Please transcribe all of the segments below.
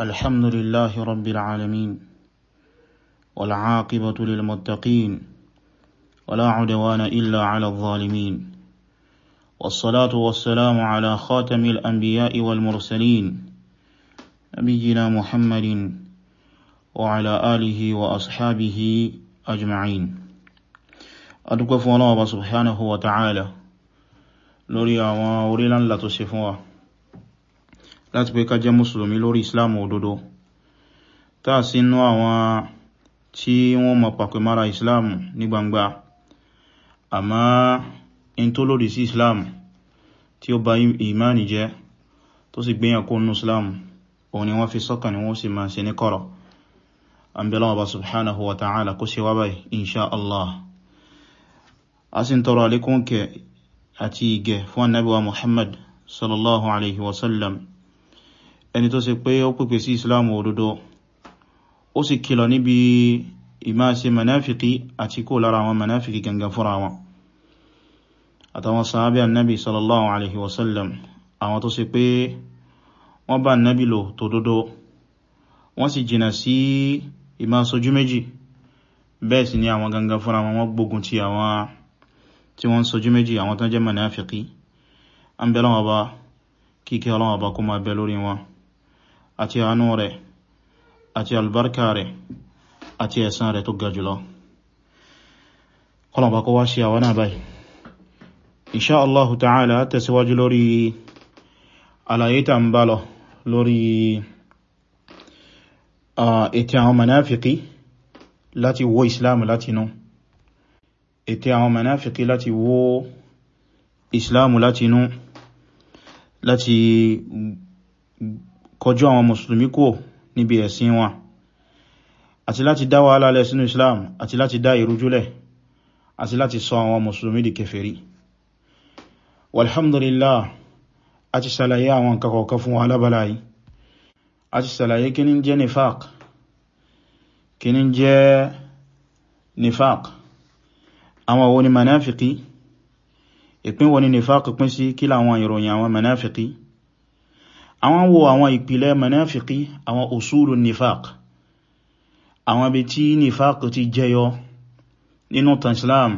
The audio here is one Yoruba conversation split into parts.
الحمد لله رب العالمين والعاقبة للمتقين ولا عدوان إلا على الظالمين والصلاة والسلام على خاتم الأنبياء والمرسلين نبينا محمد وعلى آله وأصحابه أجمعين أدوك فوالله سبحانه وتعالى لوريا ووريلا لا تصفوه láti pé ká jẹ́ mùsùlùmí lórí islam òdodo táà sínú àwọn tí wọ́n mọ̀ pàpẹ mara islam ní gbangba àmá in tó lòdì sí islam tí ó bà ìmáni jẹ́ tó sì gbéyàn kó nú islam òun ni wọ́n fi sọ́kàn ni wọ́n sì máa ṣe ní kọ̀rọ̀ àmbẹ̀lọ́wọ́ bá wa ta'ala ẹni tó ṣe pé ó pèpè sí islam òdodo ó sì kìlọ̀ níbi ìmá ṣe manáfikí àti kó lára àwọn manáfikí gangan fúnra wọn àtàwọn sàábí annabi sallallahu alaihi wasallam àwọn tó ṣe pé wọ́n bá annabi lò tó dodo wọ́n sì jìnà sí ìmá sojú méjì bẹ́ẹ̀ sì ni àwọn gangan fúnra wọn wọ́n gbógun ti àwọn tí wọ́n sojú méjì àwọn tán jẹ́ manáfikí an bẹ̀lọ́wọ́ ba kíkẹ́ ọlọ́wọ́ ba kó ma bẹ lórí wọn àti àánú rẹ̀ àti albarka rẹ̀ àti ẹ̀san rẹ̀ tó ga jùlọ kọlọ̀bà kọwa ṣe àwọn náà báyìí insha Allah ta'ala tẹ̀síwájú lórí àlàyé tà ń bá lọ lórí ètè àwọn manáfikí láti wó islam láti inú àwọn manáfikí láti wó islam láti láti kọjú àwọn mùsùlùmí kúrò níbi ẹ̀sìn wọn àti láti dá wàhálà lẹ̀ sínú islam àti láti dá ìrújúlẹ̀ àti láti sọ àwọn mùsùlùmí di kèfèrí walhamdulillah a ti ṣàlàyé àwọn nǹkan fún wa alábàláyí a ti ṣàlàyé kí ní jẹ́ nifaq kí ní jẹ́ nifaq àwọn wo ni manáfikí ìpín wo ni nifaq pín sí kí láwọn ìròyìn àwọn manáfikí àwọn wo àwọn ìpìlẹ̀ manáfikí àwọn òsúlù nifaq àwọn ibi tí nifaq ti jẹyọ nínú tan Islam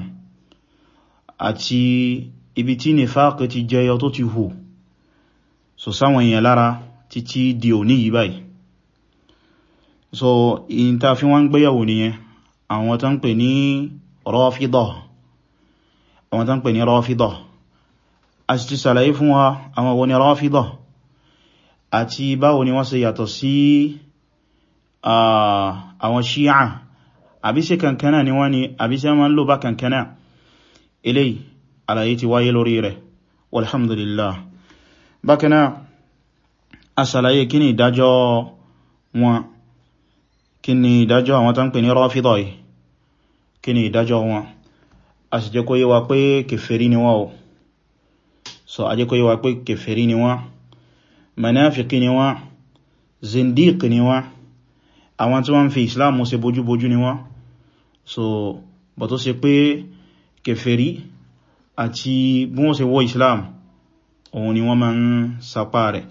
àti ibi tí nifaq ti jẹyọ tó ti hù so sáwọn èèyàn lára títí di òní yìí báyìí so in ta fi wọ́n gbéyàwó nìyẹn àwọn tán pè ní rọ́fídọ̀ àwọn tán pè ní rọ́fídọ̀ a sì ti sàlàyé fún wa àwọn wo ni rọ́fídọ̀ àti báwo ni wọ́n ṣe yàtọ̀ sí àwọn ṣíà àbí ṣe kankana ni wọ́n ni àbí ṣe ma ń lò bá kankana eléyìí àlàyé ti wáyé lórí rẹ̀ walhamdulillah bákanáà a ṣàlàyé kí ni ìdájọ́ wọn kí ni ìdájọ́ àwọn tó ń pè ní rọ́fídọ̀ kí ni ìdájọ́ wọn a sì jẹ́ kó yé pé kèfèrí ni wọ́n manáfikí ni wọ́n zindiq ni wọ́n àwọn tí wọ́n fi islam ṣe bójúbójú ni wọ́n so bọ̀ tó ṣe pé kèfèrí àti bí wọ́n ṣe wọ islam òun ni wọ́n ma ń sapá rẹ̀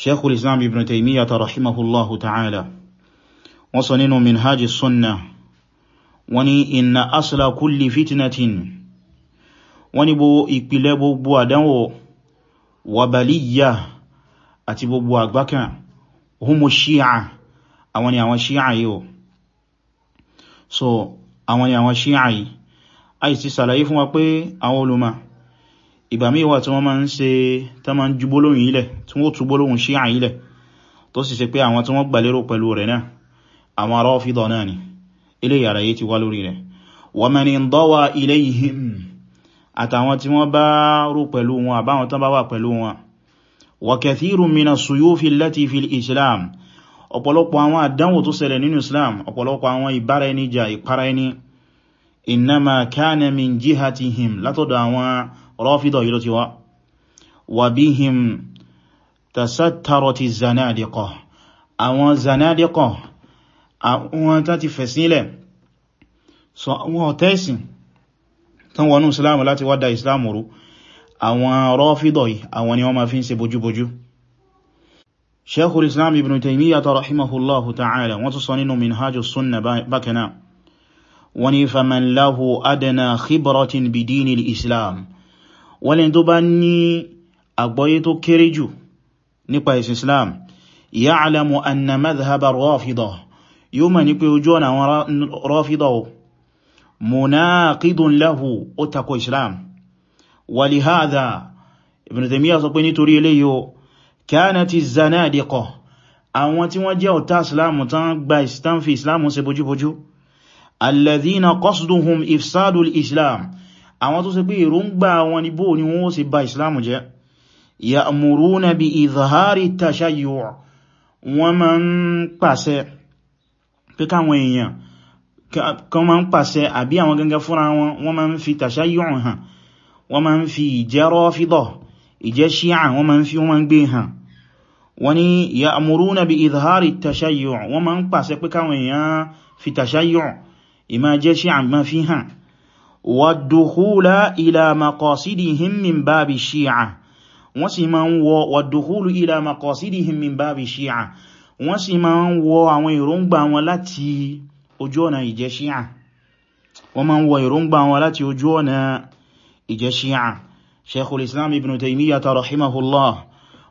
sheikhul islam ibn taymiyyata rahimahullahu ta'ala wọ́n sọ nínú minhajj sunna wani inna asla kulli fitnatin wani bo ìpìlẹ̀ gbogbo àdánwò wàbàlíyà àti gbogbo àgbákan humu ṣíà àwọn ni àwọn ṣíà yìí so àwọn ni àwọn ṣíà yìí àì ti sàlàyé fún wa pé àwọn olùmọ̀ ìbàmí wà tí wọ́n máa ń ṣe tán máa ń ju gbólóhùn ilẹ̀ tí wọ́n tú gbólóhùn ṣíà ilẹ̀ tó sì ṣe pé àwọn tí wọ́n gbàlérò pẹ̀lú rẹ̀ náà àwọn Rāfidah náà ni ilé yàrá yìí ti wá lórí rẹ̀ wa man inḍawā ilayhim àtàwọn tí wọ́n bá rú pẹ̀lú wọn àbáwọn tán bá wà pẹ̀lú wọn وكثير من السيوف التي في الإسلام ọ̀pọ̀lọpọ̀ àwọn àdánwò tó ṣẹlẹ̀ nínú Islam ọ̀pọ̀lọpọ̀ àwọn ìbára ẹni jà ìpara ẹni innama kana min jihatihim látọ̀dọ̀ àwọn rọ́fídọ̀ yìí ló ti wá wa bihim tasattarati zanadiqa àwọn zanadiqa àwọn tán ti fẹ̀sílẹ̀ so àwọn àwọn Rāfidah yìí àwọn ni wọ́n ma fi ń ṣe bójúbójú Shaykhul Islam Ibn Taymiyyah rahimahullahu ta'ala wọ́n tún sọ nínú Minhaju Sunnah bákaná wọ́n ni faman lahu adna khibratin bi dini l-Islam wọ́n lè tó bá ní àgbọ́yé tó kéré jù nípa ìsìn Islam ya'lamu anna madhhaba Rāfidah yóò mọ̀ ní pé ojú ọ̀nà àwọn Rāfidah ولهذا Ibn Taymiyyah sọ pé nítorí eléyìí o kanati zanadiqa àwọn tí wọ́n jẹ́ ọ̀tá islamu tán gba islam fi islamu ṣe bójúbójú alladhina qasduhum ifsadul islam àwọn tó ṣe pé èròǹgbà wọn ni bóò ni wọ́n ṣe ba islamu jẹ́ ya'muruna bi izhari tashayyu' wọ́n ma ń pàṣẹ pé káwọn èèyàn kan ma ń pàṣẹ àbí àwọn gangan fúnra wọn wọ́n fi tashayyu' hàn wọ́n ma ń fi ìjẹ́ rọ́fídọ̀ ìjẹ́ ṣíà wọ́n ma ń fi wọ́n gbé hàn wọ́n ni ya'muruna bi idhari tashayyu'u wọ́n ma ń pàṣẹ pé káwọn èèyàn fi tashayyu'u ìmá jẹ́ ṣíà ma fi hàn wa dukhula ila maqasidihim min babi ṣíà wọ́n sì ma ń wọ àwọn èròǹgbà wọn láti ojú ọ̀nà ìjẹ́ ṣíà wọ́n ma ń wọ èròǹgbà wọn láti ojú ọ̀nà ìjẹ́ ṣíyà sheikhul islam ibn taimiyyata rahimahullah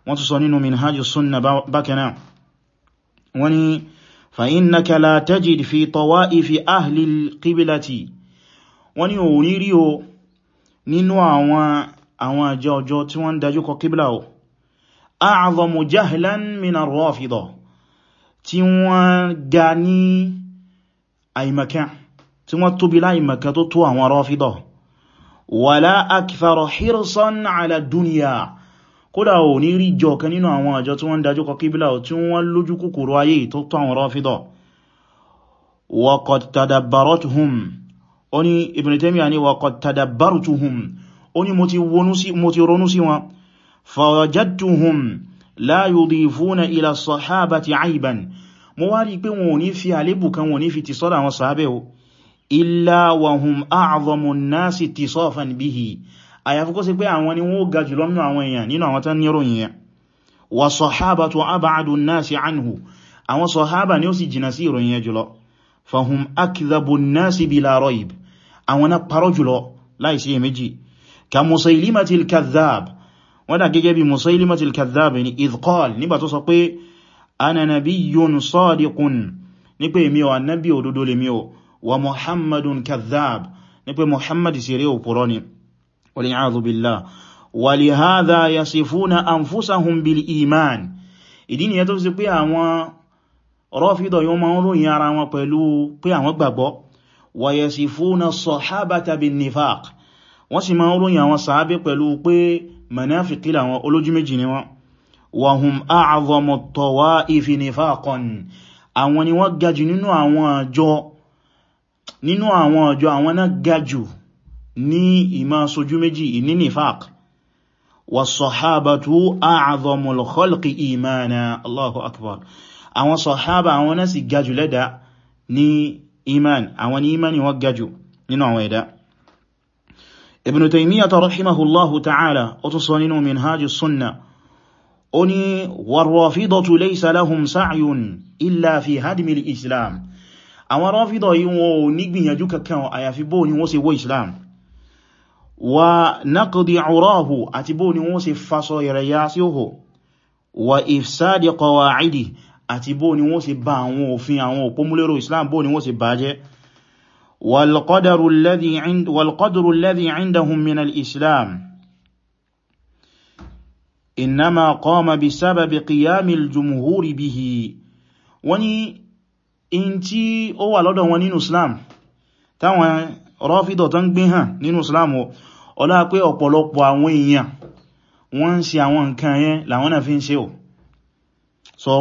wọ́n tún sọ nínú minhajj sunna bákaná wọ́n ni fa'innaka la tajid fi tawa'ifi ahli al-qiblati wọ́n ni òun rí o nínú àwọn àwọn àjọ ọjọ́ tí wọ́n dájú kọ kíblà o a'zamu jahlan min ar-rafida tí wọ́n ga ní àìmọ̀kan tí wọ́n tóbi láìmọ̀kan tó tó àwọn rafida wàlá akfàrọ̀ hirsan ala duniya kódà ò ní rí jọ kan nínú àwọn àjọ tí wọ́n dájú kọ kíbílà tí wọ́n lójú kòkòrò ayé tó tó àwọn rọ́fídọ̀ waqad tadabbartuhum ó ní Ibn Taymiyyah ní waqad tadabbartuhum ó la yudifuna ila sahabati aiban mo wá rí pé wọn ò ní fi àlébù kan wọn ní fi ti sọ́dọ̀ àwọn illa wa hum a'zamu an-nas ittisafan bihi àyàfi kó ṣe pé àwọn ni wọ́n ga jùlọ nínú àwọn èèyàn nínú àwọn tán níròyìn yẹn wa sahabatu ab'adu an-nas anhu àwọn sahaba ni ó sì jìnà sí ìròyìn yẹn jùlọ fa hum akdhabu an-nas bila rayb àwọn náà parọ́ jùlọ láì sí èméjì ka musailimati al-kadhdhab wọ́n dà gẹ́gẹ́ musailimati al-kadhdhab ni idh qala nígbà tó sọ pé ana nabiyyun sadiqun ní pé èmi o annabi òdodo lèmi o wa muhammadun kadhab ní pé muhammad sire òpùrọ́ ni wal-i'adhu billah wa lihadha yasifuna anfusahum bil iman ìdí nìyẹn tó sì pé àwọn rọ́fídọ̀ yóò máa ń ròyìn ara wọn pẹ̀lú pé àwọn gbàgbọ́ wa yasifuna sahabata bin nifaq wọ́n sì máa ń ròyìn àwọn sàábé pẹ̀lú pé manáfikí làwọn olójú méjì ni wọ́n wa hum a'zamu at-tawa'ifi nifaqan àwọn ni wọ́n gajù nínú àwọn àjọ nínú àwọn ọjọ́ àwọn náà gajù ní ìmá sojú méjì ìní nifaq was-sahabatu a'zamul khalqi imana Allahu akbar àwọn sahaba àwọn náà sì gajù lẹ́dà ní iman àwọn ní imani wọ́n gajù nínú àwọn ẹ̀dá Ibn Taymiyyah rahimahullahu ta'ala ó tún sọ nínú Minhajus Sunnah ó ní war-rafidatu laysa lahum sa'yun illa fi hadmil islam àwọn Rāfidah yìí wọn ò ní gbìyànjú kankan àyàfi bóò ni wọ́n ṣe wó Islam wa naqdi 'urāhu àti bóò ni wọ́n ṣe fasọ yẹ̀rẹ̀yà sí òhò wa ifsadi qawa'idi àti bóò ni wọ́n ṣe bá àwọn òfin àwọn òpómúlérò Islam bóò ni wọ́n ṣe bàjẹ́ والقدر الذي عندهم من الإسلام إنما قام بسبب قيام الجمهور به وني in tí ó wà lọ́dọ̀ wọn nínú Islam táwọn rọ́fídọ̀ tán gbé hàn nínú Islam ọlá pé ọ̀pọ̀lọpọ̀ àwọn èèyàn wọ́n ń ṣe àwọn nǹkan yẹn làwọn náà fi ń ṣe ò so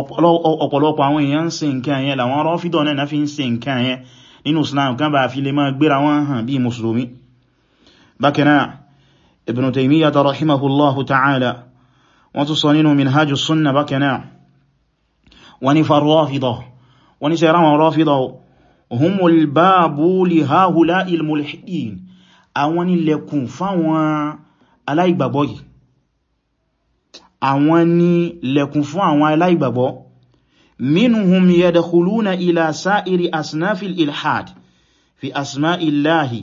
ọ̀pọ̀lọpọ̀ àwọn èèyàn ń ṣe nǹkan yẹn làwọn rọ́fídọ̀ náà fi ń ṣe nǹkan yẹn nínú Islam kan bá fi lè máa gbéra wọn hàn bí mùsùlùmí bákanáà Ibn Taymiyyah rahimahullahu ta'ala wọ́n tún sọ nínú Minhajus Sunnah bákanáà wọ́n ni wọ́n ní ṣẹ̀ráwọn rọ́fídọ̀ humul báàbù li haula ilmulhidin àwọn nílẹ̀kùn fáwọn aláìgbàgbọ́ yìí àwọn nílẹ̀kùn fún àwọn aláìgbàgbọ́ minhum yadkhuluna ila sa'iri asnafil ilhad fi asma'illahi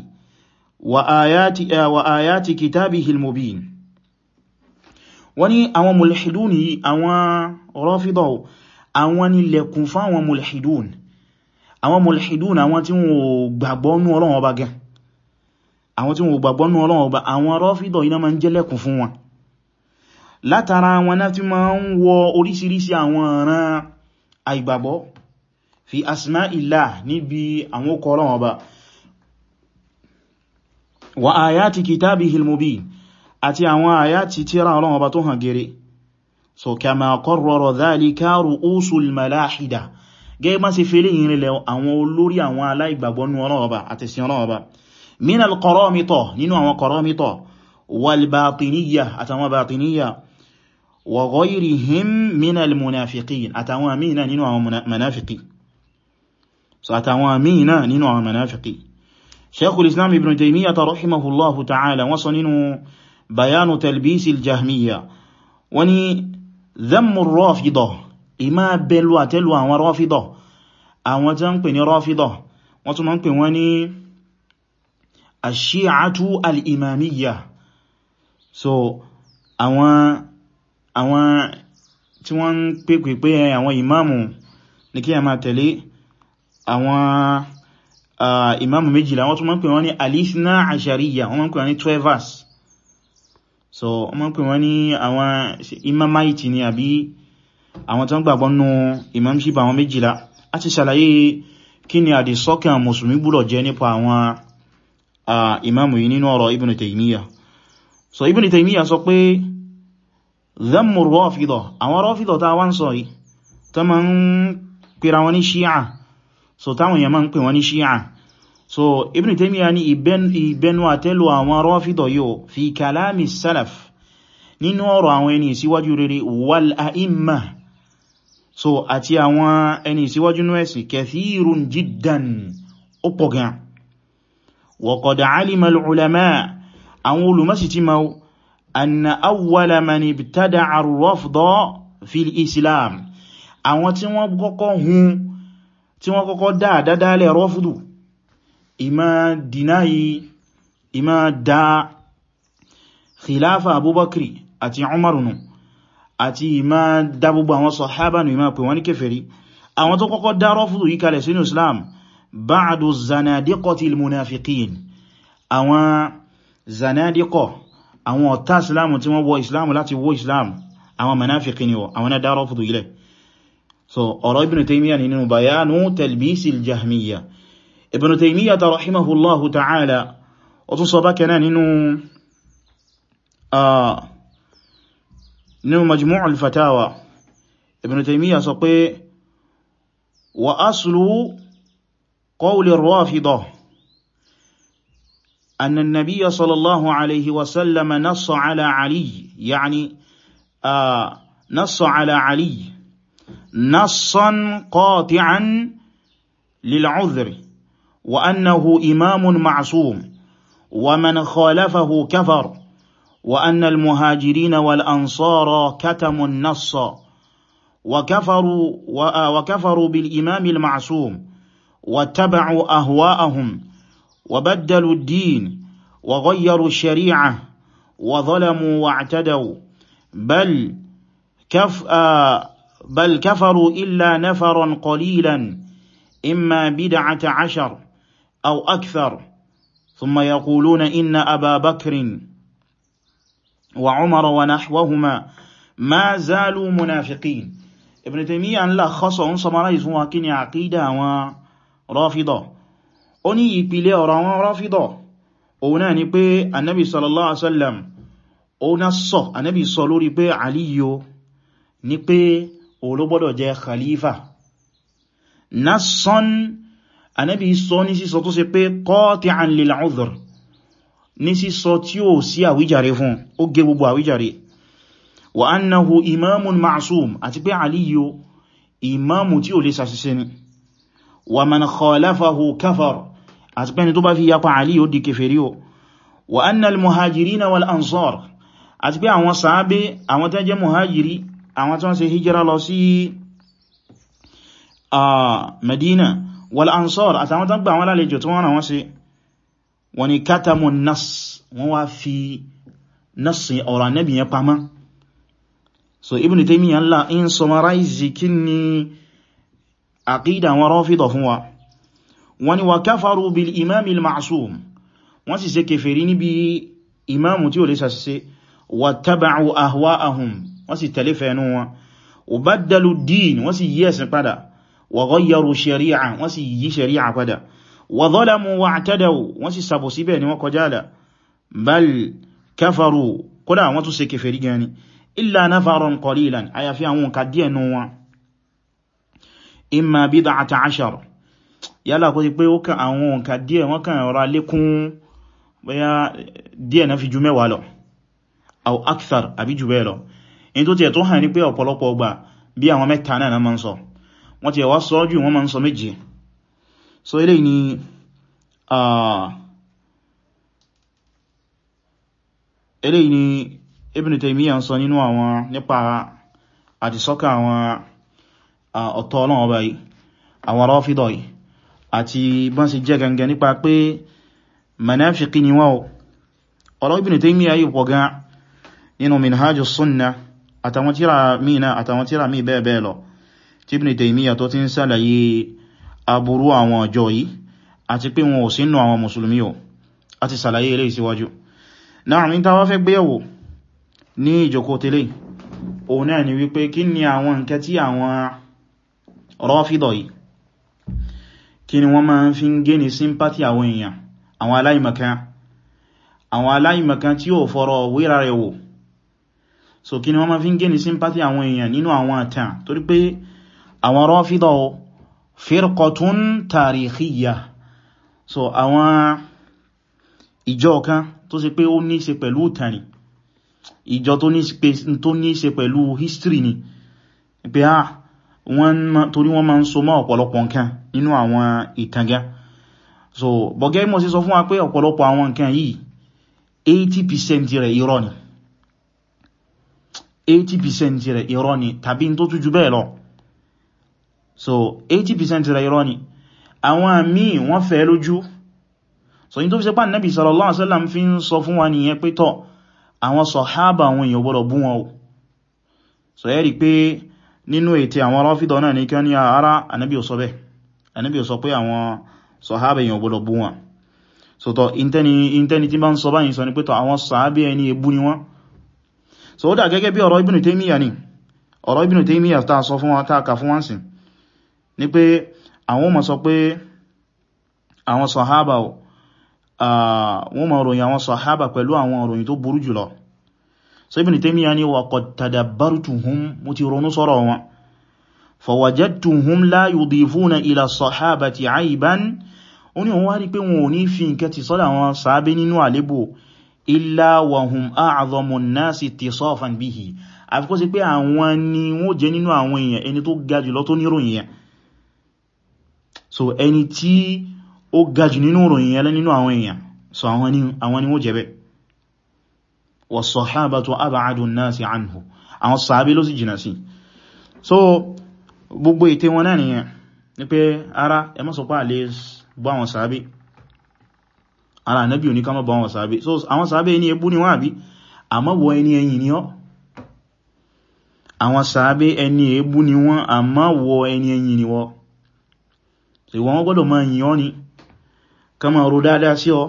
wa ayati wa ayati kitabihi almubin wọ́n ní àwọn mulhidun yìí àwọn nílẹ̀kùn fún àwọn mulhidun àwọn mulhidun àwọn tí wọ́n gbàgbọ́ nú Ọlọ́run ọba gan àwọn tí wọ́n gbàgbọ́ nú Ọlọ́run ọba àwọn rọ́fídọ̀ iná ma ń jẹ́lẹ̀kùn fún wọn látara wọn náà tí ma ń wọ oríṣiríṣi àwọn ọ̀ràn àìgbàgbọ́ fi asmá ìlà níbi àwọn okọ̀ Ọlọ́run ọba wa ayati kitabihi al-mubin àti àwọn àyá ti tíra Ọlọ́run ọba tó hàn gẹ́rẹ́ so kama qarrara dhalika ru'usul malahida gẹ́ ma ṣe fẹ́lẹ̀ yìí rẹ̀ àwọn olórí àwọn aláìgbàgbọ́ nínú Ọlọ́run Ọba àti sin Ọlọ́run Ọba min al-qaramita nínú àwọn qaramita wal àtàwọn batiniyya wa so àtàwọn amina nínú àwọn munafiki shaykhul islam ibn taymiyyah rahimahullahu ta'ala wọ́n sọ nínú bayanu talbisi dhammu rọ́fídọ̀ ìmá bẹ̀lú àtẹ́lù àwọn rọ́fídọ̀ àwọn tí wọ́n pè ní rọ́fídọ̀ wọ́n tún máa ń pè wọ́n ní àṣíàtú al'imamiyya so àwọn àwọn tí wọ́n ń pèpè pé àwọn imamu ní kí a máa tẹ̀lé àwọn imamu méjìlá wọ́n tún máa pè wọ́n ní alìsíná àṣàríyà wọ́n máa pè wọ́n ní 12 verse so ọmọ pè wọ́n ní àwọn imamaiti ni àbí àwọn tó ń gbàgbọ́ nú imamship àwọn méjìlá a ti ṣàlàyé kí ni àdìsọ́kàn mùsùlùmí gbúdọ̀ jẹ́ nípa àwọn imamu yìí nínú ọ̀rọ̀ Ibn Taymiyyah so Ibn Taymiyyah sọ pé zammu rọ́fìdọ̀ àwọn rọ́fìdọ̀ ta wá ń sọ yìí ta so táwọn yẹ ma ń pè so Ibn Taymiyyah ní ìbẹnu àtẹ́lù àwọn Rāfidah yóò fi kalami salaf nínú ọ̀rọ̀ àwọn ẹni ìsíwájú rere wal a'imma so àti àwọn ẹni ìsíwájú nẹ́ẹ̀sì kathīrun jiddan ó pọ̀ gan wa qad 'alima al-'ulamā' àwọn olùmọ́sí ti ma anna awwala man ibtada'a ar-rafda fi al-islam àwọn tí wọ́n kọ́kọ́ hun tí wọ́n kọ́kọ́ dáadáa lẹ́ rọ́fùdù ìmá dìnáyí ìmá dá khilafa abubakri àti umarunu àti ìmá dá gbogbo àwọn sọ̀hábánu ìmá pè wọ́n ní kèfèrí àwọn tó kọ́kọ́ dá rọ́fùdù yí kalẹ̀ sínú islam ba'du zanadiqati almunafiqin àwọn zanadiqo àwọn ọ̀tá islamu tí wọ́n wọ islamu láti wọ islamu àwọn manafiqin ni àwọn na dá rọ́fùdù yí so ọ̀rọ̀ ibn taymiyyah nínú bayanu talbisil jahmiyya Ibn Taymiyyah rahimahullahu ta'ala ó tún sọ bákan náà nínú nínú majmu'ul fatawa Ibn Taymiyyah sọ pé wa aslu qawli ar-rafidah أن النبي صلى الله عليه وسلم نص على علي يعني آه نص على علي نصا قاطعا للعذر وأنه إمام معصوم ومن خالفه كفر وأن المهاجرين والأنصار كتموا النص وكفروا, وكفروا بالإمام المعصوم واتبعوا أهواءهم وبدلوا الدين وغيروا الشريعة وظلموا واعتدوا بل, كف آه، بل كفروا إلا نفرا قليلا إما بدعة عشر أو أكثر ثم يقولون إن أبا بكر وعمر ونحوهما ما زالوا منافقين ابن تيمية ńlá خاصة ń summarize fún wa kí ni àkídà àwọn Rāfidah ó ní ìpìlẹ̀ ọ̀rọ̀ àwọn Rāfidah òun náà ni pé annabi sallallahu alaihi wasallam òun náà sọ annabi sọ lórí pé aliyo ni pé olóbọ́dọ̀ jẹ́ khalifa nassan Ànábì sọ ní sísọ tó ṣe pé qati'an lil udhr ní sísọ tí ó sí àwíjàre fún ó gé gbogbo àwíjàre wa annahu imamun ma'sum àti pé aliyo imamu tí ó lè ṣàṣìṣe ni wa man khalafahu kafar àti pé ni tó bá fi yapa aliyo di kèfèrí o wa annal muhajirina wal ansar àti pé àwọn sàábé àwọn tó jẹ́ muhajiri àwọn tó ń ṣe hijira lọ sí Madina wal ansar àtàwọn tán gbà wọn lálejò tí wọ́n rán wọn sí wọ́n ni kátàmù nas wọ́n wá fi nasi ọ̀rọ̀ anẹ́bì yẹn pamọ́ so Ibn Taymiyyah ńlá in summarize kí ni àkídà wọn Rāfidah fún wa wọ́n ni wa kafaru bil imam il ma'sum wọ́n sì ṣe kèfèrí níbi imamu tí ó lè sàṣẹ́ wa taba'u ahwa'ahum wọ́n sì tẹ̀lé fẹ́nu wọn wa baddalu din wọ́n sì yí ẹ̀sìn padà وغيروا شريعة وسي يي شريعة قدا وظلموا واعتدوا وسي سابو سيبين وقجالا بل كفروا قدا وانتو سيكفري جاني إلا نفر قليلا أي في أمون كدية نوا إما بضعة عشر yálà kó ti pé ó kàn àwọn òǹkà díẹ̀ wọ́n kàn ọ̀rọ̀ alékún bóyá díẹ̀ náà fi ju mẹ́wàá lọ au akthar àbí jù bẹ́ẹ̀ lọ in tó tiẹ̀ tó hàn ní pé ọ̀pọ̀lọpọ̀ ọgbà bí àwọn mẹ́ta náà na máa sọ wọ́n ti ẹ̀wà sọ́jú wọ́n ma ń sọ méje so ilé ni ilé ni Ibn Taymiyyah sọ nínú àwọn nípa àdìsọ́kà àwọn ọ̀tọ̀ ọlọ́wọ́ báyìí àwọn Rāfidah yìí àti bọ́n sì jẹ́ gangan nípa pé manáfikí ni wọ́n ọ̀rọ̀ Ibn Taymiyyah yìí pọ̀ gan nínú Minhajus Sunnah àtàwọn tíra míì bẹ́ẹ̀ bẹ́ẹ̀ lọ tí Ibn Taymiyyah tó ti ń sàlàyé aburú àwọn ọjọ́ yìí àti pé wọn ò sínú àwọn mùsùlùmí o àti sàlàyé ilé ìsíwájú náà ní tàwà fẹ́ gbéyàwó ní ìjòkó tẹ́lẹ̀ òun náà ni wípé kí ni àwọn nǹkan tí àwọn Rāfidah yìí kí ni wọ́n máa ń fi ń gé ní sympathy àwọn èèyàn àwọn aláìmọ̀kan àwọn aláìmọ̀kan tí ó fọ́rọ̀ wíra rẹ̀ wò so kí ni wọ́n máa fi ń gé ní sympathy àwọn èèyàn nínú àwọn àtàn torí àwọn Rāfidah o firqatun so àwọn ìjọ kan tó ṣe pé ó ní ṣe pẹ̀lú tani ìjọ tó ní ṣe pẹ̀lú history ni pé a torí wọ́n ma ń so mọ́ ọ̀pọ̀lọpọ̀ nǹkan nínú àwọn ìtàngá so bọ̀gẹ́ mọ̀ sí sọ fún wa pé ọ̀pọ̀lọpọ̀ àwọn nǹkan yìí 80% rẹ̀ irọ́ ni 80% rẹ̀ irọ́ ni tàbí tó tún bẹ́ẹ̀ lọ so 80% rẹ̀ irọ́ ni àwọn àmì wọ́n fẹ́ lójú so yí tó fi ṣe pá nẹ́bì sallallahu alaihi wasallam fi ń sọ fún wa nìyẹn pé tọ́ àwọn sọ̀hábà àwọn èèyàn gbọ́dọ̀ bú wọn o so yẹ́ rí pé nínú ètè àwọn rọ́fídọ̀ náà ní kí wọ́n ní ah, ara ànábì ò sọ bẹ́ẹ̀ ànábì ò sọ pé àwọn sọ̀hábà èèyàn gbọ́dọ̀ bú wọn so tọ́ intẹni tí bá ń sọ báyìí sọ ni pé tọ́ àwọn sọ̀hábà ẹni ebú ni wọ́n so ó dà gẹ́gẹ́ bí ọ̀rọ̀ Ibn Taymiyyah ni ọ̀rọ̀ Ibn Taymiyyah ta sọ fún wa ta ka fún wọn sìn ní pé àwọn ma sọ pé àwọn sọ̀hábà wọ́n ma ròyìn àwọn sọ̀hábà pẹ̀lú àwọn ròyìn tó burú jùlọ so Ibn Taymiyyah ni wa qad tadabbartuhum mo ti ronú sọ́rọ̀ wọn fawajadtuhum la yudifuna ila sọ̀hábàti aiban ó ní wọ́n wá rí pé wọn ò ní fi nǹkan ti sọ́dọ̀ àwọn sàábé nínú àlébò illa wa hum a'dhamu an-nasi ittisafan bihi àfikọ́ sí ni wọ́n jẹ́ so ẹni tí ó gajù nínú ìròyìn ẹlẹ́ nínú àwọn èèyàn so àwọn ni wọ́n jẹ́bẹ̀ was-sahabatu ab'adun nasi anhu àwọn sàábé ló sì jìnà sí so gbogbo ète wọn náà nìyẹn ní pé ara ẹ má sọ pé àlè bú àwọn sàábé ara ànábì ò ní ká má so àwọn sàábé ní ebú ni wọ́n àbí àmọ́ wọ ẹni ẹ̀yìn ni ọ́ àwọn sàábé ẹni ebú ni wọ́n àmọ́ wọ ẹni ẹ̀yìn ni wọ́n so ìwọ̀n gbọ́dọ̀ máa yìn ọ́ ni ká máa ro dáadáa sí ọ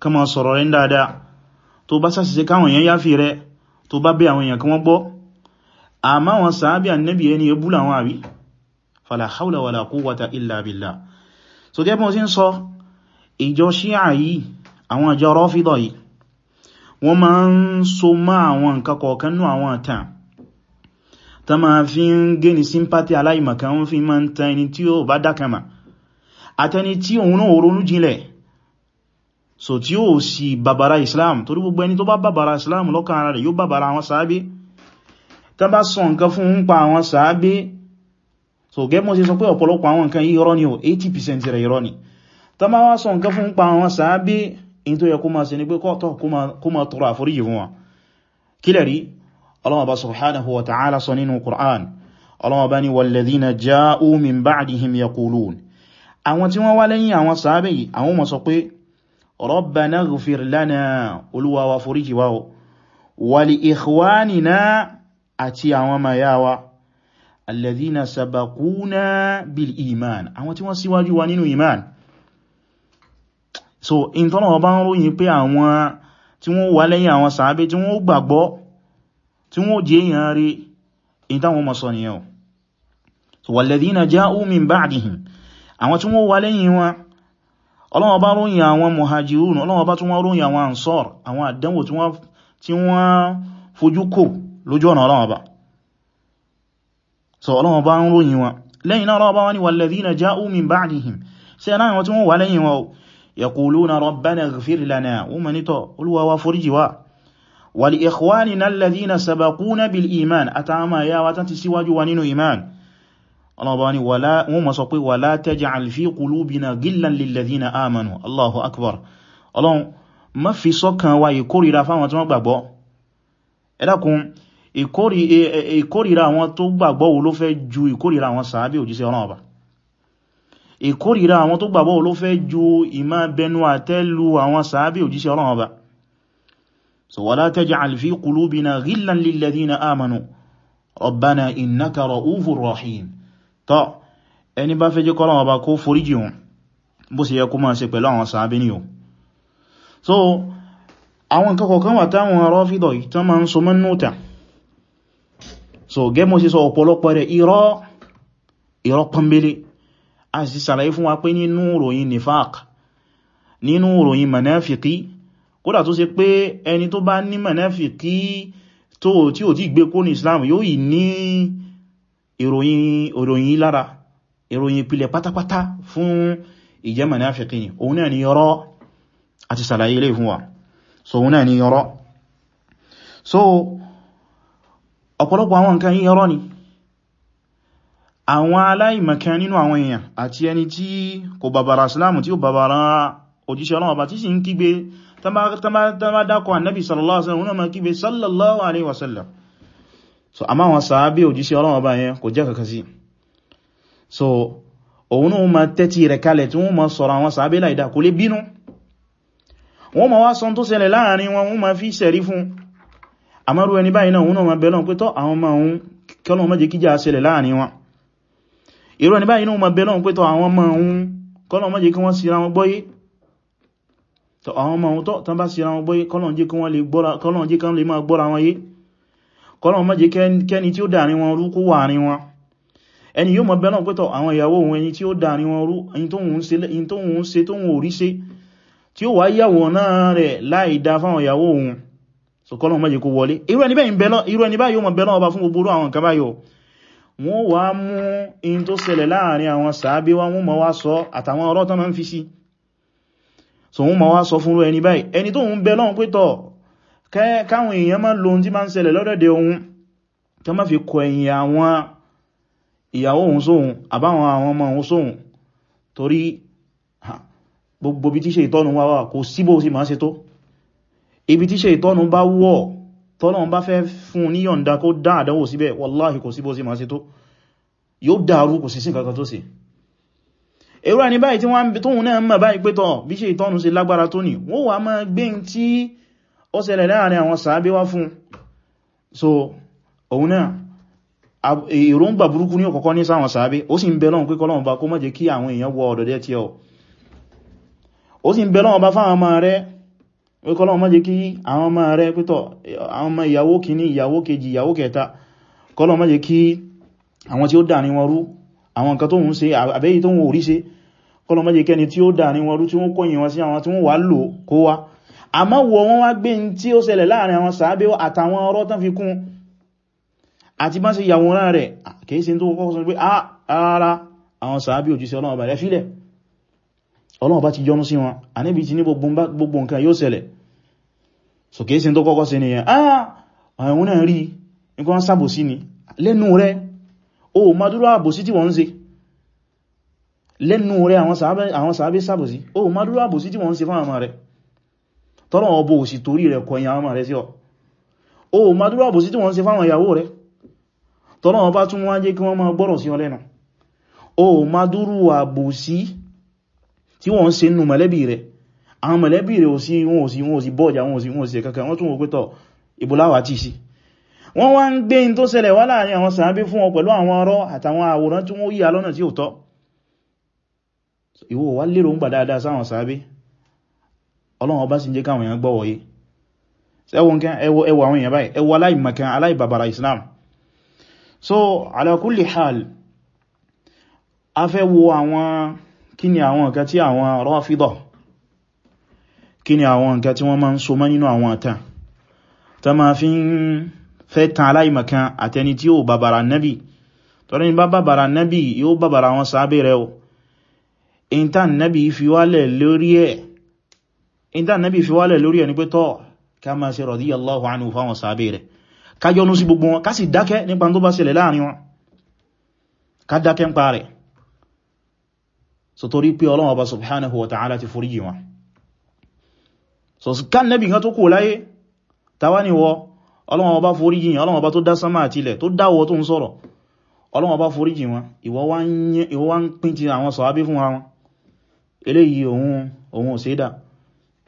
ká máa sọ̀rọ̀ rẹ̀ dáadáa tó bá sàṣìṣe káwọn èèyàn yáfi rẹ tó bá bẹ àwọn èèyàn kan wọ́n gbọ́ àmá wọn sàábí ànẹ́bì ẹni ebú làwọn àbí fala ta ma fi ń gẹ́ni sympathy aláìmọ̀kan wọ́n fi máa ń ta ẹni tí ó bá dákàmà àtẹni tí òun náà ronú jinlẹ̀ so tí ó sì bàbàrà islam torí gbogbo ẹni tó bá bàbàrà islam lọ́kàn ara rẹ̀ yóò bàbàrà àwọn sàábé tán bá sọ nǹkan fún ń pa àwọn sàábé so gẹ́ mọ́ sí sọ pé ọ̀pọ̀lọpọ̀ àwọn nǹkan yìí irọ́ ni o 80% rẹ̀ irọ́ ni tán bá wá sọ nǹkan fún ń pa àwọn sàábé in tó yẹ kó máa ṣe ni pé kọ́tọ̀ kó máa tọrọ àforíjì fún àwọn tí wọ́n wá lẹ́yìn àwọn sàábẹ̀ yìí àwọn mọ̀ sọ pé rabbana ighfir lana olúwa wa foríjì wa wa li ikhwanina àti àwọn mayawa alladhina sabaquna bil iman àwọn tí wọ́n síwájú wa nínú iman so in tọ́nà ọba ń ròyìn pé àwọn tí wọ́n wà lẹ́yìn àwọn sàábẹ̀ tí wọ́n gbàgbọ́ tí wọ́n jẹ́ èèyàn rí in mọ̀ sọ nìyàn àwọn tí wọ́n wà lẹ́yìn wọn Ọlọ́run bá ròyìn àwọn muhajirun Ọlọ́run bá tún wá ròyìn àwọn ansar àwọn àdánwò tí wọ́n fojú kò lójú ọ̀nà Ọlọ́run bá ń ròyìn wọn lẹ́yìn náà wa foríjì ikhwanina alladhina sabaquna bil iman àtàwọn àyàwá tán ti síwájú iman ọlọ́ọ̀bá ni wọ́n ma sọ pé wala taj'al fi qulubina gillan lilladhina amanu allahu akbar ọlọ́run má fi sọ́kàn wa ìkórìíra fáwọn tí wọ́n gbàgbọ́ ẹ dákun e, e, ìkórìíra àwọn tó gbàgbọ́ wo ló fẹ́ ju ìkórìíra àwọn sàábé òjíṣẹ́ ọlọ́ọ̀bá ìkórìíra àwọn tó gbàgbọ́ wo ló fẹ́ ju ìmá bẹnu àtẹ́lu àwọn sàábé òjíṣẹ́ ọlọ́ọ̀bá so wala taj'al tọ́ ẹni bá fẹ́ jẹ́ kọ́lọ̀wọ́ bá kó foríjì wọn bó sì yẹ kó máa ṣe pẹ̀lú àwọn sàábí ni o so àwọn nǹkan kọ̀ọ̀kan wà táwọn Rāfidah yìí tán máa ń so mọ́ núta so gẹ́mọ́ sí sọ ọ̀pọ̀lọpọ̀ rẹ̀ irọ́ irọ́ pọ́nbélé a sì sàlàyé fún wa pé nínú ròyìn nifaq nínú ròyìn manáfikí kódà tó ṣe pé ẹni tó bá ní manáfikí tí ò tí gbé kó ní Islam yóò yìí ní ìròyìn lára ìròyìn ìpìlẹ̀ pátápátá fún ìjẹ́ mùnáfíkí ni òun náà ni irọ́ àti sàlàyé ilé fún wa so òun náà ni irọ́ so ọ̀pọ̀lọpọ̀ àwọn nǹkan yí irọ́ ni àwọn aláìmọ̀kan nínú àwọn èèyàn àti ẹni tí kò bàbàrà islamu tí ó bàbàrà òjíṣẹ́ ọlọ́wọ́ bá tí sì ń kígbe tán bá dákọ̀ annabi sallallahu alaihi wasallam so àmọ́ àwọn sàábí òjíṣẹ́ Ọlọ́run bá yẹn kò jẹ́ kankan so òun náà ma tẹ́tí rẹ̀ kalẹ̀ tí wọ́n ma sọ̀rọ̀ àwọn sàábí láìdá kò lè bínú wọ́n ma wá sọ́n tó ṣẹlẹ̀ láàrin wọn wọ́n ma fi sẹ̀rí fún àmọ́rú ẹni báyìí náà wọ́n náà ma bẹ̀lọ́n pé tọ́ àwọn ma ń kọ́lọ̀ mọ́jẹ kíjà ṣẹlẹ̀ láàrin wọn irú ẹni báyìí náà ma bẹ̀lọ́n pé tọ́ àwọn ma ń kọ́lọ̀ mọ́jẹ kí wọ́n tán bá síra wọn gbọ́yé kọ́lọ̀ jẹ́ lè máa gbọ́ra wọn yé kọ́lọ̀ má jẹ́ kẹ́ni tí ó dàrin wọn rú kó wà rin wọn ẹni yóò mọ̀ bẹ́nà pẹ́tọ̀ àwọn ìyàwó òun ẹni tí ó dàrin wọn rú ẹni tó ń ṣe tó ń orí ṣe so kọ́lọ̀ má jẹ́ kó wọlé irú ẹni báyìí yóò mọ̀ bẹ́nà ọba fún gbogbo àwọn nǹkan báyọ̀ wọ́n wá mú in tó ṣẹlẹ̀ láàrin àwọn sàábé wa wọ́n mọ̀ wá sọ àtàwọn ọ̀rọ̀ tán máa ń fi sí so wọ́n mọ̀ wá sọ fún ẹni báyìí ẹni tó ń bẹ lọ́n pẹ́tọ̀ káwọn èèyàn má lo ohun tí má ń ṣẹlẹ̀ lọ́dọ̀dẹ̀ ohun tó má fi kọ ẹ̀yìn àwọn ìyàwó òun sóhun àbáwọn àwọn ọmọ òun sóhun torí gbogbo bí tíṣe ìtọ́nu wá wà kò síbò sí máa ṣe tó ibi tíṣe ìtọ́nu bá wọ́ tọ́lọ́n bá fẹ́ fún ní yọ̀nda kó dá àdánwò síbẹ̀ wàláhì kò síbò sí máa ṣe tó yóò dàrú kò sí sí ó ṣẹlẹ̀ láàrin àwọn sàábé wá fún so òun náà ìròǹgbà burúkú ní ọ̀kọ̀kọ́ ní sáwọn sàábé ó sì ń bẹ Ọlọ́run pé k'Ọlọ́run bá kó má jẹ́ kí àwọn èèyàn wọ ọ̀dọ̀dẹ́ tí ọ ó sì ń bẹ Ọlọ́run bá fáwọn ọmọ rẹ̀ pé k'Ọlọ́run má jẹ́ kí àwọn ọmọ rẹ̀ pẹ́tọ̀ àwọn ọmọ ìyàwó kìíní ìyàwó kejì ìyàwó kẹta k'Ọlọ́run má kí àmọ́ wọ wọ́n wá gbé ń tí ó ṣẹlẹ̀ láàrin àwọn sàábé àtàwọn ọ̀rọ̀ tán fi kún àti bá ṣe yàwòrán rẹ̀ kìí ṣe tó kọ́kọ́ sọ pé ara ah, àwọn sàábé òjíṣẹ́ Ọlọ́run bá rẹ̀ fílẹ̀ Ọlọ́run bá ti yọ́nú sí wọn àníbi ti ní gbogbo ah, ni lẹ́nu rẹ̀ o madúró àbòsí tí wọ́n ń ṣe lẹ́nu rẹ̀ àwọn sàábé sábòsí o madúró àbòsí tí wọ́n ń ṣe tọ́lọ̀ ọbọ̀ òsì torí rẹ̀ kọ ìyàwó rẹ̀ sí ọ o madúrà bò sí tí wọ́n ṣe fáwọn ìyàwó rẹ̀ tọ́lọ̀ ọba tún wá jẹ́ kí wọ́n máa gbọ́rọ̀ sí ọ lẹ́nu o madúrù àbò sí tí wọ́n ṣe nù mọ̀lẹ́bí rẹ̀ àwọn mọ̀lẹ́bí rẹ̀ òsì wọn òsì wọn òsì bọ́ọ̀jà wọn òsì wọn òsì kankan wọ́n tún ọlọ́run ọba sì jẹ́ káwọn èèyàn gbọ́wọ̀ yìí ẹwọ nǹkan ẹwọ ẹwọ àwọn èèyàn báyìí ẹwọ aláìmọ̀kan aláìbàbàrà Islam so ala kulli hal a fẹ́ wo àwọn kí ni àwọn nǹkan tí àwọn Rāfidah kí ni àwọn nǹkan tí wọ́n máa ń so mọ́ nínú àwọn àtàn ta ma fi ń fẹ́ tan aláìmọ̀kan àtẹni tí yóò bàbàrà nábì torí bá bàbàrà nábì yóò bàbàrà wọn sábẹ́ rẹ̀ o intan nábì fi wálẹ̀ lórí ẹ̀ ìdá nábi fi wálẹ̀ lórí ẹni pé tọ́ ká máa ṣe radiyallahu anhu fáwọn sàábé rẹ̀ ká yọ́nú sí gbogbo wọn ká sì dákẹ́ nípa tó bá ṣẹlẹ̀ láàrin wọn ká dákẹ́ ń pa rẹ̀ so torí pé Ọlọ́run Ọba subhanahu wa ta'ala ti foríjì wọn so ká nábi kan tó kò láyé tàwa ni wọ Ọlọ́run Ọba pín ti àwọn sàábé fún wọn eléyìí òun òun ò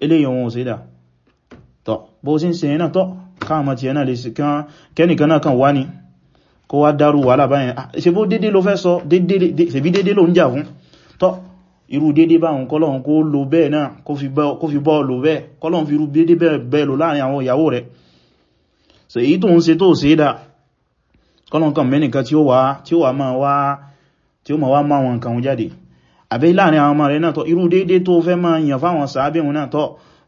eléyìí wọn ò sí dà tọ́ bó sí ń se iná tọ́ káàmà ti ẹ̀nà lè sí kẹ́nìkan náà kan wá ní kó wá dárú wà lábáyẹn ah, ṣe bó dédé ló fẹ́ sọ ṣebí dédé ló ń jà fún tọ́ irú dédé báhùn lo bẹ́ẹ̀ náà kó fi bọ́ lo bẹ́ẹ̀ kọ́lọ̀un fi irú dédé bẹ́ẹ̀ lo láàrin àwọn ìyàwó rẹ̀ so èyí tó mẹ́nìkan tí ó wà máa wá wọn kan jáde àbí láàrin àwọn ọmọ rẹ̀ náà tọ́ irú déédé tó fẹ́ máa yàn fáwọn sàábẹ̀ wọn náà tọ́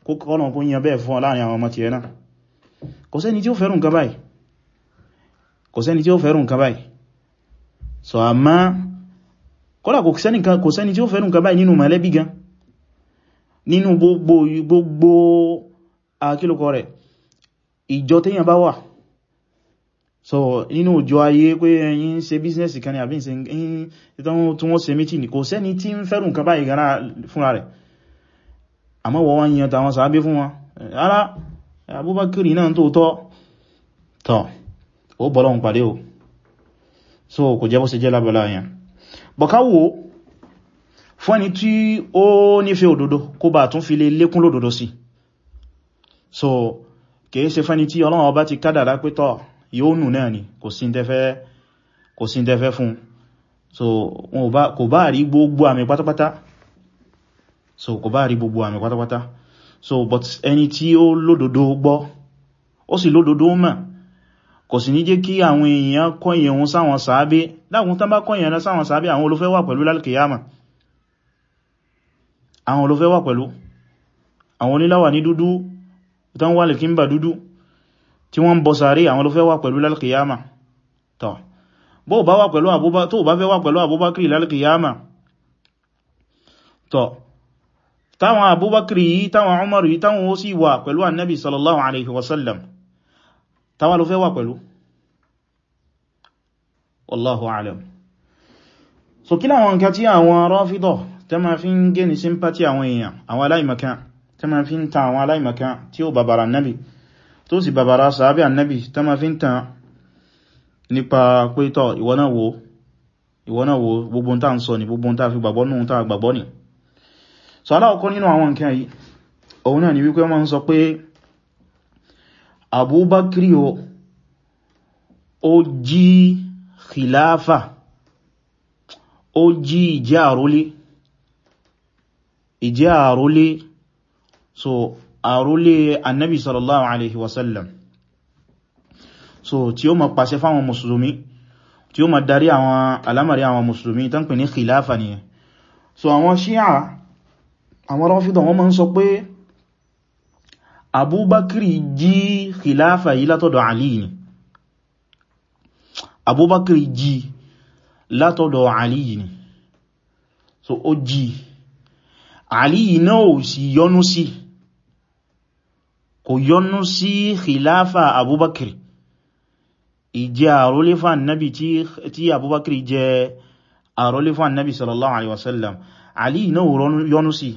kó kọ́nà kó yàn bẹ́ẹ̀ fún láàrin àwọn ọmọ ti ẹ̀nà kò sẹ́ni tí ó fẹ́rùn kan báyìí kò sẹ́ni tí ó fẹ́rùn kan báyìí so àmá kọ́lá kò sẹ́ni tí ó fẹ́rùn kan báyìí nínú mọ̀lẹ́bí gan nínú gbogbo gbogbo akílùkọ rẹ̀ ìjọ téyàn bá so nínú òjò ayé pé ẹ̀yin ṣe business kan ní àbí ìsìn tí wọ́n ṣe mítì ní kò sẹ́ni tí ń fẹ́rù nǹkan báyìí gara fúnra rẹ̀ àmọ́ wọ́n wọ́n yíyàn tàwọn sàábé fún wọn ara Abubakar náà tó tọ́ tọ́ ó bọ́lọ́un pàdé o so kò jẹ́ bó ṣe jẹ́ lábẹ́lá yẹn bọ̀káwò fún ẹni tí ó nífẹ́ òdodo kó bá tún fi lè lékún lódodo sí so kìí ṣe yóò nù náà ni kò sí tẹ́fẹ́ fún so kò bá rí gbogbo àmì pátápátá so kò bá rí gbogbo àmì pátápátá so but ẹni tí ó lódodo gbọ́ ó sì lódodo mọ̀ kò sì ní jẹ́ kí àwọn èèyàn kọ́yìn ohun sáwọn sàábé láwọn tán bá kọ́yìn ẹ̀rọ sáwọn sàábé àwọn olófẹ́ wà pẹ̀lú lálkìyàmà àwọn olófẹ́ wà pẹ̀lú àwọn oníláwà ní dúdú tán wà lè kí ń bà dúdú tí wọ́n ń bọ sàárè àwọn ló fẹ́ wà pẹ̀lú lálkìyàmà tó bá wà pẹ̀lú Abubakar lálkìyàmà tó táwọn Abubakar yìí táwọn Umar yìí táwọn ó sì wà pẹ̀lú annabi sallallahu alaihi wasallam táwọn ló fẹ́ wà pẹ̀lú wallahu alam so kí láwọn nǹkan tí àwọn Rāfidah tẹ́ ma fi ń gẹ́ ni sympathy àwọn èèyàn àwọn aláìmọ̀kan tẹ́ ma fi ń ta àwọn aláìmọ̀kan tí ó bàbàrà nábi tó sì bàbára sàábí annabi tó ma fi ń tàn nípa pétọ̀ ìwọ́nàwó ìwọ́nàwó gbogbo ta ń sọ ní gbogbo ta fi gbàgbọ́ nù ta gbàgbọ́ ní so aláwọ̀kọ́ nínú àwọn nǹkan yìí òun náà ni wípé wọ́n ń sọ pé abubakri o ó jí khilafa ó jí ìjẹ́ àrólé ìjẹ́ àrólé so àrólé annabi sallallahu alaihi wasallam so tí ó ma pàṣẹ fáwọn musulmi tí ó ma darí àwọn alamari àwọn musulmi tán pè ní khilafa ni so àwọn ṣíà àwọn rọ́fídọ̀ wọ́n ma ń sọ pé abubakiri jí khilafa yìí látọ̀dọ̀ ali ni abubakiri jí látọ̀dọ̀ ali ni so ó jí ali náà ò sì yọnú sí si kò yọnú sí khilafa abubakir ìjẹ àrólífà nábi tí abubakir jẹ àrólífà nábi sallallahu alaihi wasallam ali náà yọnú sí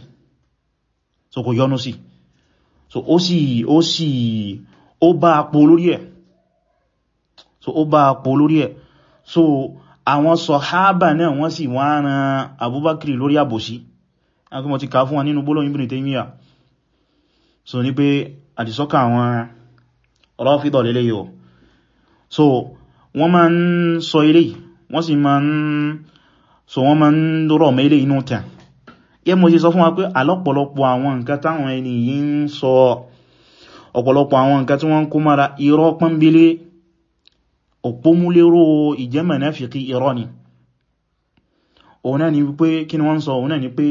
so kò yọnú sí so ó sì ó sì ó bá apò lórí ẹ̀ so ó bá apò lórí ẹ̀ so àwọn sọ̀hábà náà wọ́n sì wọ́n ran abubakir lórí àbòsí akọ́mọ̀ ti ká fún wa nínú gbólóhùn Ibn Taymiyyah so ní pé àdìsọ́kà àwọn Rāfidah lélẹ̀ yìí so wọ́n ma ń sọ ilé wọ́n sì ma ń so wọ́n ma ń dọ́rọ̀ mẹ́lẹ̀ inú tẹ̀ yẹ mo sì sọ fún wa pé alọ́pọ̀lọpọ̀ àwọn nǹkan táwọn ẹni yìí ń sọ ọ̀pọ̀lọpọ̀ àwọn nǹkan tí wọ́n ń kó mara irọ́ pọ́nbélé òpómúlérò ìjẹ́mẹ̀nẹ́fìkì irọ́ ni òun náà ni wípé kí ni wọ́n sọ òun náà ni pé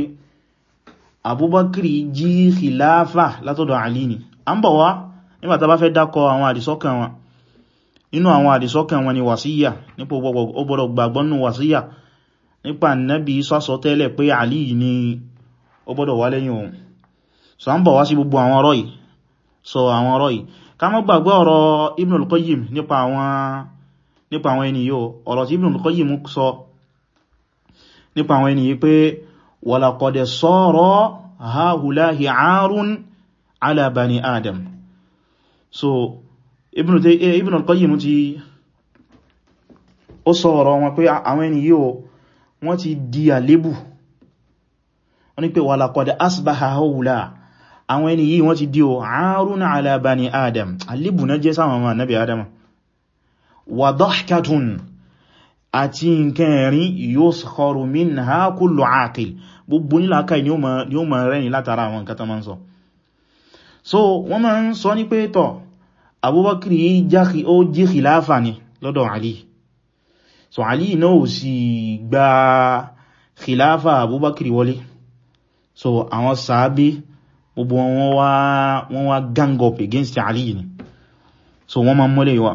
Abubakar jí khilafa látọ̀dọ̀ Ali a ń bọ̀ wá nígbà tá bá fẹ́ dákọ àwọn àdìsọ́kàn wọn inú àwọn àdìsọ́kàn wọn ni wàsíyà nípa ó gbọ́dọ̀ gbàgbọ́ nínú wàsíyà nípa nẹ́bí sásọ tẹ́lẹ̀ pé àlì ni ó gbọ́dọ̀ wá lẹ́yìn òun so a ń bọ̀ wá sí gbogbo àwọn ọ̀rọ̀ yìí so àwọn ọ̀rọ̀ yìí ká má gbàgbé ọ̀rọ̀ Ibn al-Qayyim ala bani adam so eh, ibn al-qayyim ti ó sọ ọ̀rọ̀ wọn pé àwọn ẹni yíò wọ́n ti di àlébù wọ́n ni pé walaqad asbaha haula àwọn ẹni yìí wọ́n ti di o àárún ala bani adam àlébù náà jẹ́ sáwọn ọmọ nabi adam wa dahkatun àti nǹkan ẹ̀rin yuskharu minha kullu aqil gbogbo nílàkà ni ó ma rẹ́ni látara àwọn nǹkan tó ma ń sọ so so wọ́n máa ń sọ ní pé tọ́ Abubakar yìí jákì ó jí khilafa ni lọ́dọ̀ Ali so Ali náà ò sì gba khilafa Abubakar wọlé so àwọn sàábé gbogbo wọn wá gang up against Ali ni so wọ́n máa mọ́lẹ̀ wá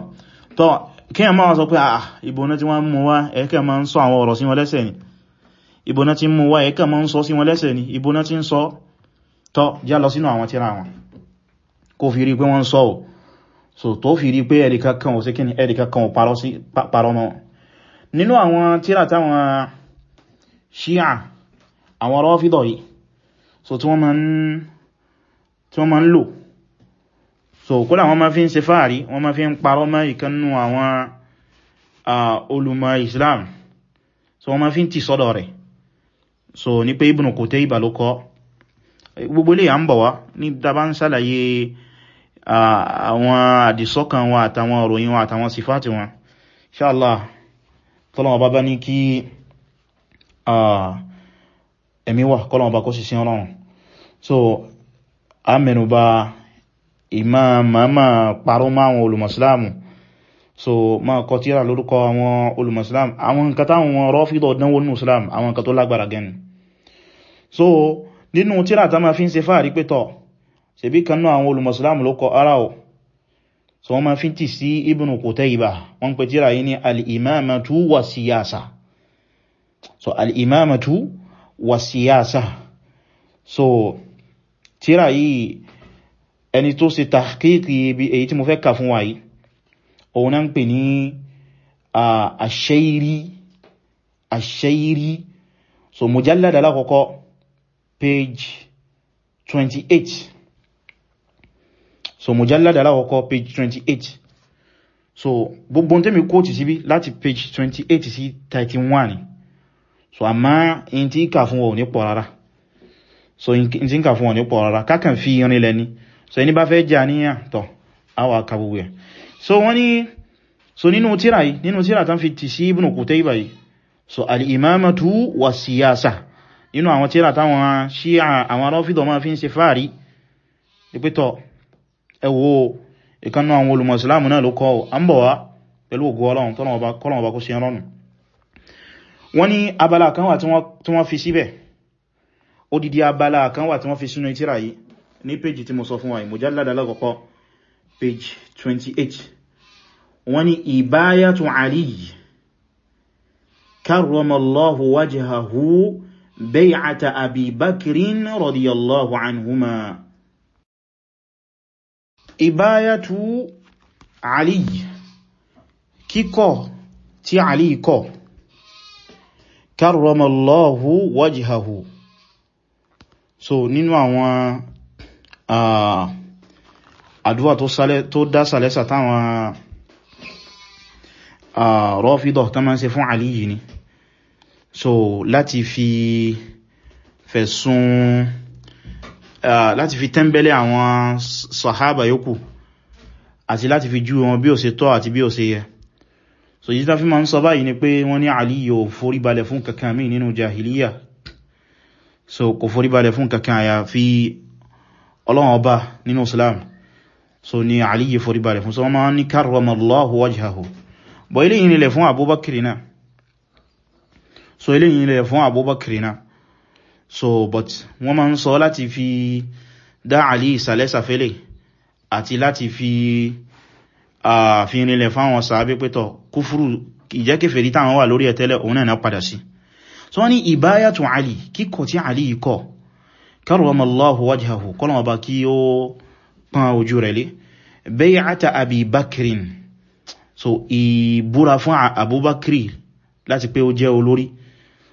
tọ́ kí a máa sọ pé àà ìbọná tí wọ́n mú wá ẹ̀kẹ́ máa ń sọ àwọn ọ̀rọ̀ sí wọn lẹ́sẹ̀ ni ìbọná tí mú wá ẹ̀kẹ́ máa ń sọ sí wọn lẹ́sẹ̀ ni ìbọná tí ń sọ tọ́ já lọ sínú àwọn tírà wọn kó fi rí pé wọ́n sọ so tó fi rí pé ẹ̀ríkà kan ò sí kí ni ẹ̀ríkà kan ò parọ́ mọ́ nínú àwọn tíra táwọn ṣíà àwọn rọ́fídọ̀ yìí so tí wọ́n ma ń lò so kúlà wọ́n ma fi ń ṣe fáàrí wọ́n ma fi ń parọ́ mọ́ ìkannú àwọn olùmọ̀ Islam so wọ́n ma fi ń tì sọ́dọ̀ rẹ̀ so ní pé Ibn Qutayba ló kọ gbogbo lè à ń bọ̀ wá ní dábá àwọn àdìsọ́kàn wọn àtàwọn òròyìn wọn àtàwọn sífàtì wọn inshallah tọ́lọ̀wọ̀ bá bá ní kí ẹ̀mí wà kọ́lọ̀wọ̀ bá kó sì sí ọlọ́run so a mẹ́nu bá ìmá màmá parọ́ máwọn olùmọ̀sílámù so ma kọ tíra lórúkọ àwọn olùmọ̀sílámù àwọn nǹkan táwọn rọ́fídọ̀ dánwò nínú islam àwọn nǹkan tó lágbára gẹn so nínú tíra ta ma fi ń ṣe fáàrí pé ṣe bí kanú àwọn olùmọ̀sílámù ló kọ ara ọ̀ so wọ́n ma fi tì sí ibn Qutayba wọ́n pẹ̀ tíra yìí ni al'imamatu wa siyasa so al'imamatu wa siyasa so tíra yìí ẹni tó ṣe tahqiqi bí èyí tí mo fẹ́ kà fún wa yìí òun náà ń pè ní àṣẹ́irí so mujallada lákọ̀ọ́kọ́ 28 so mujallad alawọ́kọ́ page 28 so gbogbo n quote kóòtù síbí láti page 28 sí 31 ni so ama in tí kà fún wọn ní pọ̀ rárá so in tí kà fún wọn ní pọ̀ rárá kákan fi irin lẹ́ni so ẹni bá fẹ́ jẹ́ to. Awa àwọn akagbogbo ẹ̀ so wọ́n ni so nínú tíra yìí nínú tíra tán fi tì sí Ibn Qutayba yìí so al-imamatu wa siyasa nínú àwọn tíra táwọn Shia àwọn Rafida máa fi ń ṣe fáàrí ìpẹ́tọ̀ ẹwọ ìkanná àwọn olùmọ̀ ìsìláàmù náà ló kọ́ à ń bọ̀ wá pẹ̀lú ògo ọlọ́run tọ́lọ̀wọ́ bá kó sí ẹrọ́nù wọ́n ní abala kan wà tí wọ́n fi síbẹ̀ odidi abala kan wà tí wọ́n fi sínú ìtírà yìí ní péjì tí mo sọ fún wa ìmújáládà ìbáyàtú àlì kíkọ̀ tí àlì kọ̀ karramallahu wajhahu so nínú àwọn àdúwà tó dá sàlẹ́sà táwọn rọ́fídọ̀ tó máa ń ṣe fún àlì yìí ni so láti fi fẹ̀sùn Eh, láti fi tẹ́mbẹ̀lẹ̀ àwọn sàhábà yòókù àti láti fi jú wọn bí ó ṣe tọ́ àti bí ó ṣe yẹ so yíta fi ma ń sọ báyìí ni pé wọ́n ní Àlí yóò foríbalẹ̀ fún kankan mí nínú jahiliya so kò foríbalẹ̀ fún kankan àyàfi Ọlọ́run Ọba nínú Islam so ni Àlí yóò foríbalẹ̀ fún so wọ́n ma ní karramallahu wajhahu bọ̀ ilé yìí nílẹ̀ so ilé yìí nílẹ̀ so but wọ́n ma ń sọ láti fi dá àlì ìsàlẹ́sàfẹ́lẹ̀ àti láti fi àfinrinlẹ̀ fáwọn sàábé pẹ́tọ̀ kúfúrú ìjẹ́kẹfẹ̀rí táwọn wà lórí ẹ̀tẹ́lẹ̀ òun náà padà sí so wọ́n ní ìbáyàtù àlì kíkọ̀ tí àlì ikọ̀ karramallahu wajhahu kọ́lọ̀wọ́ bá kí ó pán ojú rẹ̀ lé bay'ata abi bakrin so ìbúra fún abubakri láti pé ó jẹ́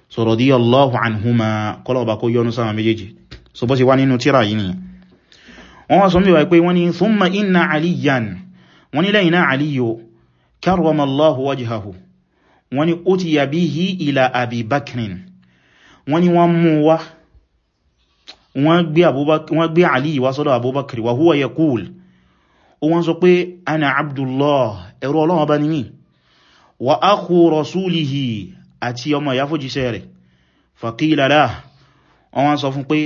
so radiyallahu anhuma kọlọ̀ọ̀bá kó yọ́nú sáwọn méjèèjì so bó sì wá nínú tíra yìí ni wọ́n wá sọ mẹ́wàá pé wọ́n ni thumma inna aliyan wọ́n ni lẹ́yìn náà aliyo karramallahu wajhahu wọ́n ni ó ti yàbí hí ila abi bakrin wọ́n ni wọ́n mú wá wọ́n gbé aliyi wá sọ́dọ̀ abubakar wa huwa yaqul ó wọ́n sọ pé ana abdullah ẹ̀rọ ọlọ́wọ́ bá ní wa akhu rasulihi àti ọmọ ìyá fòjíṣẹ́ rẹ̀ faqila lah wọ́n wá sọ fún pé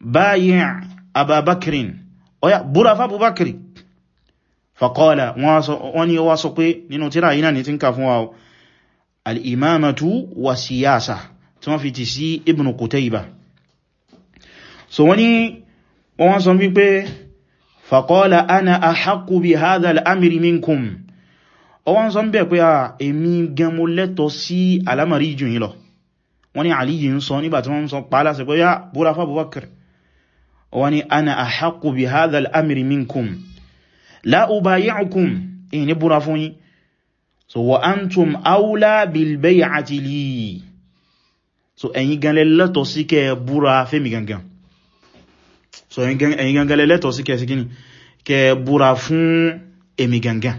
bay'i' Aba Bakrin ọya búra fábú Bakri faqala wọ́n ni ó wá sọ pé nínú tíra yìí náà ni tí ń kà fún wa al wa siyasa tí wọ́n fi ti sí Ibn Qutayba so wọ́n ni wọ́n wá sọ wípé faqala ana ahaqqu bi hadha al minkum ó wá ń sọ ń bẹ̀ pé èmi gan mo lẹ́tọ̀ sí alámàrí jù yín lọ wọ́n ní àlíyì ń sọ nígbà tí wọ́n ń sọ pàálà sí pé yá búra fún Abubakar wọ́n ní ana ahaqqu bi hadha al minkum la ubayi'ukum èyí ní búra fún yín so wa antum awla bil bay'ati li so ẹ̀yin gan lẹ́tọ̀ sí kẹ́ búra fẹ́mi gangan so ẹ̀yin gan lẹ́tọ̀ sí kẹ́ sí gini búra fún èmi gangan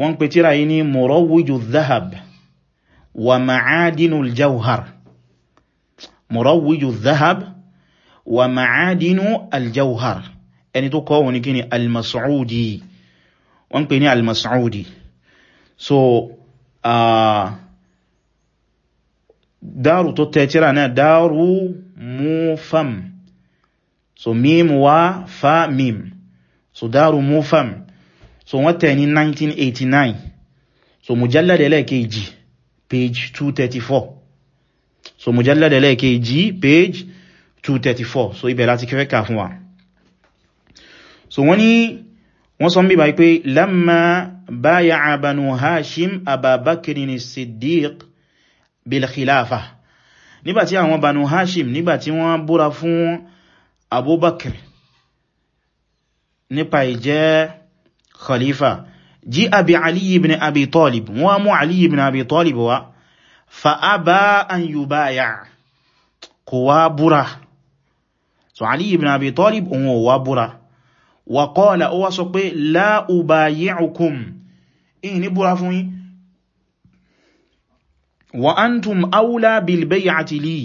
wọ́n pè tíra yìí ní murawiju dhahab wa ma'adinu aljawhar murawiju dhahab wa ma'adinu aljawhar ẹni tó kọ́ wọn kí ni almas'udi wọ́n pè ní almas'udi so uh, dáàrù tó tẹ tíra náà dáàrù mufam so mim wa fa mim so dáàrù mufam so wọ́n tẹ̀ ní 1989 so mujallad ẹlẹ́ẹ̀kejì page 234 so mujallad ẹlẹ́ẹ̀kejì page 234 so ibẹ̀ láti kẹfẹ́ kà fún wa so wọ́n ní wọ́n sọ mbíbà pé lamma báyà banu hashim ababakirin siddiq bil nígbàtí àwọn banu hashim nígbàtí wọ́n búra fún abubakir nípa ìjẹ́ khalifa jí abi aliyu ibn abi talib wọ́n mú aliyu ibn abi talib wá fa abá an yubaya kò wá búra so aliyu ibn abi talib òun ò wá búra wa qala ó wá sọ pé la ubayi'ukum ìyìn ní búra fún yín wa antum awla bil bay'ati li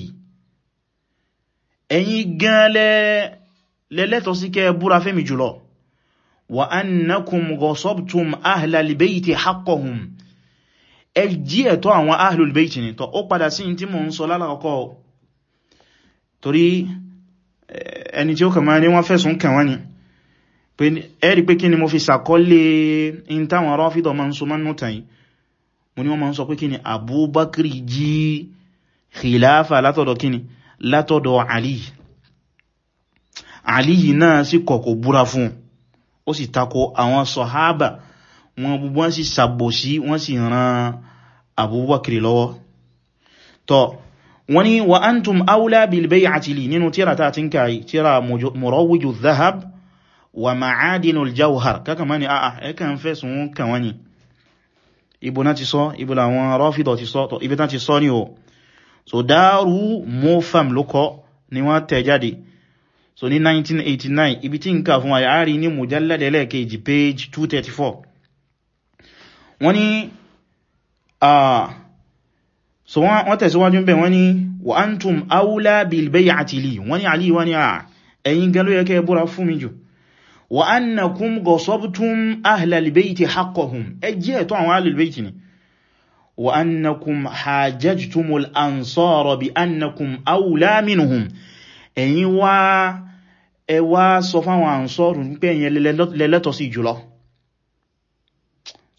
ẹ̀yin gan lẹ́lẹ́tọ̀ sí kẹ́ búra fẹ́mi jùlọ وأنكم غصبتم أهل البيت حقهم ẹjí ẹ̀tọ́ àwọn ahlul bayt ni tó ó padà sí tí mò ń sọ lálàkọ́kọ́ torí eh, ẹni tí ó kàmà ní wọ́n fẹ̀sùn kàn wá ni ẹ̀rí pé kí ni mo fi sàkọ́lé in táwọn rọ́fídọ̀ ma ń so mọ́nú tàyí mo ní wọ́n ma ń sọ pé kí ni khilafa látọ̀dọ̀ kí ni ali ali náà sì kọ̀kọ̀ búra fún un ó sì takò àwọn sọ̀hábà wọn gbogbo sì sàbòsí wọ́n sì ran abubakir lọ́wọ́ tọ́ wọ́n ni wa antum aula bil bay'ati li nínú tíra ta ti ń kàyí tíra murawiju zahab wa ma'adinul jawhar kaka mani a'a ẹkan fẹ́sùn kàwani ibo na ti sọ ibo làwọn rọ́fidọ̀ ti sọ ibi ta ti sọ ni o so dáàrú mọ́fàm lókọ ni wọ́n tẹ̀ jáde so ní 1989 ibi tí n kà fún àyàrí ní mujallad ẹlẹ́ẹ̀kejì page 234 wọ́n ní so wọ́n tẹ̀síwájú ń bẹ̀ wọ́n ní wa antum awla bil bay'ati li wọ́n ní àlì wọ́n ní à ẹ̀yin gan ló yẹ kẹ́ búra fún mi jù wa annakum ghasabtum ahlal bayti haqqahum ẹ jẹ́ ẹ̀tọ́ àwọn ahlal bayti ni wa annakum hajajtumul ansara bi annakum awla minhum ẹ̀yin wá ẹ wá sọ fáwọn àǹsọ́rù pé ẹ̀yin lẹ́lẹ́tọ̀ sí jùlọ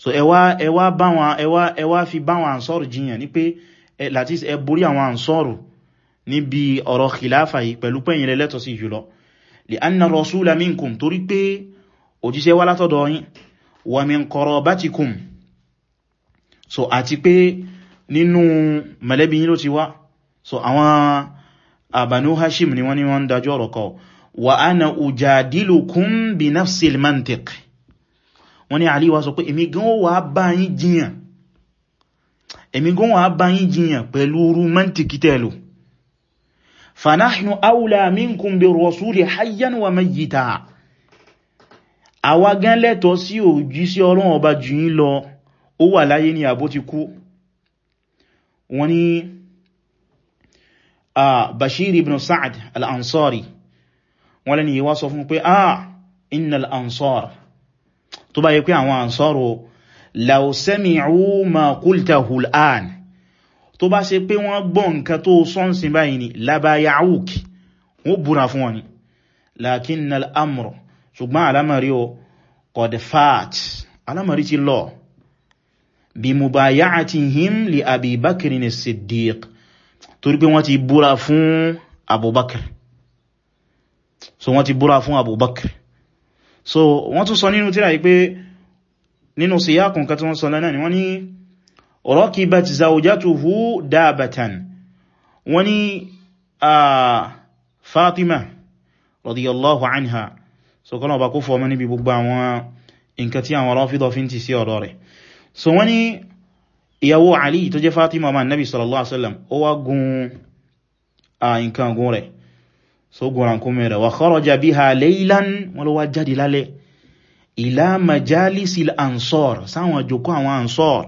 so ẹ wá ẹ wá báwọn ẹ wá ẹ wá fi báwọn àǹsọ́rù jiyàn ní pé láti ẹ borí àwọn àǹsọ́rù níbi ọ̀rọ̀ khilafa yìí pẹ̀lú pé lẹ́lẹ́tọ̀ sí jùlọ li anna rasula minkum torí pé òjíṣẹ́ wá látọ̀dọ̀ yín wa min qarabatikum so àti pé nínú mẹ̀lẹ́bí yín ló ti wá so àwọn àbànú hashim ni wọ́n ni wọ́n dájú ọ̀rọ̀ kọ wa ana ujadilukum bi nafsil mantiq wọ́n ni Ali wá sọ pé èmi gan wà bá yín jiyàn èmi gan wà pẹ̀lú rú mantiki tẹ́lù fanahnu aula minkum bi rasuli hayyan wa mayyita àwa gan lẹ́tọ̀ sí òjí sí ọlọ́run ọba jù yín lọ ó wà láyé ní àbó ti kú wọ́n ni a ah, bashir ibn sa'ad al'ansari wọ́n lẹ́ni yíwá sọ fún pé a ah, inna al'ansar tó bá yí pé àwọn ansaro law sami'u ma qultahu al'an tó bá ṣe pé wọ́n gbọ́ nǹkan tó sọ́nsìn báyìí ni labaya'uk wọ́n búra fún wọn lakin al'amr ṣùgbọ́n alamari o qad alamari ti lọ bi mubaya'atihim li abi bakrin siddiq torí pé wọ́n ti búra fún Abubakar so wọ́n ti búra fún Abubakar so wọ́n tún sọ nínú tírà yìí pé nínú síyákùn kan tí wọ́n sọ lẹ́nà ni wọ́n ní rakibat zawjatuhu dabatan wọ́n ní Fatima radiyallahu anha so kọ́nà ọba kó fọ́ mọ́ níbi gbogbo àwọn nǹkan tí àwọn Rāfidah sí ọ̀rọ̀ rẹ̀ so wọ́n ní ìyàwó Ali tó jẹ́ Fatima ma nabi sallallahu alaihi wasallam ó wá gun a nǹkan gun rẹ̀ so gun rankumi rẹ̀ wa kharaja biha laylan wọ́n ló wá jáde lálẹ́ ila majalisil ansar sáwọn jòkó àwọn ansar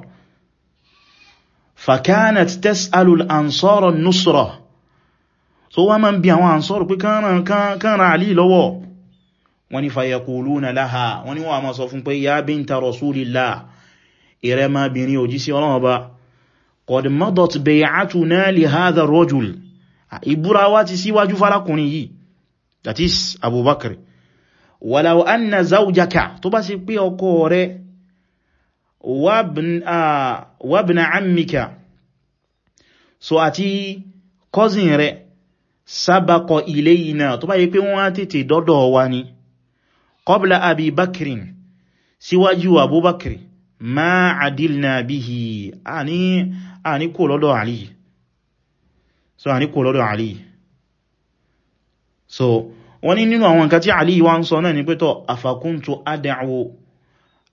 fakanat tas'alul ansar an-nusra so wá ma ń bi àwọn ansar pé kan ra Ali lọ́wọ́ wọ́n fayakuluna laha wọ́n ní ma sọ fún pé ya binta rasulillah ìrẹmabìnrin òjíṣẹ́ Ọlọ́run Ọba qad madat bay'atuna li hadha ar-rajul ìbúra wa ti síwájú fárakùnrin yìí that is abubakar walau anna zawjaka tó bá sì pé ọkọ rẹ̀ wabna ammika so àti cousin rẹ̀ sabaqo ilayna tó bá yí pé wọ́n tètè dọ́dọ̀ wa ni qabla abi síwájú abubakar ma adilna bihi a ní kò lọ́dọ̀ Ali so a ní kò Ali so wọ́n ní nínú àwọn nǹkan tí Ali wá ń sọ náà ni pé tọ́ afakuntu ad'u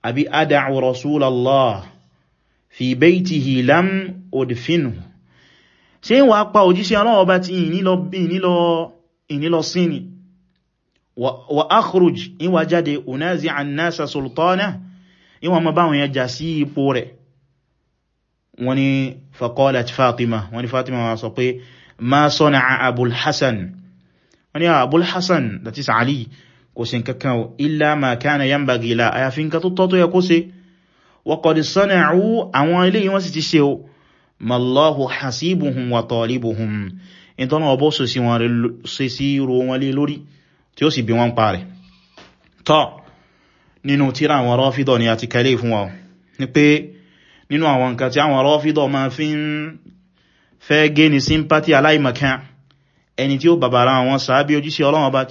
àbí ad'u rasulallah fi baytihi lam udfinu ṣe wà pa òjíṣẹ́ Ọlọ́run bá ti ìnílọ síni wa akhruj ìwà jáde unazi an nasa sultana ìwọ̀n ma báwọn yẹn jà sí ipò rẹ̀ wọ́n ni faqalat Fatima wọ́n ni Fatima wọ́n sọ pé ma sana'a Abul Hasan wọ́n ni ah, Abul Hasan that is Ali kò ṣe nǹkankan illa ma kana yanbaghi la àyàfi nǹkan tó tọ́ tó yẹ kó ṣe wa qad sana'u àwọn ilé wọ́n sì ti nínú tíra àwọn rọ́fídọ̀ ni a ti kẹlé fún wa ní pé nínú àwọn nǹkan tí àwọn rọ́fídọ̀ ma fi ń fẹ́ gé ní sympathy aláìmọ̀kan ẹni tí ó bàbára àwọn sàábí ojíṣẹ́ Ọlọ́run ọba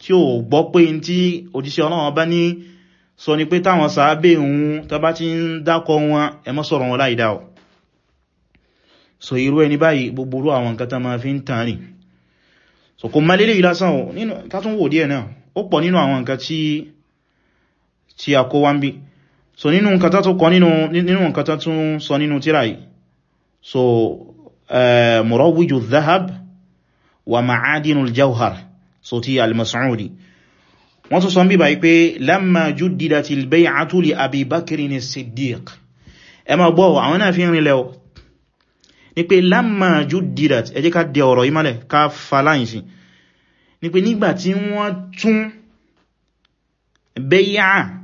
tí ó gbọ́ pé n tí ojíṣẹ́ Ọlọ́run ní sọ ni pé táwọn sàábí òun tó bá ti ń dákọ wọn ẹ má sọ̀rọ̀ wọn láìdá ọ̀ so irú ẹni báyìí gbogbo irú àwọn nǹkan tó ma fi ń tàn so kò má lélẹ̀ ìlásán ò nínú ká tún wò díẹ̀ náà ó pọ̀ nínú àwọn nǹkan tí tí a kó wá ń bí so nínú nǹkan tó kọ nínú nǹkan tó tún sọ nínú tírà yìí so eh, murawiju dhahab wa ma'adinul jawhar so ti al-Mas'udi wọ́n tún sọ bí báyìí pé lamma juddidatil bay'atu li Abi Bakrin as-Siddiq ẹ ma gbọ́ àwọn náà fi rinlẹ̀ o ní pé lamma juddidat ẹ jẹ́ ká dẹ ọ̀rọ̀ ìmọ́lẹ̀ ká faláyìnsì ní pé nígbà tí wọ́n tún bay'a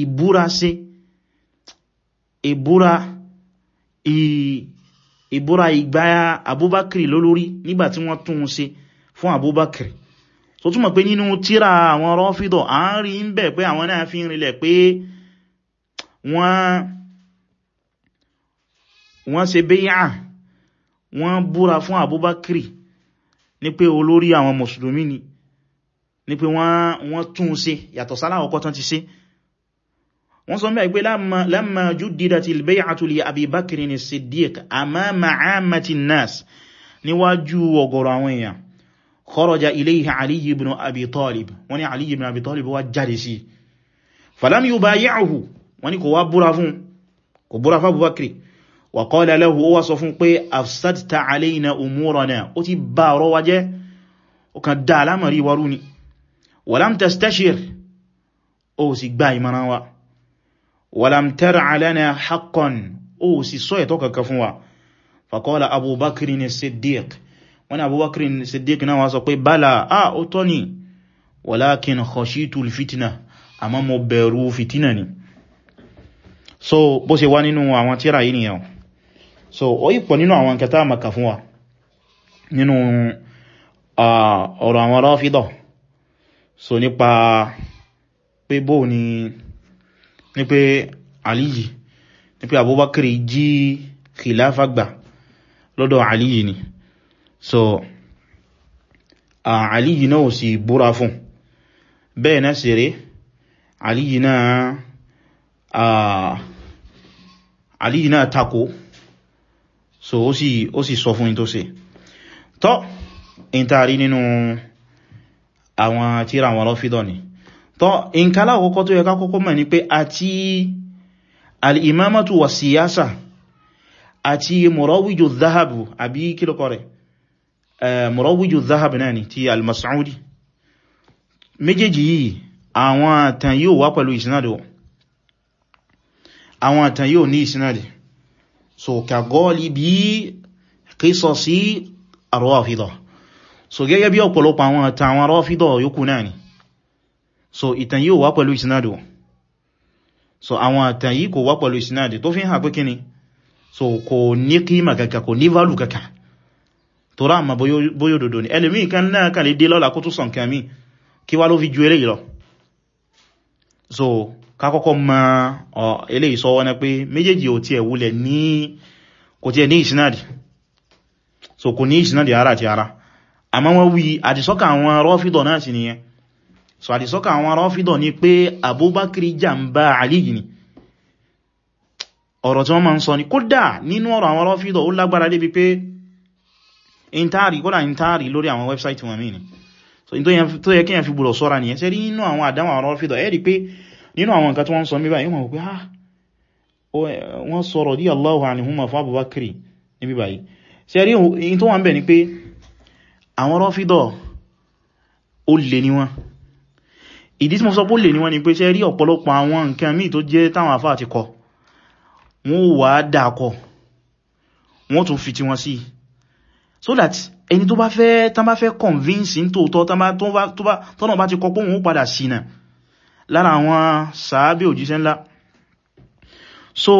ìbúra sí ìbúra ìbúra ìgbà abúbákìrì lólórí nígbàtí wọ́n tún un ṣe fún abúbákìrì so túnmọ̀ pé nínú tíra àwọn rọ́fídọ̀ à ń rí ń bẹ̀ pé àwọn náà fi ń rinlẹ̀ pé wọ́n ṣe béyà wọ́n búra fún abúbákìrì ní pé olórí àwọn mùsùlùmí ni ní pé wọ́n tún un ṣe yàtọ̀ sáláwọ̀kọ́ tán ti ṣe wọ́n sọ mẹ́ pé lamma juddidatil bay'atu li Abi Bakrin as-Siddiq amama 'ammatin nas níwájú ọ̀gọ̀rọ̀ àwọn èèyàn kharaja ilayhi Ali ibn Abi Talib wọ́n ní Ali ibn Abi Talib wá jáde sí falam yubayi'uhu wọ́n ní kò wá búra fún kò búra fún Abu Bakri wa qala lahu ó wá sọ fún pé afsadta alayna umurana ó gba ìmọ̀ràn wa walam tar'a lana haqqan ó sì sọ ẹ̀tọ́ kankan fún wa faqala abubakar ni siddiq wọ́n ni abubakar ni siddiq náà wá sọ pé bala a ó tọ́ ni walakin khashitu alfitna àmọ́ mo bẹ̀rù fitina ni so bó ṣe wá nínú àwọn tírà yìí nìyẹn so ó yípo nínú àwọn kẹta maka fún wa nínú ọ̀rọ̀ àwọn Rāfidah so nípa pé bóò ni ní pé aliyi ní pé abubakar jí khilafa gbà lọ́dọ̀ aliyi ni so aliyi náà sì búra fún bẹ́ẹ̀ náà sì rí aliyi náà aliyi náà takò so ó sì ó sì sọ fún ìtọ́sí tọ́ ìntàrí nínú àwọn tíra àwọn rọ́fídọ́ ni tọ́ nǹkan láwọ́kọ́ tó yẹ ká kọ́kọ́ mọ̀ ní pé àti al'imamatu wa siyasa àti mọ̀rọ̀wíjò zahabu àbí kílùkọ́ rẹ̀ mọ̀rọ̀wíjò zahabu náà ni ti al-Mas'udi méjèèjì yìí àwọn àtàn yóò wá pẹ̀lú ìsinadì so kagọ́ọ̀lì bí qisasi ar so gẹ́gẹ́ bí ọ̀pọ̀lọpọ̀ àwọn àtàn àwọn Rafida yókù náà ni so ìtàn yìí ò wá pẹ̀lú ìsinádì so àwọn ìtàn yìí kò wá pẹ̀lú ìsinádì tó fi ń kíni so kò ní kíma kàkà kò ní válù kàkà tó rá àmà bóyó dòdò ní ẹlẹ́mí kan náà kà lè dé lọ́la kó tó sàn kàmí kí wá ló fi ju eléyìí lọ so ma ọ̀ eléyìí sọ wọ́n pé méjèèjì ò tiẹ̀ wulẹ̀ ní kò so kò ní ìsinádì ara àti ara àmọ́ wọ́n wí àdìsọ́kà àwọn rọ́fídọ̀ náà sì nìyẹn so àdìsọ́kà àwọn Rāfidah ni pé Abubakar jàmbá Ali ni ọ̀rọ̀ tí wọ́n máa ń sọ ni kódà nínú ọ̀rọ̀ àwọn Rāfidah ó lágbára débi pé intari kódà intari lórí àwọn wẹ́bsáìtì wọn mìí so tó yẹ kíyàn fi gbùrọ̀ sọ́ra nìyẹn sẹ́rí nínú àwọn àdáwọn àwọn Rāfidah ẹ rí pé nínú àwọn nǹkan tí wọ́n sọ míbà yíwọ̀n pé ah, wọ́n sọ̀rọ̀ dí Allahu anhuma fún ni wọn ìdí tí mo sọ pó lè ní wọ́n ni pé ṣe rí ọ̀pọ̀lọpọ̀ àwọn nǹkan míì tó jẹ́ táwọn àfáà ti kọ wọ́n wà dákọ wọ́n tún fi ti wọn sí so that ẹni tó bá fẹ́ tán bá fẹ́ convince ní tòótọ́ tọ́nà bá ti kọ pé wọ́n padà sínà lára àwọn sàábé òjíṣẹ́ ńlá so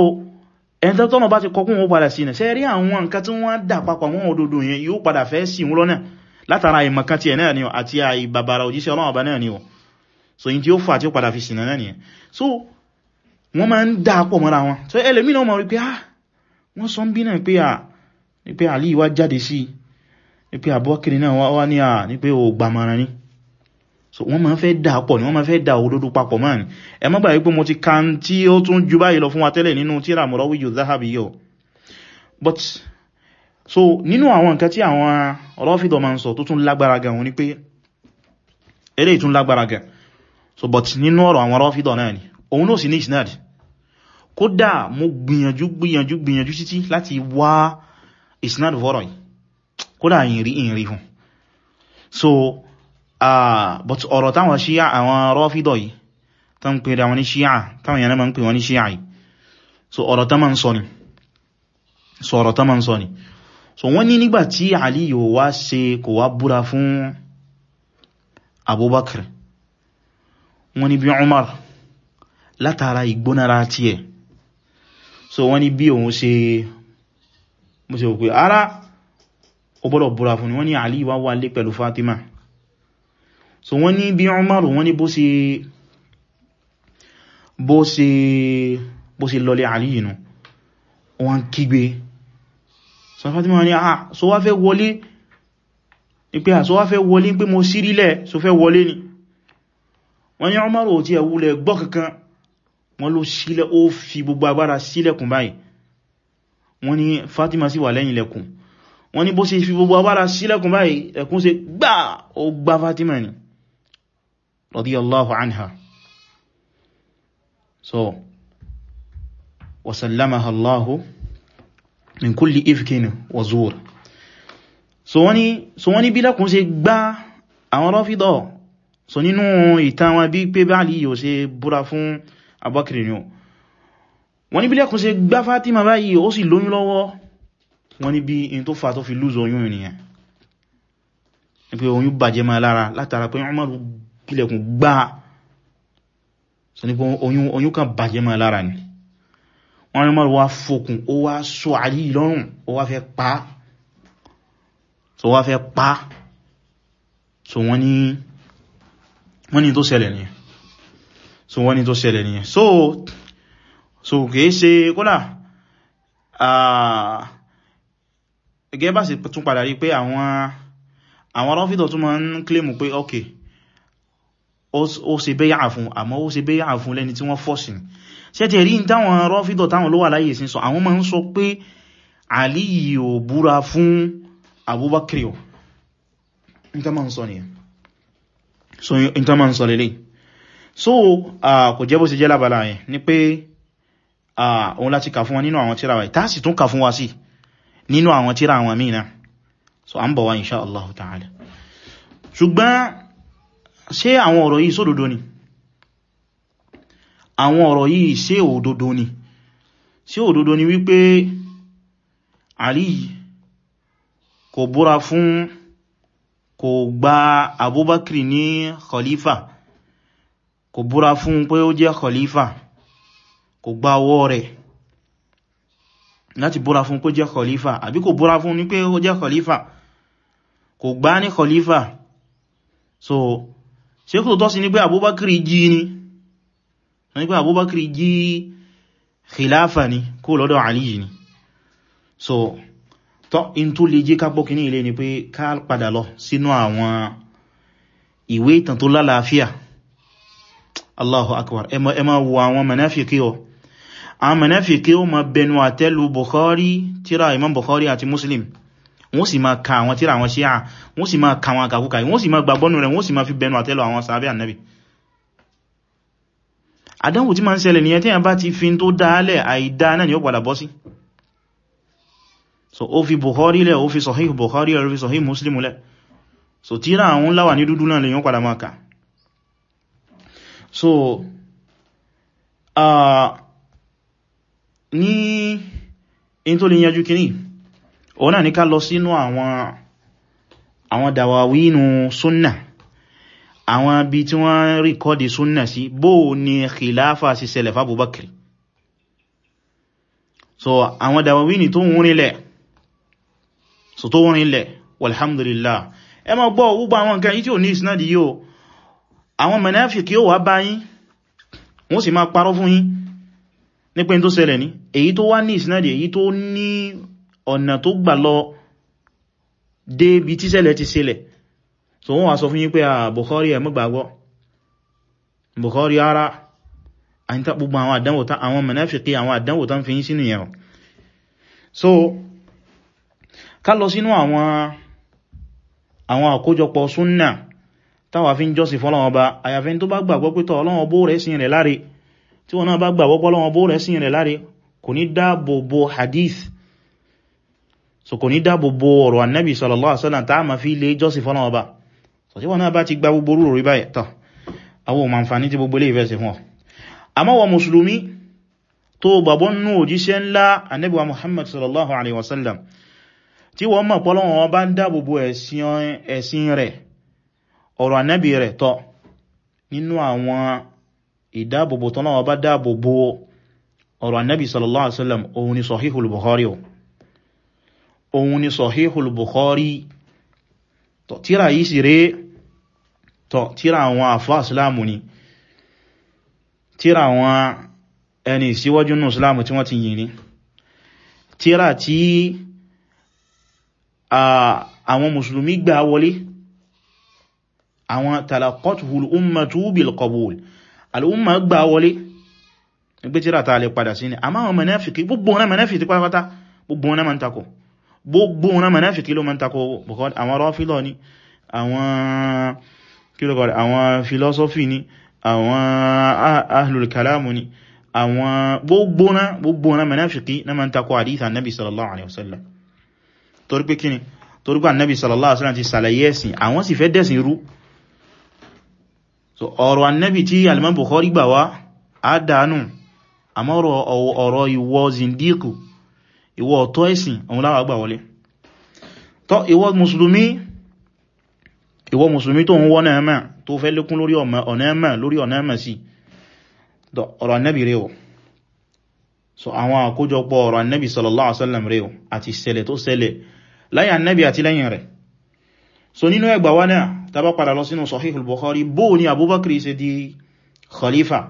ẹni tọ́nà bá ti kọ pé wọ́n padà sínà ṣe rí àwọn nǹkan tí wọ́n dà papọ̀ àwọn òdodo yẹn yóò padà fẹ́ sí wọn lọ́nà látara ìmọ̀kan ti ẹ̀ náà ni àti àìbàbàrà òjíṣẹ́ ọlọ́ọ̀bá so yin tí ó fà tí ó padà fi sìnà náà nìyẹn so wọ́n máa ń dá pọ̀ mọ́ra wọn so ẹlẹ́mìnà ọmọ rí pé ah wọ́n sọ ń bí náà pé à ah, ní pé àlì wá jáde sí ní pé àbọ́kiri náà wá ní à ah, ní pé ò gbàmọ̀ràn ní so wọ́n máa fẹ́ dá pọ̀ ní wọ́n máa fẹ́ dá òdodo papọ̀ máa ní ẹ má gbàgbé pé mo ti kan tí ó tún ju báyìí lọ fún wa tẹ́lẹ̀ nínú tírà Murawiyu Dhahabi yìí but so nínú àwọn nǹkan tí àwọn Rafida máa ń sọ tó tún lágbára gan wọn ni pé eré ìtún lágbára gan so but nínú ọ̀rọ̀ àwọn Rāfidah náà ni òun náà sì ní isnad kódà mo gbìyànjú gbìyànjú gbìyànjú títí láti wá isnad fọ́rọ̀ yìí kódà ìrì ìrì hùn so uh, but ọ̀rọ̀ táwọn Shia àwọn Rāfidah yìí tó ń pèrè àwọn ní Shia táwọn yẹn máa ń pè wọ́n Shia yìí so ọ̀rọ̀ tá máa ń ni so ọ̀rọ̀ tá máa ń ni so wọ́n ní nígbàtí Ali yóò wá ṣe kò wá búra fún Abubakar wọ́n ní bí Umar látara ìgbónára tí ẹ̀ so wọ́n ní bí òun ṣe mú ṣe òkú ara ọgbọ́lọ̀ búra fún ni wọ́n ní Ali wá wà lé pẹ̀lú Fatima so wọ́n ní bí Umar wọ́n ní bó ṣe bó ṣe bó ṣe lọlé Ali yìí nù wọ́n kígbe so Fatima ní ah so wá fẹ́ wọlé ní pé ah so wá fẹ́ wọlé pé mo sírílẹ̀ so fẹ́ wọlé ni wọ́n ní Umar ò tí ẹ wúlẹ̀ gbọ́ kankan wọ́n ló sílẹ̀ ó fi gbogbo agbára sílẹ̀kùn báyìí wọ́n ní Fatima sì wà lẹ́yìn lẹ́kùn wọ́n ní bó ṣe fi gbogbo agbára sílẹ̀kùn báyìí ẹkùn ṣe gbà ó gbá Fatima ni radiyallahu anha so wasallamaha Allahu min kulli ifkin wa zuur so wọ́n ní bí lẹ́kùn ṣe gbá àwọn rọ́fídọ̀ọ́ so nínú ìtàn wọn bí pé báàlì yíò ṣe búra fún Abubakar ni o wọ́n ní bí lẹ́kùn ṣe gbá Fatima báyìí ó sì lóyún lọ́wọ́ wọ́n ní bí in tó fà tó fi lúzọ oyún ènìyàn pé oyún bàjẹ́ máa lára látara pé Umar kílẹ̀kùn gbá so ní oyún kan bàjẹ́ máa lára ni wọ́n ní Umar wá fòkùn ó wá sọ Àlí lọ́rùn ó wá fẹ́ pa so wá fẹ́ pa so wọ́n ní wọ́n ní tó ṣẹlẹ̀ ní so wọ́n ní tó ṣẹlẹ̀ ní so so kìí ṣe kọ́lá gẹ́gẹ́ bá sì tún padà rí pé àwọn àwọn rọ́fídọ̀ tún máa ń claim pé ok ó ṣe bẹ́yà fún àmọ́ ó ṣe bẹ́yà fún lẹ́ni tí wọ́n fọ́sì ní ṣe tẹ̀ rí ń táwọn rọ́fídọ̀ táwọn ló wà láyé sí sọ àwọn máa ń sọ pé Àlí ò búra fún Abubakar ò ń tẹ́ ń sọ nìyàn so in ta ma n sọ lele so ah, kò jẹ́ bó ṣe jẹ́ lábala yẹn ni pé ah, òun láti kà fún wa nínú àwọn tíra wa tá sì tún kà fún wa sí nínú àwọn tíra àwọn míì náà so a ń bọ̀ wá insha Allah ta'ala ṣùgbọ́n ṣé àwọn ọ̀rọ̀ yìí sódodo ni àwọn ọ̀rọ̀ yìí ṣé òdodo ni ṣé òdodo ni wípé Ali kò búra fún kò gba abubakar ní khalifa kò búra fún pé ó jẹ́ khalifa kò gba ọwọ́ rẹ̀ láti búra fún kó jẹ́ khalifa àbí kò búra fún ní pé ó jẹ́ khalifa kò gbá ní khalifa so ṣe kò tọ́ sí ní pé abubakar jí ni ní pé abubakar jí khilafa ni kó lọ́dọ̀ aliyu ni so tọ́ in tó lè jí kápọ́ kìíní ilé ni pé ká padà lọ sínú àwọn ìwé ìtàn tó lálàáfíà Allahu akbar ẹ wo àwọn mùnáfíkí o àwọn mùnáfíkí o ma bẹnu àtẹ́lù Bukhari tíra Imam Bukhari àti Muslim wọ́n sì ma ka àwọn tíra àwọn Shia wọ́n sì ma ka àwọn àkàkùkà wọ́n sì ma gbàgbọ́nù rẹ̀ wọ́n sì ma fi bẹnu àtẹ́lù àwọn sàábẹ́ ànẹ́bì àdánwò tí ma ń ṣẹlẹ̀ nìyẹn tí a bá ti fi tó dáálẹ̀ àìdá náà ni ó padà bọ́ sí so ó fi Bukhari lẹ̀ ó fi Sahih Bukhari lẹ̀ fi Sahih Muslim lẹ̀ so tíra àwọn láwà ní dúdú náà lèyàn padà máa kà so ah, ní in tó lè yanjú kìíní òun náà ní ká lọ sínú àwọn àwọn dàwàwínú súnnà àwọn bí tí wọ́n ríkọ́dì súnnà sí bó ní khilafa sí ṣẹlẹ̀ fábúbákìrì so àwọn dàwàwínì tó ń rìnlẹ̀ so tó wọ́n ilẹ̀ walhamdulillah ẹ ma gbọ́ gbogbo àwọn nǹkan yìí tí ò ní ìsinadi yíò àwọn mùnáfíkí yóò wá bá yín wọ́n sì máa parọ́ fún yín nípa tó ṣẹlẹ̀ ní èyí tó wá ní ìsinadi èyí tó ní ọ̀nà tó gbà lọ dé bí tí ṣẹlẹ̀ ti ṣẹlẹ̀ so wọ́n wá sọ fún yín pé a Bukhari ẹ má gbàgbọ́ Bukhari ara àyíká gbogbo àwọn àdánwò tán àwọn mùnáfíkí àwọn àdánwò tán fi yín sínú yẹn so ká lọ sínú àwọn àwọn àkójọpọ̀ súnnà táwa fi ń jọ́sìn fọ́lọ́wọ́ bá àyàfẹ́ tó bá gbàgbọ́ pẹ́tọ̀ ọlọ́wọ́ bó rẹ̀ sin rẹ̀ láre tí wọ́n náà bá gbàgbọ́ pọ́lọ́wọ́ bó rẹ̀ sin rẹ̀ láre kò ní dáàbò so kò ní dáàbò bo ọ̀rọ̀ annabi sallallahu alaihi wasallam tá a ma fi lè so tí wọ́n náà bá ti gba gbogbo rúrò rí báyìí tán àwọn ò màǹfàní tí gbogbo ilé ìfẹ́ sí fún ọ àmọ́ wọ mùsùlùmí tó sallallahu alaihi wasallam tí wọ́n mọ̀ pọ́lọ́wọ́n wọn bá ń dáàbòbò ẹ̀sìn rẹ̀ ọ̀rọ̀ ànábì rẹ̀ tọ́ nínú àwọn ìdáàbòbò tọ́lọ́wọ́n bá dáàbòbò ọ̀rọ̀ ànábì sallallahu alaihi wasallam òun ni bukhari òun ni bukhari tọ̀ tíra yìí sì rẹ̀ tọ̀ tíra àwọn àfáà islamu ni tíra àwọn ẹni síwájú nù islamu ti yìí tíra tí àwọn mùsùlùmí gbà wọlé àwọn talaqatuhu al-ummatu bil-qabul al-umma gbà wọlé nígbé tíra ta lè padà sí ni àmá àwọn mẹ́nẹ́fìkì gbogbo wọn mẹ́nẹ́fìkì pátápátá gbogbo wọn mẹ́n takò gbogbo wọn mẹ́nẹ́fìkì ló mẹ́n takò àwọn rọ́fílọ́ ni àwọn filosofi ni àwọn ahlul kalamu ni àwọn gbogbo wọn mẹ́nẹ́fìkì na mẹ́n takò hadith sallallahu alaihi wasallam torí pé kíni torí pé annabi sallallahu alaihi wasallam ti ṣàlàyé ẹ̀sìn àwọn sì fẹ́ dẹ̀sìn rú so ọ̀rọ̀ annabi tí alimam bukhari gbà wá àdánù àmọ́rọ̀ ọ̀rọ̀ ìwọ zindiku ìwọ ọ̀tọ́ ẹ̀sìn òun láwà gbà wọlé tọ́ ìwọ musulmi ìwọ musulmi tó ń wọ́n ẹ̀mẹ́ tó fẹ́ lékún lórí ọ̀nà ẹ̀mẹ́ lórí so àwọn àkójọpọ̀ ọ̀rọ̀ annabi sallallahu alaihi wasallam rẹ̀ o àti ṣẹlẹ̀ tó ṣẹlẹ̀ láyà annabi àti lẹ́yìn rẹ̀ so nínú ẹgbà wá náà tàbá padà lọ sínú sahih al-bukhari bó ní abubakar ṣe di khalifa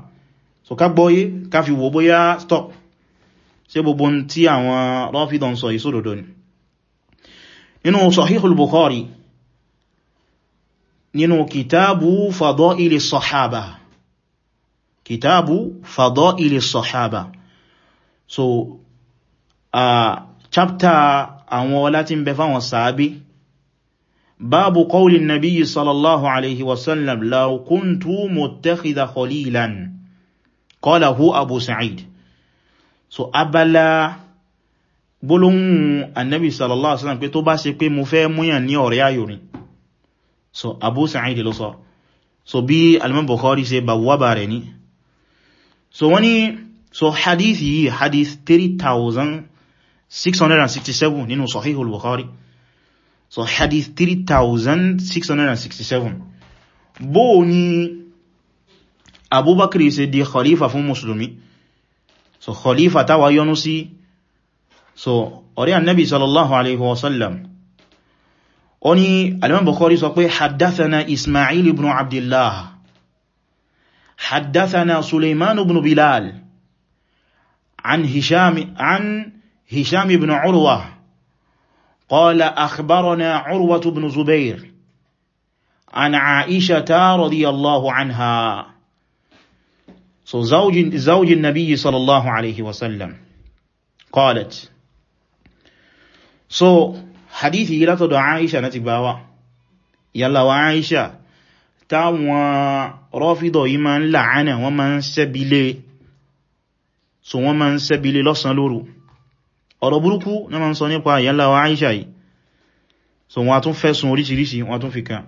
so ká gbọ́yé ká fi wò bóyá stop ṣé gbogbo tí àwọn rọ́fidọ̀n sọ ìsódòdó ni nínú sahih al-bukhari nínú kìtàbù fadaili sahaba kìtàbù fadaili sahaba so uh, chapter àwọn ọlá tí ń bẹ fáwọn sàábí báàbù qawli nabiyyi sallallahu alaihi wasallam law kuntu muttakhidha khalilan qala hu abu sa'id so abala gbólóhùn annabi sallallahu alaihi wasallam pé tó bá ṣe pé mo so abu sa'id ló so bí al-imam bukhari ṣe bàwọ́bà rẹ̀ so wọ́n ni so hadith yìí 3000 667 nínú sahihul bukhari so hadith 3667 bó ní abubakar ṣe di khalifa fún musulmi so khalifa táwa yọnú sí so ọ̀rẹ́ annabi sallallahu alaihi wasallam ó ní alimam bukhari sọ pé haddathana ismail ibn abdullah haddathana suleiman ibn bilal an hisham an هشام بن عروة قال أخبرنا عروة بن زبير عن عائشة رضي الله عنها so زوج, زوج النبي صلى الله عليه وسلم قالت so hadithi láti ọ̀dọ̀ Aisha náà ti gbà wá yàlá wa Aisha táwọn rọ́fídọ̀ yìí máa ń làánà wọ́n máa ń sẹ́bílé so wọ́n máa ń sẹ́bílé lọ́sàn lóru ọ̀rọ̀ burúkú náà ma ń sọ nípa ìyálà wa Aisha yìí so wọ́n tún fẹ̀sùn oríṣiríṣi wọ́n tún fi kàn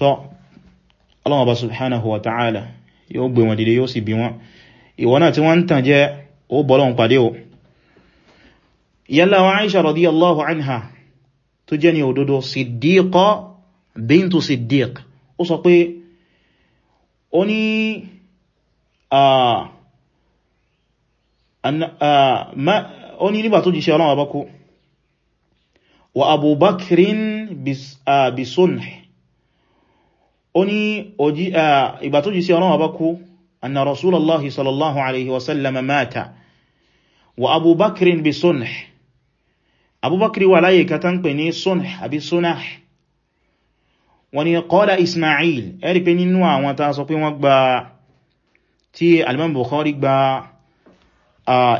tọ́ Allah bá subhanahu wa ta'ala yóò gbé wọn dìde yóò sì bí wọn ìwọ náà tí wọ́n ń tàn jẹ́ ó bọ́lọ́n pàdé o ìyálà أن آه ما ó ní nígbà tó jíṣẹ́ ọlọ́wọ́ bá kú wa abubakirin bisunni ó ní ìgbà tó jíṣẹ́ ọlọ́wọ́ bá kú anna rasulallah sallallahu alaihi wasallam mata wa abubakirin bisunni abubakir wà láyé ka tán pè ní sunni àbí sunah wọ́n ní qala ismail ẹ̀rí pé nínú àwọn ta sọ pé wọ́n gba tí alimam bukhari gba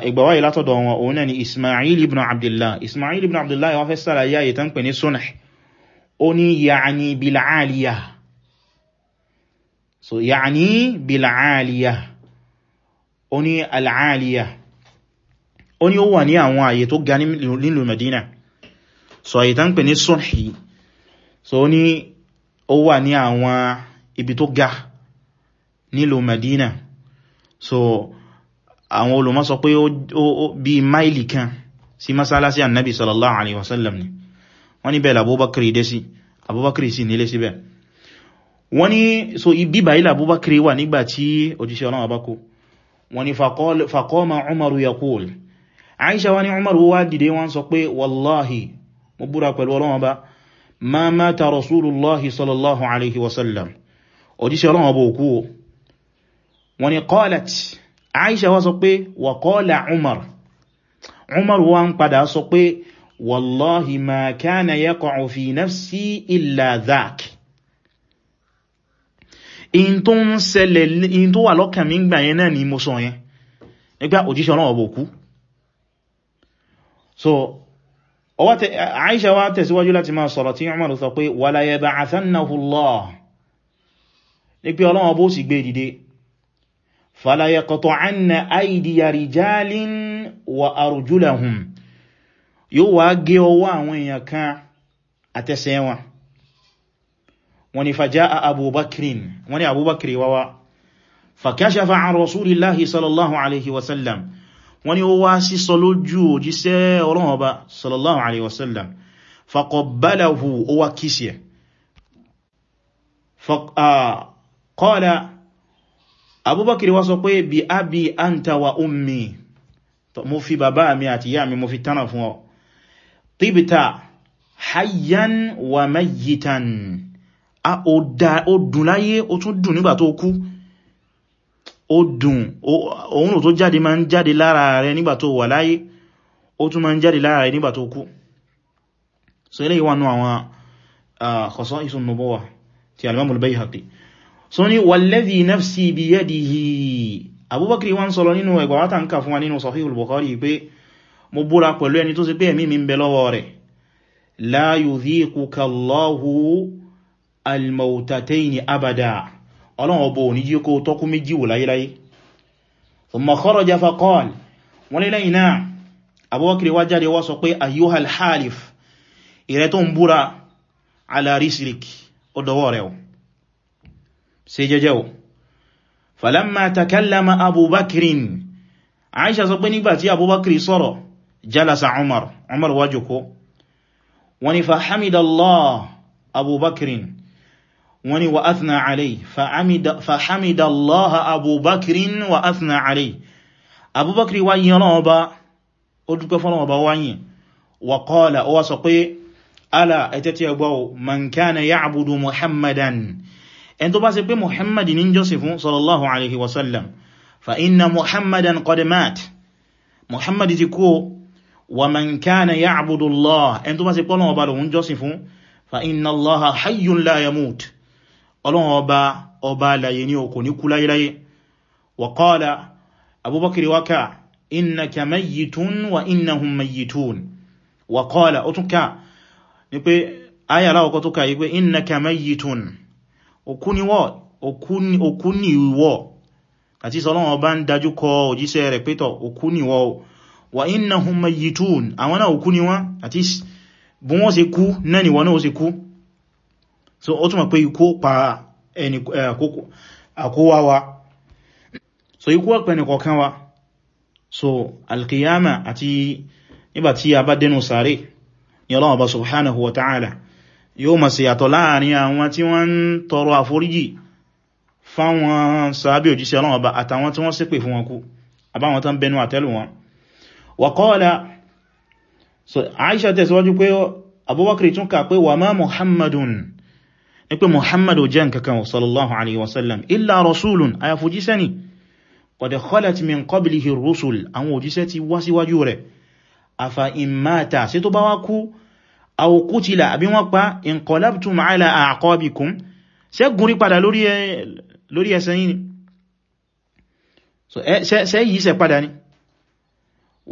ìgbàwà yìí látọ̀dọ̀ wọn òun náà ni Ismail ibn Abdullah Ismail ibn Abdullah wọ́n fẹ́ sára yá yìí tán pè ní sunah ó ní ya'ni bil'aliya so ya'ni bil'aliya ó ní al'aliya ó ní ó wà ní àwọn àyè tó ga nílùú Medina so àyè tán pè ní sunah so ó ní ó wà ní àwọn ibi tó ga nílùú Medina so àwọn olùmọ̀ sọ pé bí máìlì kan sí masálásí annabi sallallahu alaihi wasallam ni wọ́n ní bẹ̀lẹ̀ abubakar dé sí abubakar sí nílé síbẹ̀ wọ́n ní so ibíbà ilẹ̀ abubakar wà nígbà tí òjíṣẹ́ ọlọ́wọ́ bá kú wọ́n ní faqama umaru yaqul aisha wani umaru wá dìde wọ́n sọ pé wallahi mo búra pẹ̀lú ọlọ́wọ́ bá ma mata rasulullahi sallallahu alaihi wasallam òjíṣẹ́ ọlọ́wọ́ bá òkú wọ́n ní qalat aisha wá sọ pé wàkọ́lá umar umar wá ń padà sọ pé wallahi ma kana yaqa'u fi nafsi illa dhak in tó ń ṣẹlẹ̀ in tó mi gbà yẹn ni mo sọ yẹn nígbà òjíṣẹ́ ọlọ́wọ̀ bò kú so aisha wá tẹ̀síwájú láti máa sọ̀rọ̀ tí umar sọ pé wala yab'athannahu Allah ní pé ọlọ́wọ̀ bó sì gbé e dìde فلا يقطعن ايدي رجال وارجلهم yóò wá gé ọwọ́ àwọn èèyàn kan àtẹsẹ̀ wọn wọ́n ní fàjá abubakirin wọ́n ní abubakiri wawa fàkíyàṣàfà an rasulillahi sallallahu alaihi wasallam wọ́n ní ó wá sí sọ lójú òjíṣẹ́ sallallahu alaihi wasallam faqabbalahu ó wá kíṣẹ́ abubakir wá sọ pé bí abi anta wa ummi mo fi bàbá mi àti ìyá mi mo fi tánà fún ọ tibta hayyan wa mayyitan a ó dùn láyé ó tún dùn nígbà tó kú ó dùn òun tó jáde máa ń jáde lára rẹ nígbà tó wà láyé ó tún máa ń jáde lára rẹ nígbà tó kú so ilé ìwọ̀n àwọn ah, khasaisun nubuwah ti al-Imam al so ni wallazi nafsi biyadihi abubakar wọ́n sọ lọ nínú ẹgbà wátà ń kà fún wa nínú sahihul bukhari pé mo búra pẹ̀lú ẹni tó sì pé ẹ̀mí mi ń bẹ lọ́wọ́ rẹ̀ la yudhiquka Allahu al-mawtatayni abada ọlọ́run ọbọ̀ òní jí kó tọ́kú méjì wò láyéláyé thumma kharaja faqal wọ́n ala rislik ọdọwọ́ rẹ̀ ṣe jẹ́jẹ́ o falamma takallama abubakirin aisha sọ pé nígbàtí abubakir sọ̀rọ̀ jalasa umar umar wá jókòó wani fahamidallah abubakirin wani wa athna alai fahamidallah abubakirin wa athna alai abubakir wá yìn Ọlọ́run ba ó dúpẹ́ fọ́lọ́run ba wá yìn wa qala ó wá sọ pé ala ẹ̀tẹ́tẹ́ ẹgbọ́ man kana ya'budu muhammadan ẹn tó bá ṣe pé muhammad ní jọ́sìn fún sallallahu alaihi wasallam fa inna muhammadan qad mat muhammad ti kú wa man kana ya'budu allah ẹn tó bá ṣe pé Ọlọ́run ọba lòun jọ́sìn fún fa inna allaha hayyun la yamut Ọlọ́run ọba ọba láyé ni kò ní kú láyéláyé wa qala abubakar waka òkú ni wọ́ òkú ni ìwọ́ àti sọlọ́wọ́ bá ń dájú kọ òjíṣẹ́ rẹ̀ pétọ̀ òkú ni wọ́ wà innahum mayyitun àwọn náà òkú ni wọ́n àti bí wọ́n ṣe kú náà ni wọ́n náà ṣe kú so ó túnmọ̀ pé ikú pa ẹni àkówá wa so ikú ọ̀pẹ́ ni kọ̀ọ̀kan wa so alkiyama àti nígbàtí a bá dénú sàárè ni Ọlọ́hun Ọba subhanahu wa ta'ala yóò máa ṣe yàtọ̀ láàrin àwọn tí wọ́n ń tọrọ àforíjì fáwọn sàábí òjíṣẹ́ Ọlọ́run ọba àtàwọn tí wọ́n ṣépè fún wọn kú àbáwọn tán bẹnu àtẹ́lù wọn wa qala so Aisha tẹ̀síwájú pé Abubakar tún kà pé wa ma Muhammadun ní pé Muhammadu jẹ́ nkankan sallallahu alaihi wasallam aw qutila àbí wọ́n pa inqalabtum ala a'qabikum ṣé ẹ gúnrí padà lórí ẹsẹ̀ yín ṣé yìí ṣe padà ni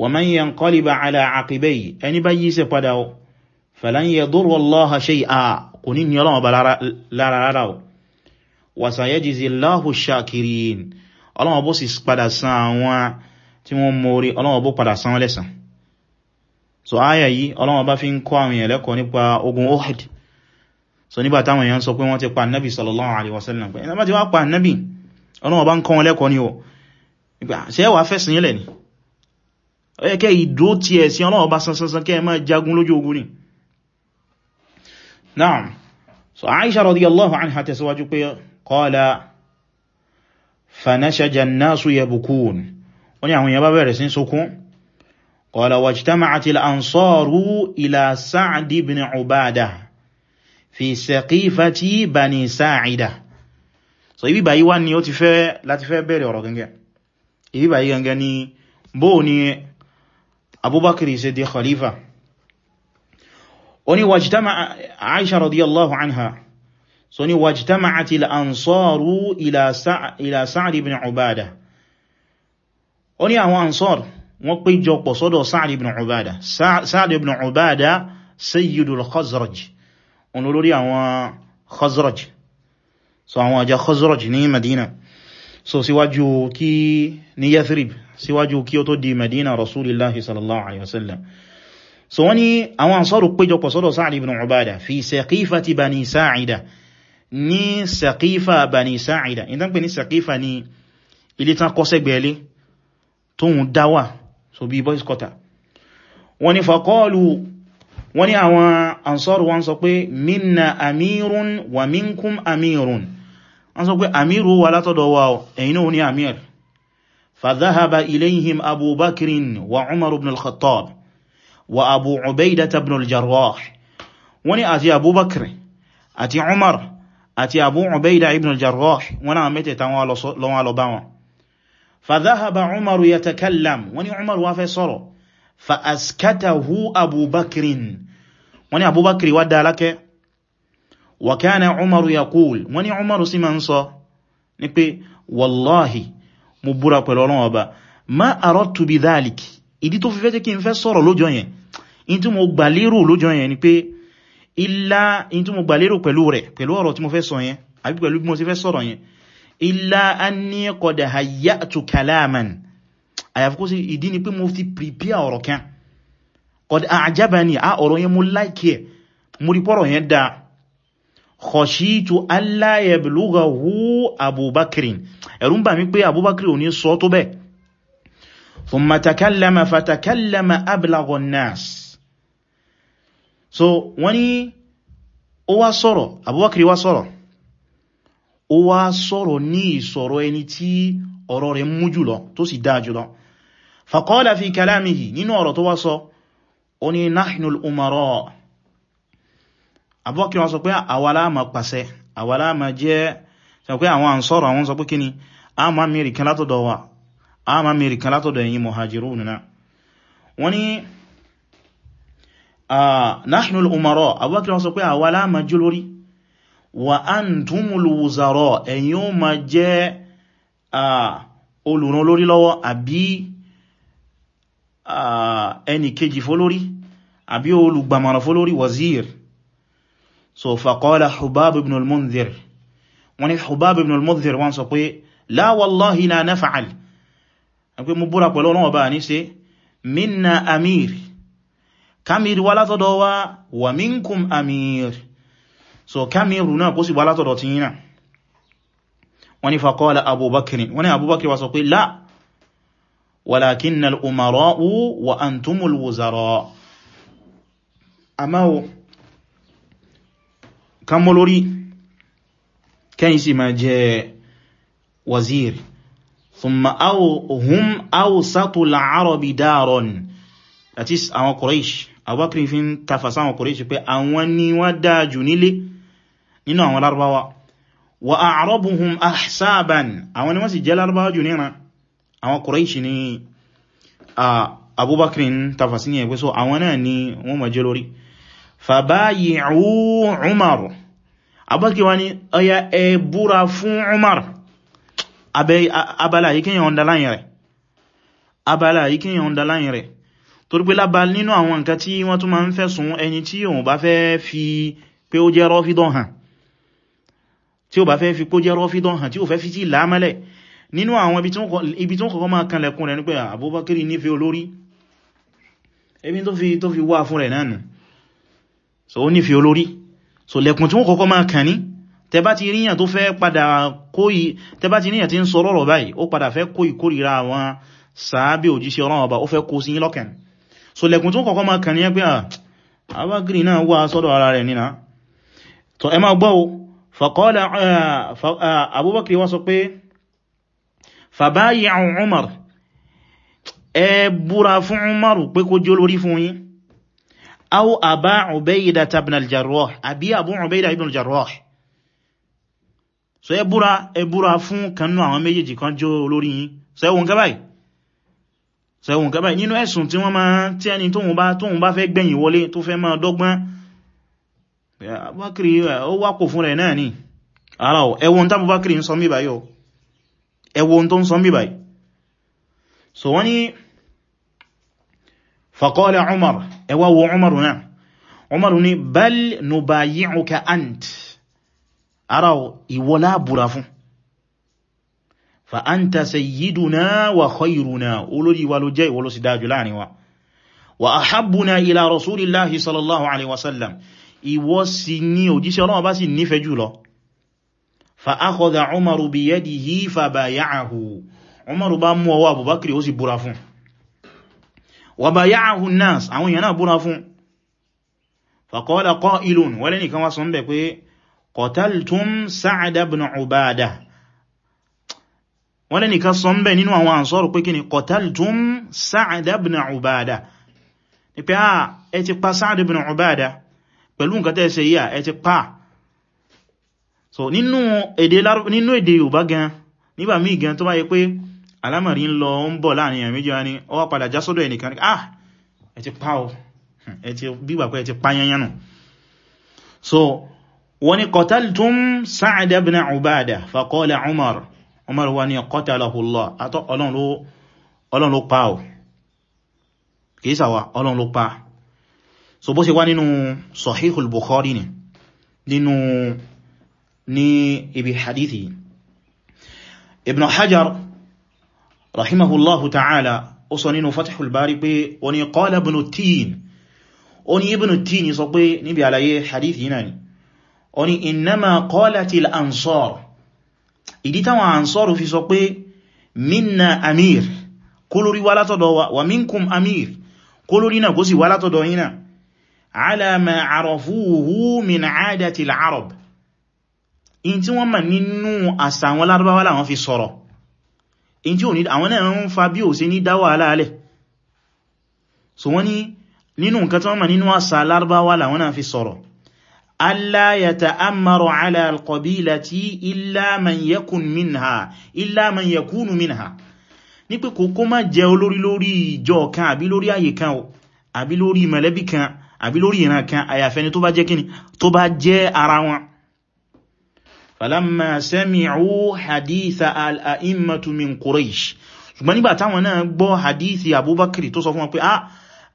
wa man yanqaliba ala aqibayhi ẹni bá yìí ṣe padà o falan yadurra Allaha shay'a kò ní ní ọlọ́wọ́ lára so aya yìí Ọlọ́run bá fi ń kọ́ àwọn èèyàn lẹ́kọ̀ọ́ nípa ogun Uhud so nígbà táwọn èèyàn sọ pé wọ́n ti pa nabi sallallahu alaihi wasallam pé ẹnàbá ti wá pa nabi Ọlọ́run bá ń kọ́ wọn lẹ́kọ̀ọ́ ni o ìgbà ṣe wà fẹ́sìn ilẹ̀ ni ó yẹ kẹ́ ìdó ti ẹ̀ sí Ọlọ́run bá ni قال واجتمعت الأنصار إلى سعد بن عبادة في سقيفة بني ساعدة so ibi báyìí wá ní ó ti fẹ́ láti fẹ́ bẹ̀rẹ̀ ọ̀rọ̀ gangan ibi báyìí gangan ni bó ní abubakar ṣe di khalifa ó ní wàjítàmà aisha radiyallahu anha so ní wàjítàmàtí al'ansaru ila sa'ad ibn ubada ó ní àwọn ansar wọ́n pé jọpọ̀ sọ́dọ̀ Sa'd ibn Ubada Sa'd ibn Ubada sayyidul Khazraj olórí àwọn Khazraj so àwọn àjá Khazraj ní Madina so síwájú kí ní Yathrib síwájú kí ó tó di Madina Rasulillahi sallallahu alaihi wasallam so wani àwọn Ansaru péjọpọ̀ sọ́dọ̀ Sa'd ibn Ubada fi Saqifati Bani Sa'ida ní Saqifa Bani Sa'ida ìtàn pé ní ni ilé tán kọ́sẹ̀gbẹ̀ẹ́lé tóhun dáwà so bí boys quarter wọ́n ní faqalu wọ́n ní àwọn ansọ́rù wọ́n sọ pé minna amirun wa minkum amirun wọ́n sọ pé amiru wà látọ̀dọ̀ wa ẹ̀yin náà ní amir fadhahaba ilayhim abu bakrin wa umar ibn al-khattab wa abu ubaidata ibn al-jarrah wọ́n ní àti abu umar àti abu ubaida ibn al-jarrah wọ́n náà mẹ́tẹ̀ẹ̀ta wọn lọ bá wọn fàdáhàbà umaru yatakallam wọ́n ní umaru wá fẹ́ sọ̀rọ̀ fa'askatahu abubakirin wọ́n ní abubakiri wá dálákẹ́ wa kana umaru yaqul wọ́n ní umaru sí ma ń sọ ní pé wallahi mo búra pẹ̀lú Ọlọ́run ọba ma aradtu bi dhalik ìdí tó fífẹ́ kí n fẹ́ sọ̀rọ̀ lọ́jọ́ yẹn in tí mo gbà lérò lọ́jọ́ yẹn ni pé illa in tí mo gbà lérò pẹ̀lú rẹ̀ pẹ̀lú ọ̀rọ̀ tí mo fẹ́ sọ yẹn àbí pẹ̀lú bí mo ti fẹ́ sọ̀rọ̀ yẹn illa anni qad hayya'tu kalaman àyàfi kó sí ìdí ni pé mo ti prepare ọ̀rọ̀ kan qad a'jabani a ọ̀rọ̀ yẹn mo like ẹ̀ mo rí pọ́rọ̀ yẹn dáa khashitu alla yablughahu abubakrin ẹ̀rù ń bà mí pé abubakrin ò ní sọ tó bẹ́ẹ̀ thumma takallama fatakallama so wọ́n ni ó wá sọ̀rọ̀ abubakrin wá ó wá sọ̀rọ̀ ní ìsọ̀rọ̀ ẹni tí ọ̀rọ̀ rẹ̀ mú jùlọ tó sì dáa jùlọ faqala fi kalamihi nínú ọ̀rọ̀ tó wá sọ ó ní nahnul umara abọ́kí wọn sọ pé àwàlámà pàṣẹ àwàlámà jẹ́ sọ pé àwọn àǹsọ́rọ̀ àwọn sọ pé kí ni a ma mẹ́rì kan látọ̀dọ̀ wa a ma mẹ́rì kan látọ̀dọ̀ ẹ̀yin mọ̀hajirú nìna wọ́n ni ah, nahnul umara abọ́kí wọn sọ pé àwàlámà jólórí wa antumul wuzara ẹ̀yin ó máa jẹ́ olùràn lórí lọ́wọ́ àbí ẹni kejì fólórí àbí olùgbàmọ̀ràn fólórí wazir so faqala hubab ibn al-mundhir wọ́n ní hubab ibn al-mundhir wọ́n sọ pé la wallahi la naf'al pé mú búra pẹ̀lú ọlọ́wọ́ bá ní ṣe minna amir kamir wá látọ́dọ̀ wá wa minkum amir so kamiru náà kó sì wá látọ̀dọ̀ ti yínà wọ́n ni faqala abubakiri wọ́n ni abubakiri wa sọ pé la walakin al'umara'u wa antumul wuzara àmọ́ kan mọ́ lórí kẹ́yìn sì máa jẹ waziri thumma aw hum awsatu al-arabi daron that is àwọn Quraysh abubakiri fi ń tafasa àwọn Quraysh pé àwọn ni wọ́n dáa jù nínú àwọn lárúbáwá wa a'rabuhum ahsaban àwọn ni wọ́n sì jẹ́ lárúbáwá jù níran àwọn Quraishi ni Abubakar ń tafasí ní ẹgbẹ́ so àwọn náà ni wọ́n mọ̀ jẹ́ lórí fabayi'u Umar Abubakar wá ní ọya ẹ búra fún Umar abala yìí kíyàn underline rẹ̀ abala yìí kíyàn rẹ̀ torí pé nínú àwọn nǹkan tí wọ́n tún máa ń fẹ̀sùn ẹni tí òun bá fẹ́ fi pé ó jẹ́ rọ́fídọ́ hàn tí ó bá fẹ́ fi kó jẹ́ rọ́fídọ́n hàn tí ó fẹ́ fi sí ìlàmẹ́lẹ̀ nínú àwọn ibi tí ó kọ̀kọ́ máa kanlẹ̀kùn rẹ̀ ní pé àbúbákírí nífẹ́ olórí ebi tó fi wá fún rẹ̀ náà nù so ó nífẹ́ olórí so lẹ̀kùn tí ó kọ̀kọ́ máa kàn ní tẹbá ti ríyàn tó fẹ́ padà kóyí tẹbá ti ríyàn tí ń sọ lọ́rọ̀ báyìí ó padà fẹ́ kóyí kórìíra àwọn sàábẹ̀ òjíṣẹ́ ọ̀rọ̀ ọba ó fẹ́ kó sí lọ́kàn so lẹ̀kùn tó kọ̀kọ́ máa kàn ní ẹgbẹ́ àbágìrì náà wà sọ́dọ̀ ara rẹ̀ nínà tọ́ ẹ máa gbọ́ faqala uh, uh, abubakar wọ́n sọ pé fàbáyì'u umar ẹ búra fún umaru pé kó jẹ́ olórí fún yín aw aba ubayda ibn al-jarrah àbí abu ubayda ibn al-jarrah so ẹ búra ẹ búra fún kanú àwọn méjèèjì kan jẹ́ olórí yín so ẹ wọn ká nínú ẹ̀sùn tí wọ́n máa tí ẹni tóhun bá fẹ́ gbẹ̀yìn wọlé tó fẹ́ máa dọ́gbọ́n Abubakiri ah, ó wákò fún rẹ̀ náà ni ara ọ̀ ẹwọ́n tí Abubakiri ń sọ mí báyọ̀ ẹwọ́n tó ń sọ mí báyìí so wọ́n ni faqala Umar ẹwà wo Umar náà Umar ni bal nubayi'uka ant ara ọ̀ ìwọ la búra fún fa anta sayyiduna wa khayruna olórí wa ló jẹ́ ìwọ ló sì dájú láàrin wa wa ahabbuna ila rasulillahi sallallahu alaihi wasallam ìwọ sì ní òjíṣẹ́ Ọlọ́run bá sì nífẹ̀ẹ́ jùlọ fa akhadha umaru biyadihi fabaya'ahu umaru bá mú ọwọ́ abubakar ó sì búra fún wa baya'ahu an-nas àwọn èèyàn náà búra fún fa qala qa'ilun wọ́n lẹ́nìkan wá sọ ń bẹ̀ pé qataltum sa'ad ibn ubadah wọ́n lẹ́nìkan sọ ń nínú àwọn ànsọ́rù pé kíni qataltum sa'ad ibn ubadah ni pé a ah, ẹ ti pa sa'ad ibn ubadah pẹ̀lú nǹkan tẹ́ ṣe yíà ẹ ti pa so nínú èdè Yorùbá gan nígbà míì gan tó bá yẹ pé alámọ̀rí ń lọ ń bọ̀ láàrin èèyàn méjì wá ní ó wá padà já sọ́dọ̀ ẹnìkan ah ẹ ti pa o ẹ ti bígbà pé ẹ ti pa yanyan so wọ́n ni qataltum Sa'd ibn Ubadah faqala Umar Umar wa ni qatalahu Allah àtọ́ Ọlọ́run ló pa o kìí sàwà Ọlọ́run ló pa so bó ṣe wá nínú sahihul bukhari ni nínú ní ibi hadithi ibn hajar rahimahullahu ta'ala ó sọ nínú fatihul bari pé wani qala ibn tin ó ní ibn tin sọ pé níbi àlàyé hadithi náà ni ó ní innama qalatil ansar ìdí táwọn ansar fi sọ pé minna amir kó lórí látọ̀dọ̀ wa minkum amir kó lórí náà kó látọ̀dọ̀ yín ala ma arafuhu min adati al-arab in tí wọ́n mọ̀ nínú àṣà àwọn Lárúbáwá la wọ́n fi sọ̀rọ̀ in tí ó ní àwọn náà ń fa bí ó ṣe ní dawa alale so wọ́n ní nínú nǹkan tí wọ́n mọ̀ nínú àṣà Lárúbáwá la wọ́n náà fi sọ̀rọ̀ alla yata'ammaru ala al-qabilati illa man yakun minha illa man yakunu minha ní pé kò kó má jẹ́ olórí lórí ìjọ kan àbí lórí àyè kan àbí lórí mọ̀lẹ́bí kan àbí lórí ìran kan àyàfẹ́ni tó bá jẹ́ kíni tó bá jẹ́ ara wọn falamma sami'u haditha al-a'immatu min quraish ṣùgbọ́n nígbà táwọn náà gbọ́ hadithi abubakar tó sọ fún wọn pé ah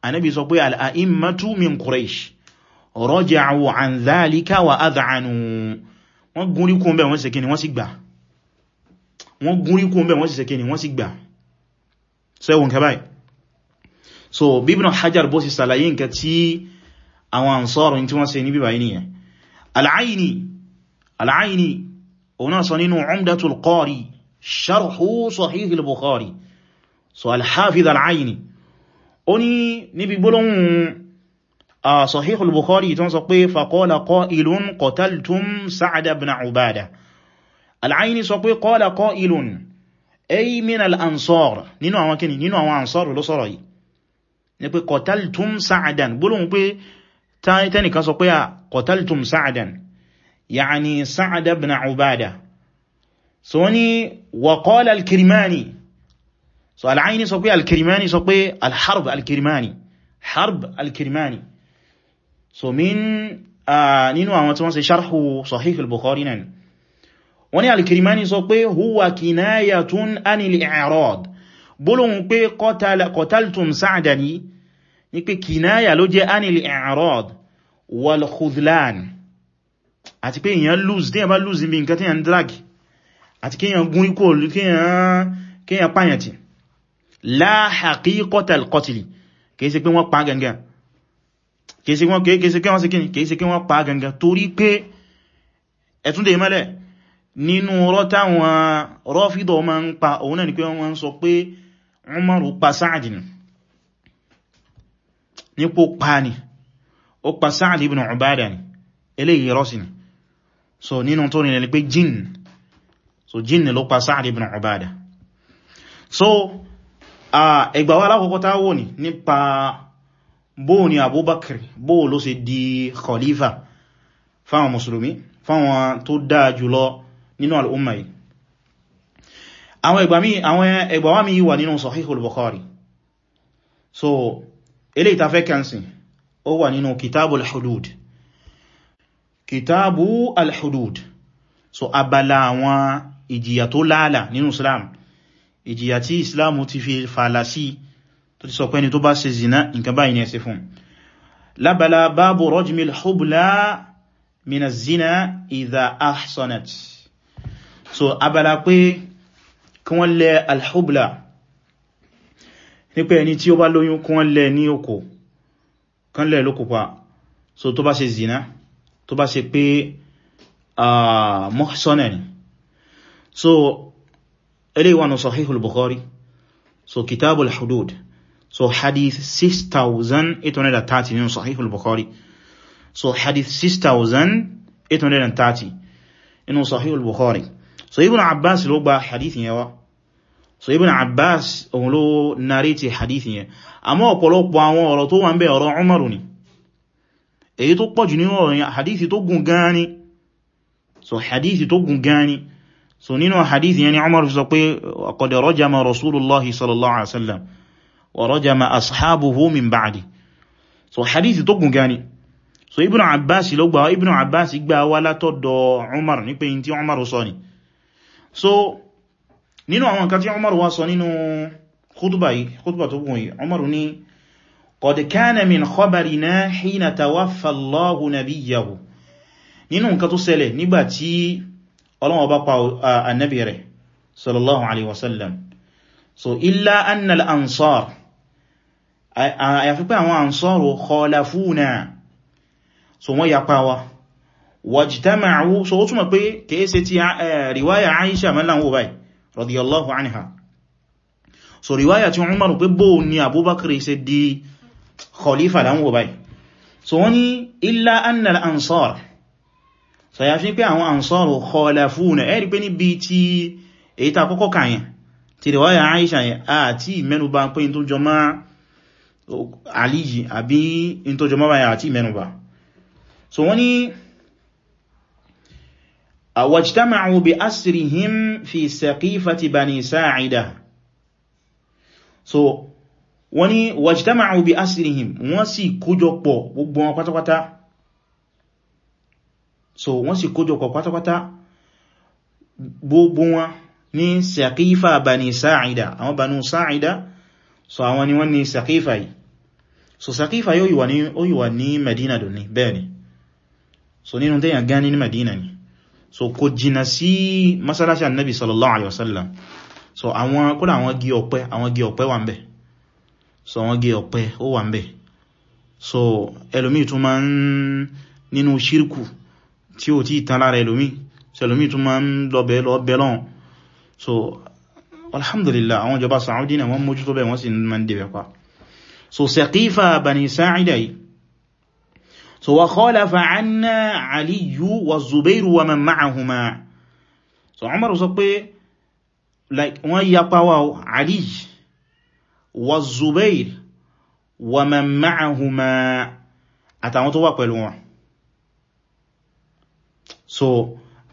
anabi sọ pé al-a'immatu min quraish raja'u an dhalika wa adhanu wọ́n gúnrí kún bẹ́ wọ́n sì kíni wọ́n sì gbà wọ́n gúnrí kún bẹ́ so bíbìnà hajjar bó sì sàlàyé nǹkan tí àwọn ansọ́rọ̀ tí wọ́n ṣe ní bíbá yìí al-Ayni al-Ayni òun sọ nínú Umdatul Qari sharhu Sahih al-Bukhari so al-Hafiz al-Ayni ó ní níbi gbólóhùn Sahih al-Bukhari tó sọ pé faqala qa'ilun qataltum Sa'd ibn Ubadah al-Ayni sọ pé qala qa'ilun ay min al-ansar nínú àwọn kìnnì nínú àwọn ansar ló sọ̀rọ̀ yìí ni pé qataltum Sa'dan gbólóhùn pé tẹ́nìkan sọ pé à ah, qataltum sa'adan ya'ni sa'ad ibn ubada so wani wa qala al-kirimani so al-aini sọ pé al-kirimani sọ pé al-harb al-kirimani harb al-kirimani so min ah, nínú àwọn tí wọ́n ṣe sharhu sahih al-bukhari nan wani al sọ pé huwa kinayatun anil i'rad bólóhun pé qataltum sa'adani ní pé kìnáyà ló jẹ́ anil i'rad wal khudlan àti pé èyàn lose díẹ̀ bá lose níbi nǹkan tí èyàn drag àti kí èyàn gún ikú olú kí èyàn pààyàn tí la haqiqata al-qatl kìí ṣe pé wọ́n pa gangan kìí ṣe pé wọ́n ṣe kíni kìí ṣe nípò pa ní ó pa Sa'd ibn Ubadah ní eléyìí rọ́sì ní so nínú tó nílẹ̀ pé jinn so jinn ló pa Sa'd ibn Ubadah so ẹgbàwà alákọ̀ọ́kọ́ tá wò ní nípa bóò ni Abubakar bóò ló ṣe di khalifa fáwọn mùsùlùmí fáwọn tó dáa jùlọ nínú al'umma yìí àwọn ẹgbàwà mi wà nínú Sahihul Bukhari so ilé ìtafẹ́ kẹnsìn ó wà nínú kitabu al-hudud kitabu al-hudud so abala àwọn ìjìyà tó láàlà nínú islam ìjìyà tí islam ti fi fààlà sí tó ti sọ pé ẹni tó bá ṣe zina nǹkan báyìí ni ẹ ṣe fún lábala báàbù rajmil hubla mina zina idha ahsanat so abala pé kí wọ́n lẹ al-hubla ní pé ẹni tí ó bá lóyún kán lẹ̀ e ní òkò kán lẹ̀ e lókò pa so tó bá ṣe zina tó bá ṣe pé mọ́sánà ni so eléyìí wà ní sahihul bukhari so kitabul hudud so hadith 6830 nínú sahihul bukhari so hadith 6830 nínú sahihul bukhari so ibn abbas ló gba hadith yẹn so ibn abbas òun ló narrate hadith yẹn àmọ́ ọ̀pọ̀lọpọ̀ àwọn ọ̀rọ̀ tó wà ń bẹ ọ̀rọ̀ umaru ni èyí tó pọ̀jù nínú ọ̀rọ̀ yẹn hadithi tó gùn gan ni so hadithi tó gùn gan ni so nínú hadithi yẹn ni umaru sọ pé qad rajama rasulullahi sallallahu alaihi wasallam wa rajama ashabuhu min ba'di so hadithi tó so nínú àwọn nǹkan tí Umar wá sọ nínú khutba yìí khutba tó gùn yìí Umar ní qad kana min khabarina hina tawaffa Allahu nabiyyahu nínú nǹkan tó ṣẹlẹ̀ nígbàtí Ọlọ́run bá pa so illa anna al-ansar àyàfi pé àwọn so wọ́n yapa wa wajtama'u so ó túnmọ̀ pé kèése ti eh, riwaya Aisha mẹ́láwó báyìí radiyallahu anha so riwaya tí Umar pé bó ní Abubakar ṣe di khalifa láwọn wọ́báyì so wọ́n ní illa anna al-ansar so ya fi pé àwọn ansar khalafuna ẹ̀rí pé níbi tí èyí ta kọ́kọ́ kàyẹn ti riwaya Aisha yẹn àti mẹ́nubà pé in tó jọ má Aliyi àbí in tó jọ má báyà àti mẹ́nubà so wọ́n àwọ̀jtámàáwò bí asirihim fi saqifati bani sa'ida so wọ́n ni wọ̀jtámàáwò bí asirihim wọ́n sì kójọpọ̀ gbogbo wọn pátápátá so wọ́n sì kójọpọ̀ pátápátá gbogbo wọn ní saqifa bani sa'ida àwọn banu sa'ida so àwọn ni wọ́n ni saqifa yìí so saqifa yóò yíwa ní madina dùn ní bẹ́ẹ̀ ni so nínú tẹ́yàn gani ní madina ni so kò jìnà sí masalasi annabi sallallahu alaihi wasallam so àwọn kódà àwọn gi ọ̀pẹ àwọn gi ọ̀pẹ wà ń so àwọn gi ọ̀pẹ ó wà ń so ẹlòmí tún máa ń nínú ṣírkù tí ó ti tán lára ẹlòmí so ẹlòmí tún máa ń lọ́bẹ̀ lọ́bẹ̀ lọ́n so alhamdulillah àwọn ìjọba Saudi náà wọ́n mójútó bẹ̀ wọ́n sì máa ń dẹ̀bẹ̀ pa so Saqifa Bani Sa'ida so wa khalafa anna aliyu wa zubairu wa man ma'ahuma so umaru sọ pé like wọ́n yapa wa ali wa zubair wa man ma'ahuma àtàwọn tó wà pẹ̀lú wọn so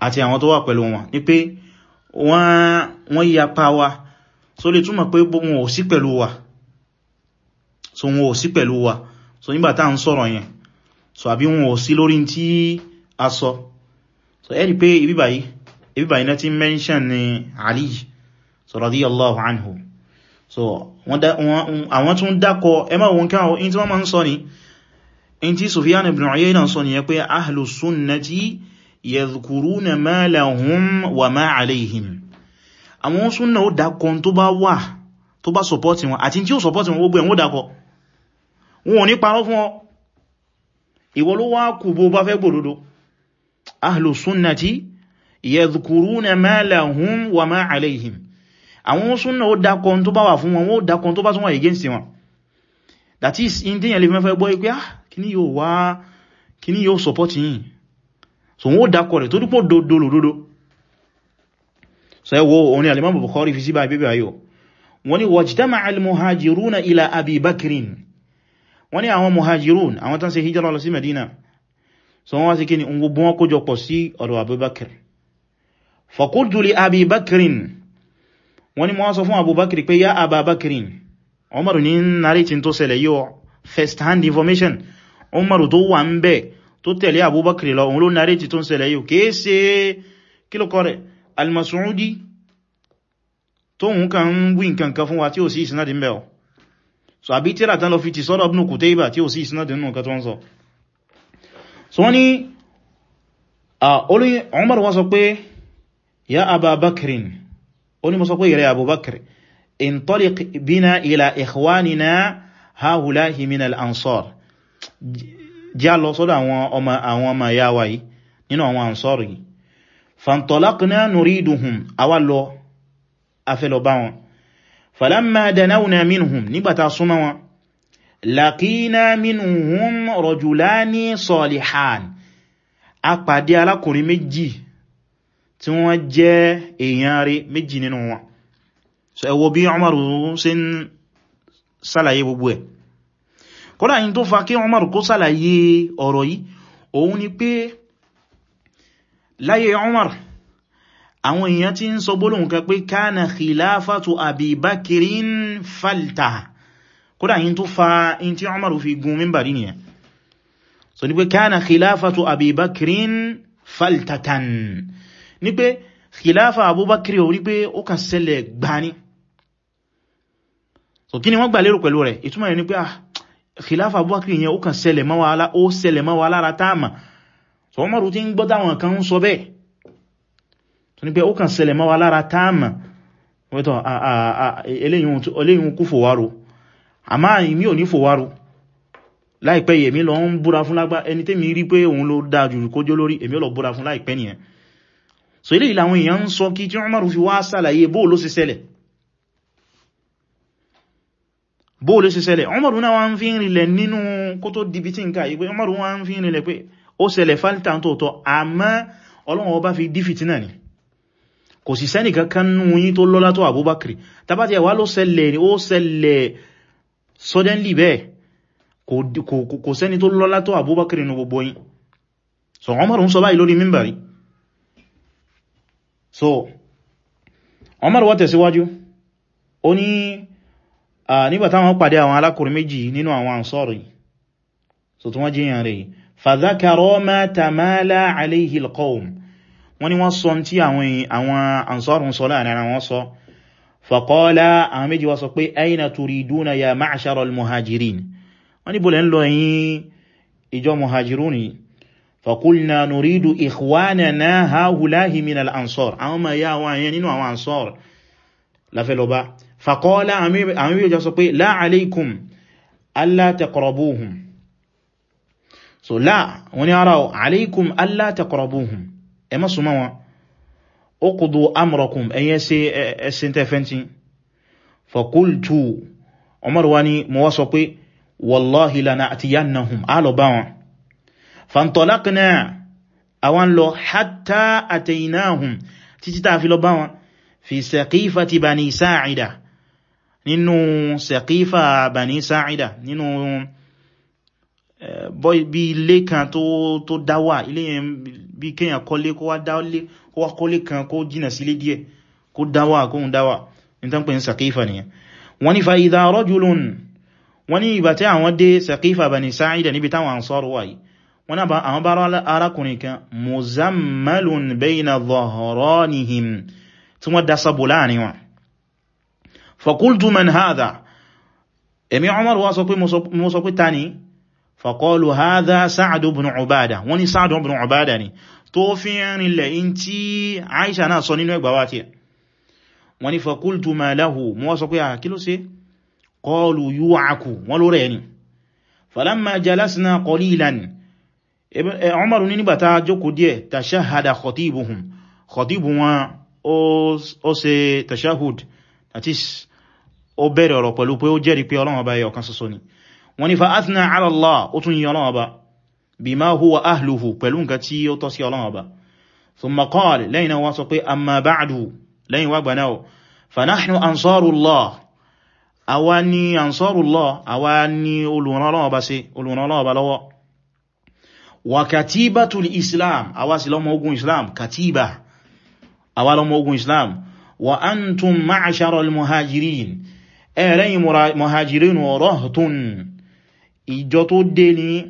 àti àwọn tó wà pẹ̀lú wọn ní pé wọ́n yapa wa so lè túmọ̀ pé wọn ò sí pẹ̀lú wa so wọn ò sí pẹ̀lú wa so nígbà tá ń sọ̀rọ̀ yẹn so àbí wọn ò sí lórí tí a sọ so ẹ́ rí pé ibíbàyí ibíbàyí náà ti mention ni Ali so radiyallahu anhu so àwọn tún dákọ ẹmà wọn káwọ in tí wọ́n máa ń sọ ni in tí Sufyan ibn Uyayna sọ ni yẹ pé ahlu sunnati yadhkuruna ma lahum wa ma alayhim àwọn súnnà ó dákọ tó bá wà tó bá sọpọ́tì wọn àti tí ó sọpọ́tì wọn gbogbo ẹ̀wọ́n dákọ wọn ò ní parọ́ fún ọ ìwọ ló wá kù bó bá fẹ́ gbòdodo ahlu sunnati yadhkuruna ma lahum wa ma alayhim àwọn súnnà ó dákọ̀ tó bá wà fún wọn ó dákọ̀ tó bá tún wà wọn that is in díyàn lè mẹ́fẹ́ gbọ́ ipé ah, kíní yóò wá kíní yóò support yìí wọ́n ní àwọn muhajirun àwọn tán ṣe hijira lọ sí medina so wọ́n wá sí kíni gbogbo wọn kójọ pọ̀ sí ọ̀dọ̀ abubakir faqultu li abibakirin wọ́n ní mo wá sọ fún abubakir pé ya ababakirin Umar ní narrating tó ṣẹlẹ̀ yíò first hand information Umar tó wà ń bẹ̀ tó tẹ̀lé abubakir lọ òun ló narrate tó ń ṣẹlẹ̀ yíò kéèsè kílùkọ́ rẹ̀ al-Mas'udi tó hùn kan wí nkankan fún wa tí ó sí ìsinadí so àbí tíra tán lọ fi ti sọ́rọ̀ Ibn Kutayba tí ó sí ìsinádì nínú nǹkan tó ń sọ so wọ́n ni olóyìn Umar wọ́n sọ pé ya abubakirin ó ní mo sọ pé ìrẹ́ abubakir in tọ́lík bina ila ikhwanina haulahi min al-ansar já lọ sọ́dọ̀ àwọn ọmọ yáwa yìí nínú àwọn ansar yìí fantalaqna nuriduhum awalọ afẹ́lọ bá wọn falamma danawna minhum nígbàtà súnmọ́ wọn laqina minhum rajulani salihan a pàdé alákùnrin méjì tí wọ́n jẹ́ èèyàn rí méjì nínú wọn so ẹ wo bí Umaru ṣe ń sálàyé gbogbo ẹ̀ kọ́lá yìí tó fa kí Umaru kó sálàyé ọ̀rọ̀ yìí òun ni pé láyé Umaru àwọn èèyàn tí ń sọ gbólóhùn kan pé kana khilafatu abi bakirin falta kódà yí tó fa in tí Umaru fi gun mímbàrí nìyẹn so ní pé kana khilafatu abi bakirin faltatan ní pé khilafa abubakiri orí pé ó kà ṣẹlẹ̀ gbani so kí ni wọ́n gbà lérò pẹ̀lú rẹ̀ ìtumọ̀ ah, yẹn tó ní pé ó kàn ṣẹlẹ̀ mọ́ wa lára táàmà wẹ́tọ̀ eléyìn kú fòwárò àmá ìmí ò ní fòwárò láìpẹ́ yìí èmi lọ ń búra fún lágbá ẹni tẹ́mi rí pé òun ló dáa jù kójó lórí èmi lọ búra fún láìpẹ́ nìyẹn so eléyìí làwọn èèyàn ń sọ kí tí Umaru fi wá sàlàyé bóò ló sì ṣẹlẹ̀ bóò ló sì ṣẹlẹ̀ Umaru náà wá ń fi rìnlẹ̀ nínú kó tó dibi kò sì sẹ́nì kankan nú yín tó lọ́lá tó Abubakar tàbátí ẹ̀wà ló ṣẹlẹ̀ ni ó ṣẹlẹ̀ suddenly bẹ́ẹ̀ kò sẹ́ni tó lọ́lá tó Abubakar nú gbogbo yín so Umar ń sọ báyìí lórí mímbàrí so Umar wá tẹ̀síwájú ó ní nígbàtá wọn pàdé àwọn alákùnrin méjì nínú àwọn ansọ́rì so tí wọ́n jíyàn rẹ̀ fadhakara ma tamala alayhi alqawm wọ́n ní wọ́n sọ tí àwọn ansarun sọ láàrin ara wọn sọ faqala àwọn méjì wá sọ pé aina turiduna ya ma'ashara al-muhajirin wọ́n ní bọ̀lẹ̀ ń lọ yìí ìjọ muhajirun yìí faqulna nuridu ikhwanana haulahi min al-ansar àwọn ma yá wọn yẹn nínú so la wọ́n ní ara alaykum alla taqrabuhum ẹ má súnmọ́ wọn uqdu amrakum ẹ̀yẹ́ sí ẹ̀sìn tẹ́fẹ́ntí faqultu Umar wá ní mo wá sọ pé wallahi lana'tiyannahum alọ́bá wọn fantalaqna àwọn lọ hatta ataynahum títí tàà fi lọ bá wọn fi saqifati bani sa'ida nínú saqifa bani sa'ida nínú bí ilé kan tó dáwà ilé yẹn bí kíyàn kọ́lé kó wá kọ́lé kan kó jìnà sílé díẹ̀ kó dáwà kóhun dáwà ní tán pè ní sàkífà nìyàn wọ́n ní fa idha rajulun wọ́n ní ìgbà tí àwọn dé sàkífà bani sa'ida níbi táwọn ansar wà yìí wọ́n ní àwọn bá arákùnrin kan muzammalun bayna dhahranihim tí wọ́n dasabo láàrin wọn fa qultu man èmi Umar sọ pé mo sọ pé ta ni faqalu hadha Sa'd ibn Ubadah wọ́n ní Sa'd ibn Ubadah ni tó fi rinlẹ̀ in tí Aisha náà sọ nínú ẹgbàwá tí wọ́n ní faqultu ma lahu mọ́ sọ pé a kí ló ṣe qalu yu'aku wọ́n ló rẹ̀ ni falamma jalasna qalilan eh, Umaru ní nígbà tá jókòó díẹ̀ tashahhada khatibuhum khatibu wọ́n ni fa'athna ala Allah ó tún yí ọlọ́wọ́ ba bima huwa ahluhu pẹ̀lú nǹkan tí ó tọ́ sí ọlọ́wọ́ ba thumma qala lẹ́yìn náà wọ́n sọ pé amma ba'du lẹ́yìn wàgbà náà fa nahnu ẹ̀rẹ́yìn muhajirin wa rahtun ìjọ tó dé ní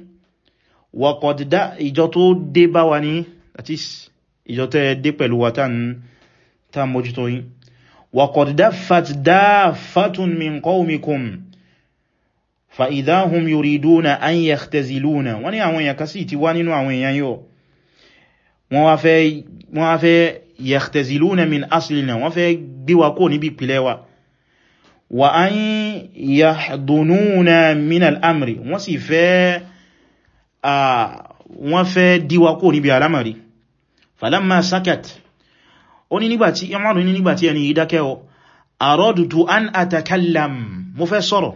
wàkọ̀dá ìjọ tó dé bá wa ní àti ìjọ tẹ́ dé pẹ̀lú wa tá mójútó yín wàkọ̀dá fatdáfatun min qawmikum fa idahum yuriduna an yahtaziluna wọ́n ní àwọn èèyàn kásì ti wá nínú àwọn èèyàn yóò wọ́n wá fẹ́ yahtaziluna min aslina wọ́n fẹ́ gbíwa kó níbi pìlẹ̀ wa an yahdununa min al'amri wọ́n sì fẹ́ wọ́n fẹ́ díwa kó níbi alamari falamma sakat ó ní nígbàtí ìmọ̀rún ní nígbàtí ẹni ìdákẹ́ ọ arọ́dùtù an atakallam mo fẹ́ sọ̀rọ̀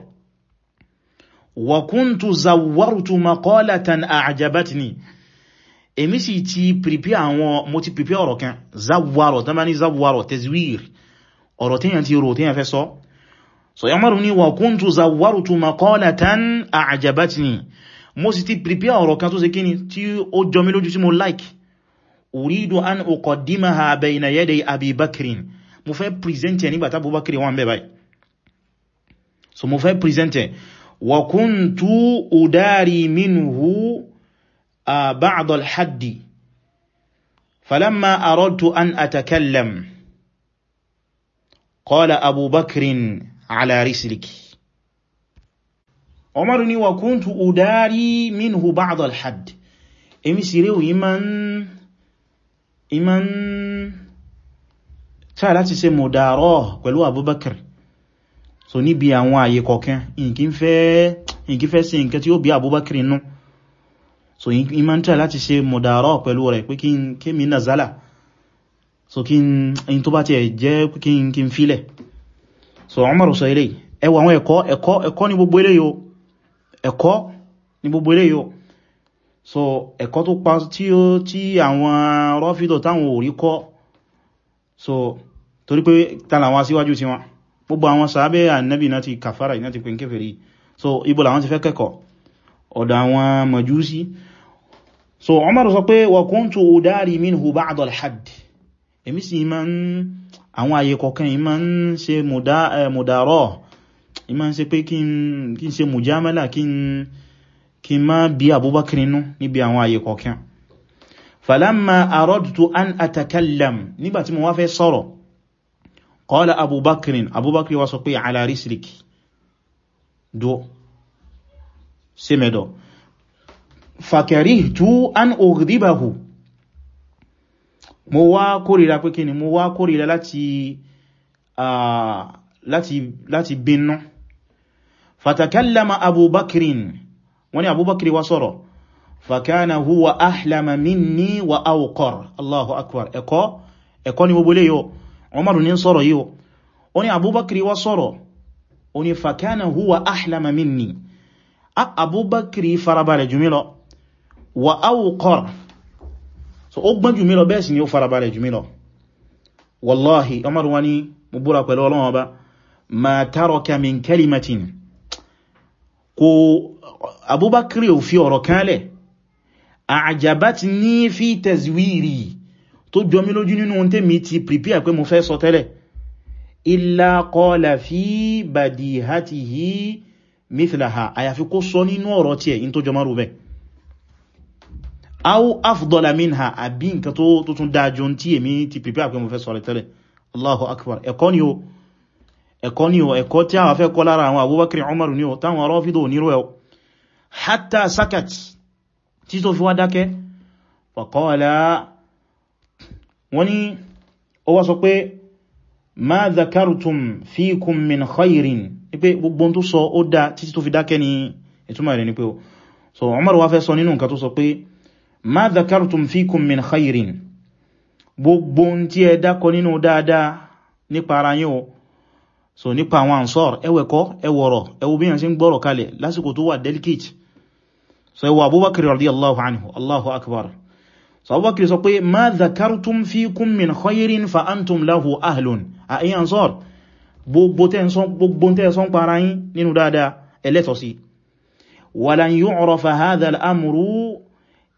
wa kuntu zawwartu maqalatan a'jabatni èmi sì ti prepare àwọn mo ti prepare ọ̀rọ̀ kan zawwaro tán bá tezwir ọ̀rọ̀ tíyàn ti rò tíyàn fẹ́ sọ so. so yamaru ni wa kuntu zawwartu maqalatan a'jabatni mo sì ti prepare ọ̀rọ̀ kan tó ṣe kíni tí ó jọ mí lójú tí mo like uridu an uqaddimaha bayna yaday abi bakrin mo fẹ́ present ẹ nígbà tí abubakar wà ńbẹ̀ bayi so mo fẹ́ present ẹ wa kuntu udari minhu a ba'd al haddi falamma aradtu an atakallam qala abu bakrin ala rislik Umaru ni wa kuntu udari minhu ba'd al-hadd èmi sì rí ìmán ìmán tí a láti ṣe mọ̀dárọ̀ pẹ̀lú Abubakar so níbi àwọn àyè kọ̀ọ̀kan ìkí fẹ́ sí nǹkan tí ó bí Abubakar nú so ìmán tí a láti ṣe mọ̀dárọ̀ pẹ̀lú rẹ̀ pé kí mi nazala so kí n tó bá ti ẹ̀ jẹ́ kí n fílẹ̀ so Umar sọ ilé ẹwà àwọn ẹ̀kọ́ ẹ̀kọ́ ẹ̀kọ́ ní gbogbo eléyò ẹ̀kọ́ ní gbogbo eléyò so ẹ̀kọ́ tó pa tí ó tí àwọn rọ́fídọ̀ táwọn ò kọ́ so torí pé tààlà wọn síwájú tí wọn gbogbo àwọn sàábẹ́ ànábì náà ti kàfàrà náà ti pín kèfèrí so ibo làwọn ti fẹ́ kẹ́kọ̀ọ́ ọ̀dọ̀ àwọn màjúsí so Umar sọ pé wa kuntu udari minhu ba'd al-hadd èmi sì máa ń àwọn àyè kọ̀kan ìmá ń ṣe mùdárọ̀ ìmá ń ṣe pé kí n ṣe mùjámẹ́lá kí n má bí Abubakar nínú níbi àwọn àyè kọ̀kan falamma aradtu an atakallam nígbàtí mo wá fẹ́ sọ̀rọ̀ qala Abubakar Abubakar wá sọ pé ala rislik do semedo fakarihtu an ughdibahu mo wá kórìíra pé kíni mo wá kórìíra láti láti láti bínú fatakallama abubakirin wani abubakiri wá sọ̀rọ̀ fakana huwa ahlama minni wa awqar allahu akbar ẹ̀kọ́ ẹ̀kọ́ ni gbogbo lè yóò umaru ní sọ̀rọ̀ yóò ó ní abubakiri wá sọ̀rọ̀ ó ní fakana huwa ahlama minni a abubakiri farabalẹ̀ jùmí wa awqar so o gbọ́n jù mí lọ bẹ́ẹ̀ ni ó farabalẹ̀ jù mí lọ wallahi Umar wani búra pẹ̀lú Ọba ma kò Abubakar ò fi ọ̀rọ̀ kanlẹ̀ a'jabatni fi tazwiri tó jọ mí lójú nínú ohun ti prepare pé mo fẹ́ sọ tẹ́lẹ̀ fi badihatihi mithlaha àyàfi nínú ọ̀rọ̀ aw afdala minha àbí nǹkan tó tún dájú tí èmi ti pèpè àpé mo fẹ́ sọ̀rọ̀ tẹ́lẹ̀ allahu akbar ẹ̀kọ́ ni o ẹ̀kọ́ ni o ẹ̀kọ́ tí àwọn fẹ́ kọ́ lára àwọn abubakar umar ni o táwọn rọ́fídò onírò ẹ̀ hatta sakat tí tó fi wá dákẹ́ faqala wọ́n ni ó wá sọ ma zakartum fikum min khairin pé gbogbo tó sọ ó dá títí tó fi dákẹ́ ni ìtumọ̀ rẹ̀ ni pé o so umar wá fẹ́ sọ nínú nǹkan tó sọ pé ma dhakartum fikum min khairin gbogbo tí ẹ dákọ nínú dáadáa nípa ara yín o so nípa àwọn ansor ẹwẹ̀kọ́ ẹwọ̀rọ̀ ẹwọ bí yàn sí ń gbọ́rọ̀ kalẹ̀ lásìkò tó wà delicate so ẹwọ abubakar radiyallahu anhu allahu akbar so abubakar sọ pé ma dhakartum fikum min khairin fa antum lahu ahlun a iya ansor gbogbo tẹ́ sọ ń para yín nínú dáadáa ẹlẹ́tọ̀ sí walan yu'rafa hadha al-amru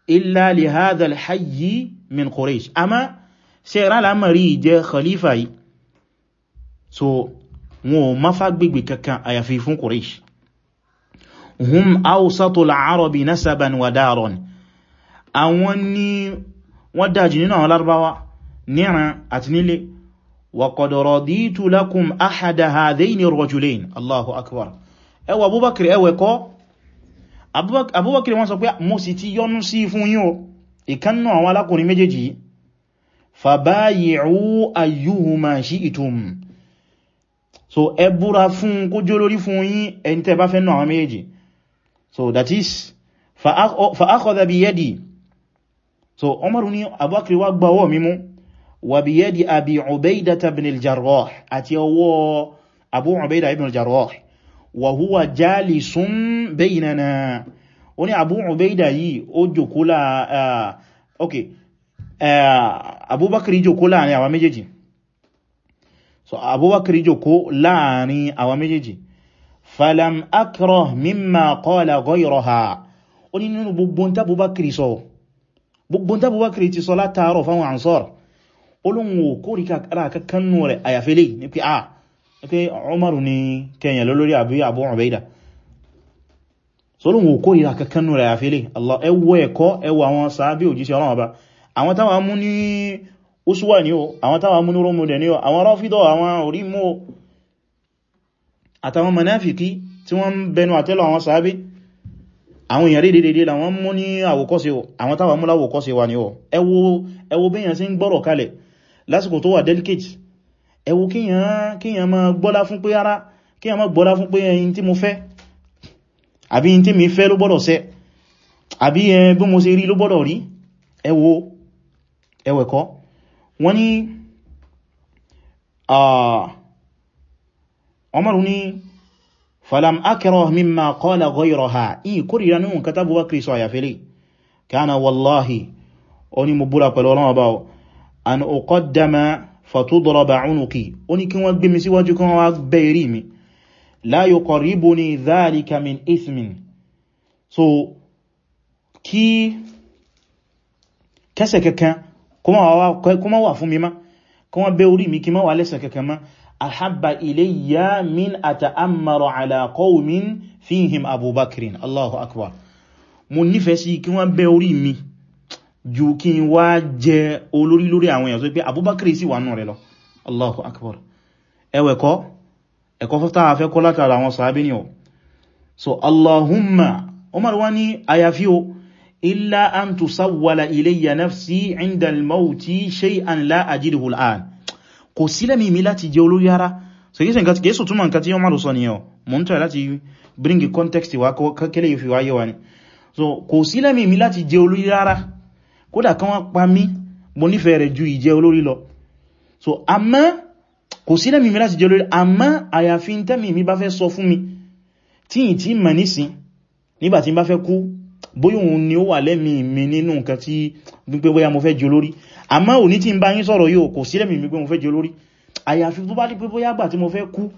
illa li hadha al-hayy min Quraysh àmọ́ ṣe ìran lámàrí jẹ́ khalifa yìí so wọn ò má fàgbègbè kankan àyàfi fún Quraysh hum awsatu al-arabi nasaban wa daron àwọn ni wọ́n dájì nínú àwọn lárúbáwá níran àti nílé wa qad raditu lakum ahada hadhaini ar-rajulayn Allahu akbar ẹwà Abubakar ẹwẹ̀kọ́ abúbákiri wọ́n sọ pé mo sì ti yọ́nú sí fún yín o ìkánnà àwọn alákùnrin méjèèjì fàbáyìí ayyuhuma shi'tum so ẹ búra fún kó jẹ́ olórí fún yín ẹni tẹ́ bá fẹ́ nà àwọn méjèèjì so that is fa akhadha bi so Umaru ní abúbákiri wá gba ọwọ́ mi mú wa bi yadi abi Ubaydata ibn al-Jarrah àti ọwọ́ Abu Ubayda ibn al-Jarrah wa huwa jalisun baynana ó ní Abu Ubaida yìí ó jókòó la ok Abubakar jókòó láàrin àwa méjèèjì so Abubakar jókòó láàrin àwa méjèèjì falam akrah mimma qala ghayraha ó ní nínú gbogbo ń tábúbákiri sọ gbogbo ń tábúbákiri ti sọ látàárọ̀ pé Umaru ni kẹyàn lórí àbí Abu Ubaida solóhun òkó ìrà kankanú rẹ̀ àfilé Allah ẹwọ ẹ̀kọ́ ẹwọ àwọn sàábí òjíṣẹ́ ọlọ́wọ́ bá àwọn táwà mú ní Uswa ní o àwọn táwà mú ní Romode ní o àwọn Rafida àwọn orí mú o àtàwọn manáfikí tí wọ́n ń bẹnu àtẹ́lọ àwọn sàábí àwọn èèyàn rí dédé làwọn mú ní àwòkọ́ṣe o àwọn táwà mú láwòkọ́ṣe wà ní o ẹwọ bẹ́yàn sí ń gbọ́rọ̀ kalẹ̀ lásìkò tó wà delicate ẹwù kíyàn máa gbọ́lá fún pé ara kíyàn máa gbọ́lá fún pé ẹyin tí mo fẹ́ àbí ẹyin tí mi fẹ́ ló gbọ́dọ̀ ṣẹ àbí ẹn bí mo ṣe rí ló gbọ́dọ̀ rí ẹwọ ẹwẹ̀kọ́ wọ́n ní ọmọrún ní falam akrah mimma qala ghayraha ìyí kórìíra nínú nǹkan tábúwá kìrìsọ àyàfẹ́lẹ̀ kana wallahi ó ní mo búra pẹ̀lú ọlọ́wọ́ fàtúdọ̀rọ̀bà ánùkì ó ní kí wọ́n gbé mi síwájú kan wá bẹ́ ìrí mi la yuqarribuni dhalika min ismin so kí kẹsẹ̀ kẹkàn kó má wà fún mi má kó wọ́n bẹ́ orí mi kí má wà lẹ́sẹ̀ kẹkàn má ahabba ilayya min ata'ammaru ala qawmin fihim abubakrin allahu akbar mo nífẹ̀ẹ́ sí kí wọ́n bẹ́ orí mi ju kí n wá jẹ olórí lórí àwọn èèyàn tó pé Abubakar sì wà nù rẹ̀ lọ Allahu Akbar ẹwẹ̀ kọ́ ẹ̀kọ́ fọ́fẹ́ afẹ́ kọ́ látara àwọn sàábí ni ọ so Allahumma Umar wá ní àyàfí o illa an tusawwala ilayya nafsi inda al-mawti shay'an la ajiduhu al kò sílẹ̀ mímí láti jẹ olórí ara so kí sẹ́nkà kí èsù túnmà nǹkan tí Umar sọ ni ọ mọ́ ń tọ́ láti bring context wa kọ́kẹ́lẹ̀ yóò fi wáyé wa ni so kò sílẹ̀ mímí láti jẹ olórí ara kódà kan wọ́n pa mí mo nífẹ̀ẹ́ rẹ̀ ju ìjẹ́ olórí lọ so àmọ́ kò sí lẹ́mìí mi láti jẹ́ olórí àmọ́ àyàfi ń tẹ́mìí mi bá fẹ́ sọ fún mi tí ì tí mọ̀ nísìn nígbàtí bá fẹ́ kú bóyá òun ni ó wà lẹ́mìí mi nínú nǹkan tí wípé bóyá mo fẹ́ jẹ́ bá fẹ́ jẹ́ olórí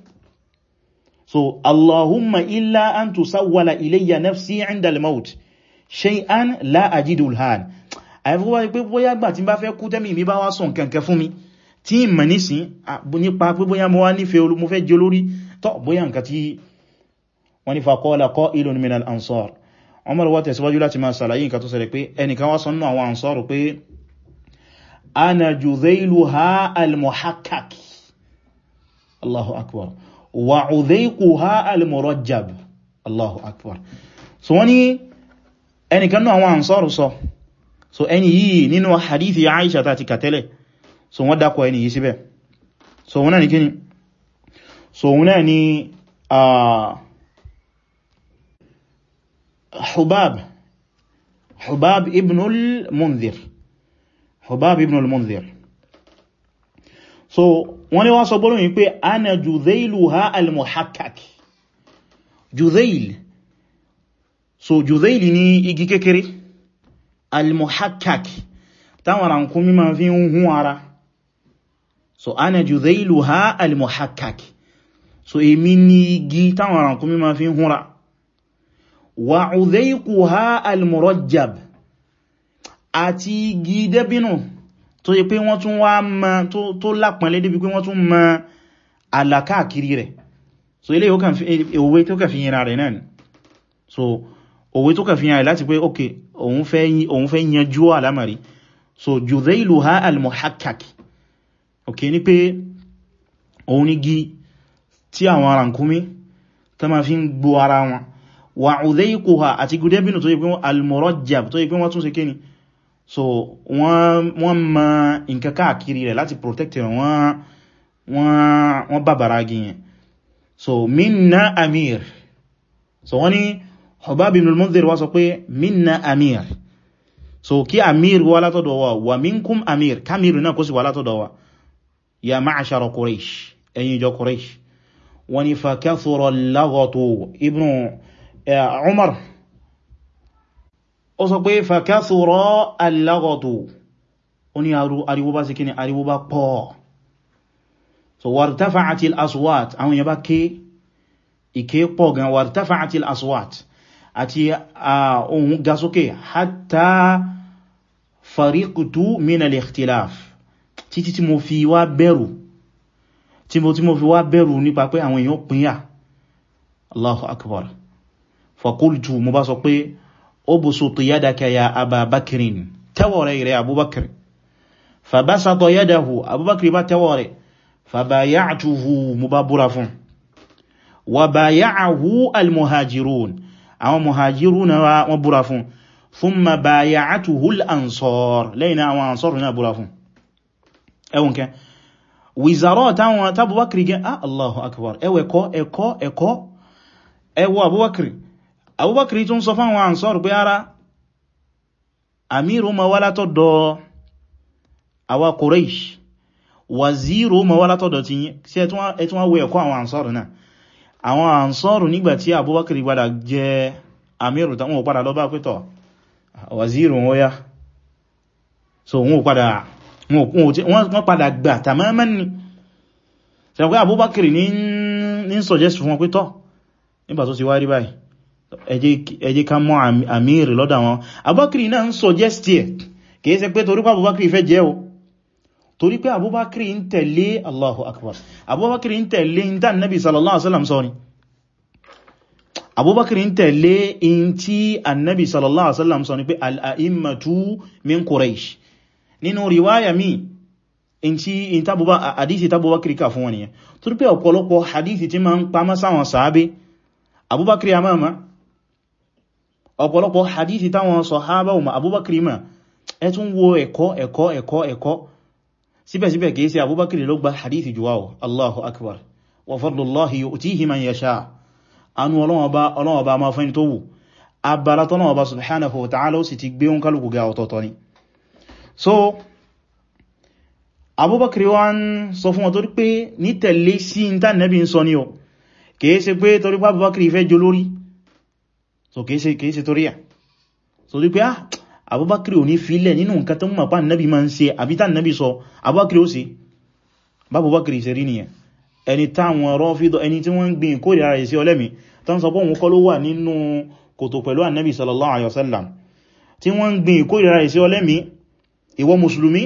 so allahumma illa an tusawwala ilayya nafsi 'inda al-maut shay'an la ajidu al-han àìfúkú wá ní pé bóyá gbà tí bá fẹ́ kú tẹ́mì mi bá wá sọ nǹkankan fún mi tí ìmọ̀ nísìn nípa pé bóyá mo wá nífẹ̀ẹ́ mo fẹ́ jẹ olórí tọ́ bóyá nǹkan tí wọ́n ní faqala qa'ilun min al-ansar Umar wá tẹ̀síwájú láti máa sàlàyé nǹkan tó ṣẹlẹ̀ pé ẹnìkan wá sọ nínú àwọn ansar pé ana judhailuha al-muhaqqaq Allahu akbar wa udhayquha al-murajjab Allahu akbar so wọ́n ní náà àwọn ansar sọ so so ẹni yìí nínú hadithi Aisha ta ti kàtẹ́lẹ̀ so wọ́n dákọ̀ ẹni yìí síbẹ̀ so wọ́n náà ni kíni so wọ́n náà ni Hubab Hubab ibn al-Mundhir Hubab ibn al-Mundhir so wọ́n ni wọ́n sọ gbọ́rọ̀ yìí pé ana Judhailuha al-Muhakkak Judhail so Judhail ni igi kékeré al-muhakkak táwọn rankumi ma fi ń hún ara so ana judhailuha al-muhakkak so èmi ni igi táwọn rankumi ma fi ń húnra wa udhayquha al-murajjab àti igi dẹ́bínú tó yẹ pé wọ́n tún wá ma tó lápàá débi pé wọ́n tún ma àlàkáàkiri rẹ̀ so ilé òwe tó kàfihàn rẹ̀ náà so òwe tó kàfihàn rẹ̀ láti pé okay òun fẹ́ yanjú alamari so judhailuha al-muhakkak ok ní pé òun ní gí tí àwọn arankumi tó ma fi ń gbó ara wọn wà udhaikuha àti gudebinu tó yí pé al-murajjab tó yí pé wọ́n tún ṣe kíni so wọ́n ma nǹkan káàkiri rẹ̀ láti protect rẹ̀ wọ́n bàbára gíyàn so minna amir so wọ́n ni Hubab ibn al-Mundhir wá sọ pé minna amir so kí amir wá látọ̀dọ̀ wa wa minkum amir kamir náà kó sì wá látọ̀dọ̀ wa ya ma'ashara Quraysh ẹ̀yin ìjọ Quraysh wọ́n ni fa kathura al-laghatu ibn eh, Umar ó sọ pé fa kathura al-laghatu ó ariwo bá sí ariwo bá pọ̀ so wartafa'atil aswat àwọn èèyàn bá ké ìké gan wartafa'atil aswat àti ohun ga sókè hatta fariqtu min al-ikhtilaf títí tí mo fi wá bẹ̀rù tí mo tí mo fi wá bẹ̀rù nípa pé àwọn èèyàn pínyà Allahu akbar faqultu mo bá sọ pé ubsut yadaka ya Aba Bakrin tẹ́wọ̀ rẹ̀ rẹ̀ Abubakar fabasata yadahu Abubakar bá tẹ́wọ̀ rẹ̀ fabaya'tuhu mo bá búra fún wa baya'ahu al àwọn muhajiruna wọ́n búra fún thumma baya'atuhul ansar lẹ́yìn àwọn ansar náà búra fún ẹwùn kẹ wizarọ́ táwọn tábúbákiri gẹ ah allahu akbar ẹwẹ ẹkọ́ ẹkọ́ ẹkọ́ ẹwọ abúbákiri abúbákiri tún sọ fáwọn ansar pé ara amiru ma wá látọ̀dọ̀ àwa Quraysh waziru ma wá látọ̀dọ̀ ti yí sí ẹtún wá àwọn ansar náà àwọn àǹsọ́rù nígbàtí Abubakar padà jẹ́ amíru tán wọ́n padà lọ bá pẹ́tọ̀ wàzírù wọ́n yá so wọ́n padà gbà tamaman ni sẹ́wọ́n pé Abubakar ní suggest fún wọn pẹ́tọ̀ nígbà tó ti wá rí báyìí ẹ jẹ́ ká mọ́ amíru lọ́dọ̀ suggest ẹ̀ kìí ṣe pé torípa Abubakar fẹ́ torí pé abubakar ń tẹ̀lé allahu akbar abubakar ń tẹ̀lé ń dá annabi sallallahu alaihi wasallam sọ ni abubakar ń tẹ̀lé in tí annabi sallallahu alaihi wasallam sọ ni pé al'a'immatu min quraish nínú riwaya mi in tí in tabuba hadisi tabubakar ka fún wani torí pé ọ̀pọ̀lọpọ̀ hadisi tí ma ń pamọ́ sáwọn sàábé abubakar ya máa ọ̀pọ̀lọpọ̀ hadisi táwọn sọ̀hábà abubakar ma ẹ tún wo ẹ̀kọ́ ẹ̀kọ́ ẹ̀kọ́ ẹ̀kọ́ síbẹ̀síbẹ̀ kìí ṣe abubakir ló gba hadithi juwawo allahu akbar wa fadlullahi yu'tihi man yasha anu ọlọ́wọ́ ba ma fẹ́ni tó wù abala tọ́nà ọba subhanahu wa ta'ala ó sì ti gbé ń kálùkù ga ọ̀tọ̀tọ̀ ni so abubakir wá ń sọ fún wọn torí pé ní tẹ̀lé sí ìntà nẹ́bí ń sọ ní o kìí ṣe pé torí pé abubakir fẹ́ jolórí so kìí ṣe torí à so rí pé ah abubakar ò ní filẹ̀ nínú nǹkan tó mọ̀ pa nabi ma ń ṣe àbí tá nabi sọ abubakar ó sì babubakar ṣe rí nìyẹn ẹni táwọn rọ́fídọ̀ ẹni tí wọ́n ń gbìn kó ìrà ìsẹ́ ọlẹ́mì tó ń sọ pọ́ òun kọ́ ló wà nínú kòtò pẹ̀lú annabi sallallahu alaihi wasallam tí wọ́n ń gbìn kó ìrà ìsẹ́ ọlẹ́mì ìwọ musulmi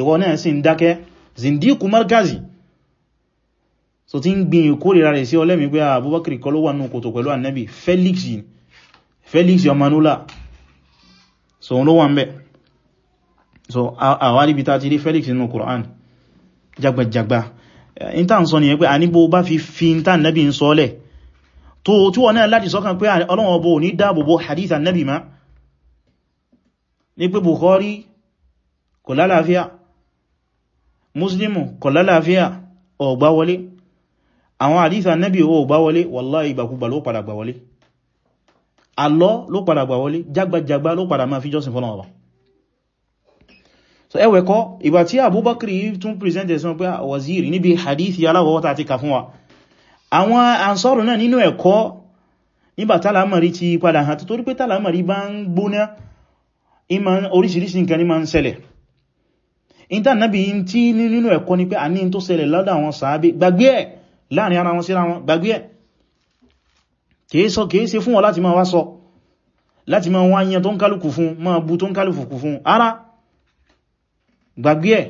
ìwọ náà sì ń dákẹ́ so tí ń gbìn kó ìrà ìsẹ́ ọlẹ́mì pé abubakar kọ́ ló wà felix felix so on ló wà ń bẹ̀ so àwáríbi ta ti rí Felix nínú Qur'an jagbajagba jagba ta eh, n sọ nìyẹn pé a níbo bá fi fi in nabi n sọ́lẹ̀ tó tí wọ́n náà láti sọ́kàn pé Ọlọ́run bó ní dáàbòbò hadith annabi ma ní pé Bukhari kò lálàáfíà muslimu kò lálàáfíà ọ̀gbá wọlé àwọn hadith annabi ó gbá wọlé wallahi ìgbàkúgbà ló padà gbà wọlé alọ́ ló padà gbà wọlé jágbàjágbà ló padà máa fi jọ́sìn fọ́nà ọba so ẹwẹ̀kọ́ ìgbà tí Abubakar tún present ẹ̀sùn pé ah, waziri níbi hadithi aláwọ̀wọ́ta ti kà fún wa àwọn ansọ́rù náà nínú ẹ̀kọ́ nígbà tàlámàrí ti padà hàn torí pé tàlámàrí bá ń gbóná oríṣiríṣi nǹkan ní ma ń ṣẹlẹ̀ ni pé a ní tó ṣẹlẹ̀ lọ́dọ̀ àwọn sàábé gbàgbé ẹ̀ láàrin ara wọn síra kìí sọ kìí ṣe fún ọ láti máa wá sọ láti máa wá yẹn tó ń kálùkù fún máa bú tó ń kálùkù fún ara gbàgbé ẹ̀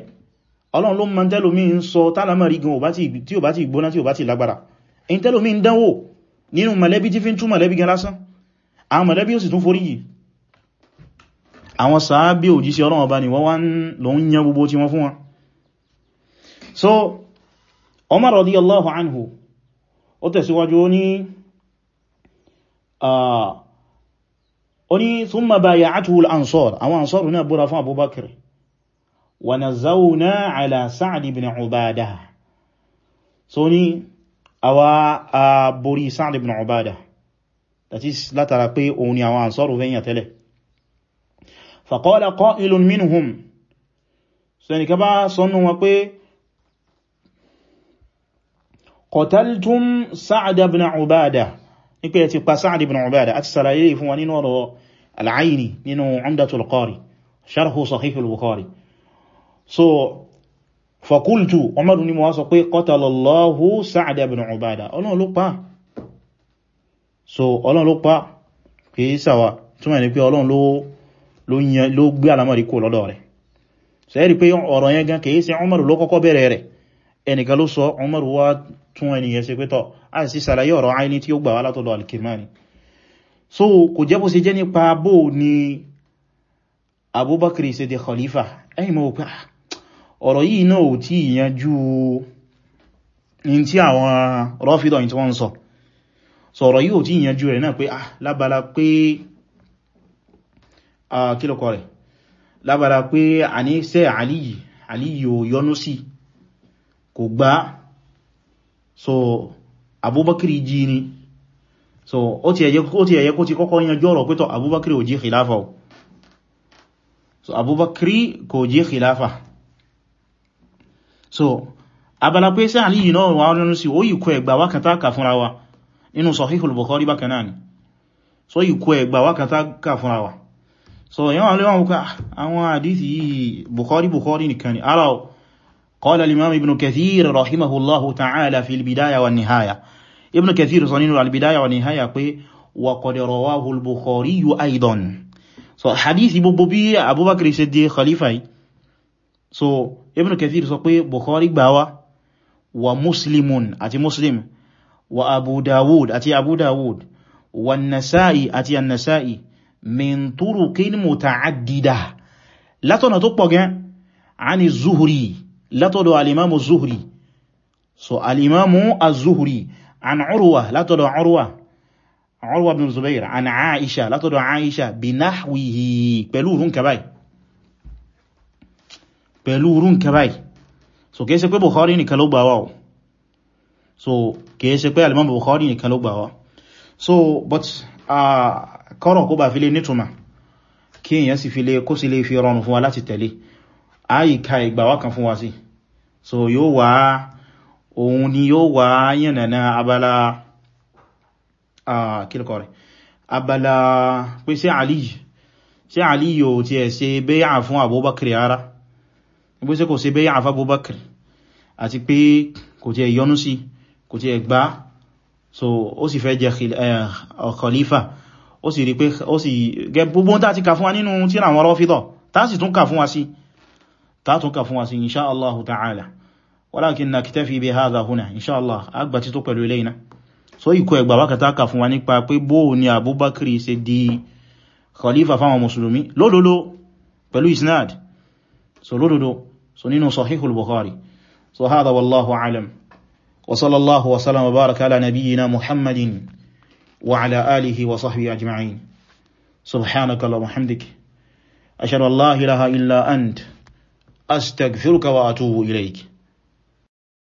ọlọ́run ló máa tẹ́lómí ń sọ tálámàrí gan tí ò bá ti gbóná tí ò bá ti lágbára in tẹ́lómí ń dánwò nínú mọ̀lẹ́bí tí fi ń mọ̀lẹ́bí gan lásán àwọn mọ̀lẹ́bí ò sì tún forí yìí àwọn sàábí òjíṣẹ́ ọlọ́run ọba ni wọ́n wá lọ ń yan gbogbo tí wọ́n fún wọn so Umar radiyallahu anhu ó tẹ̀síwájú ó ní oní thumma baya'atuhu al-ansar àwọn ansar náà búra fún abubakar wa nazawna ala sa'd ibn ubadah so ní àwa a borí sa'd ibn ubadah that is látara pé òun ni àwọn ansar vẹ́yìn tẹ́lẹ̀ faqala qa'ilun minhum so ní kaba sọ́nù wọn pé qataltum sa'd ibn ubadah ní pé ti pa Sa'd ibn Ubadah àti sàlàyé fún wa nínú ọ̀rọ̀ al-Aini nínú Umdatul Qari sharhu Sahih al-Bukhari so fakultu Umaru ni mo wá sọ pé qatalallahu Sa'd ibn Ubadah Ọlọ́run ló pa so Ọlọ́run ló pa kìí sàwà túnmọ̀ ní pé Ọlọ́run ló gbé alamari kó lọ́dọ̀ rẹ̀ so ẹ́rì pé ọ̀rọ̀ yẹn gan kìí sí Umaru ló kọ́kọ́ bẹ̀rẹ̀ rẹ̀ ẹnìkan ló sọ Umaru wá tún ẹniyàn sí pé a sì sàlàyé ọ̀rọ̀ àìní tí ó gbà wá látọ̀dọ̀ al so kò jẹ́ bó ṣe jẹ́ nípa bó ni Abubakar ṣe di khalifa ẹ̀yìn mọ́ pé ah, ọ̀rọ̀ yìí náà ò tí ìyànjú in tí àwọn rọ́fídọ̀ tí wọ́n sọ so ọ̀rọ̀ yìí ò tí ìyànjú rẹ̀ náà pé ah lábala pé ah, kílọ̀kọ rẹ̀ lábala pé a ní sẹ́ Aliyu Aliyu yọnú sí kò gbá so abubakar jí ní so ó ti ẹ̀yẹ kó ti kọ́kọ́ yanjú ọ̀rọ̀ pẹ́tọ̀ abubakar ò jí khilafa so abubakar kò jí khilafa so abala pé sí àníyàn náà wà nínú sí ó yìí kọ ẹgbà wákàtà kà wa nínú sahihul bukhari bákan náà ni so yìí kọ ẹgbà wákàtà kà wa so yíwọ̀n lè wọ́n wọ́n àwọn ah, àdísì yìí bukhari bukhari nìkan ni ara o قال الإمام ابن كثير رحمه الله تعالى في البداية والنهاية ابن كثير صنين البداية والنهاية وقد رواه البخاري أيضا so hadith gbogbo bí abubakar ṣe di khalifa yìí so ibn kathir sọ pé bukhari gbà wá wa muslimun àti muslim wa abu dawud àti abu dawud wa nasa'i àti annasa'i min turuqin muta'addida látọ̀nà tó pọ̀ gan ani zuhri látọ̀dọ̀ alìmámù zuhri so alìmámù az-zuhri an urwa látọ̀dọ̀ urwa urwa ibn zubair an aisha látọ̀dọ̀ aisha bi nahwihi pẹ̀lú rún kabai pẹ̀lú rún kabai so kìí ṣe pé bukhari nìkan ló gbà wá so kìí ṣe pé alìmámù bukhari nìkan ló gbà wá so but uh, kọ́rọ̀ kó bá fi lè nítumà kí èyàn sì fi lè kó sí lè fi rọrùn fún wa láti tẹ̀lé àyíká ìgbàwà kan fún wa sí so yóò wá òun ni yóò wá yànnàná abala kílùkọ rẹ̀ abala pé sí aliyu sí aliyu ò ti ẹ̀ ṣe bẹ́yà fún abubakar ara pé sí kò ṣe bẹ́yà fún abubakar àti pé kò ti ẹ̀ yọnú sí kò ti ẹ̀ gbá so ó sì fẹ́ jẹ eh, khalifa ó sì rí pé ó sì gẹ gbogbo tá ti kà fún wa nínú tíra àwọn rọ́fídọ̀ tá sì tún kà fún wa sí si tátúnkà fún wa sí inṣá Allahu ta'ala walakin naktafi bi hadha huna inṣá Allah agbà tító pẹ̀lú ilé iná so ikọ̀ ẹgbà wákàtà kà fún wa nípa pé bóò ni Abubakar ṣe di khalifa fáwọn musulmi lódodo pẹ̀lú isnad so lódodo so nínú sahihul Bukhari so hadha wallahu alam wa sallallahu wa sallam baraka ala nabiyyina muhammadin wa ala alihi wa sahbihi ajma'in subhanaka allahumma hamdika ashhadu an la ilaha illa anta أستغفرك وأتوب إليك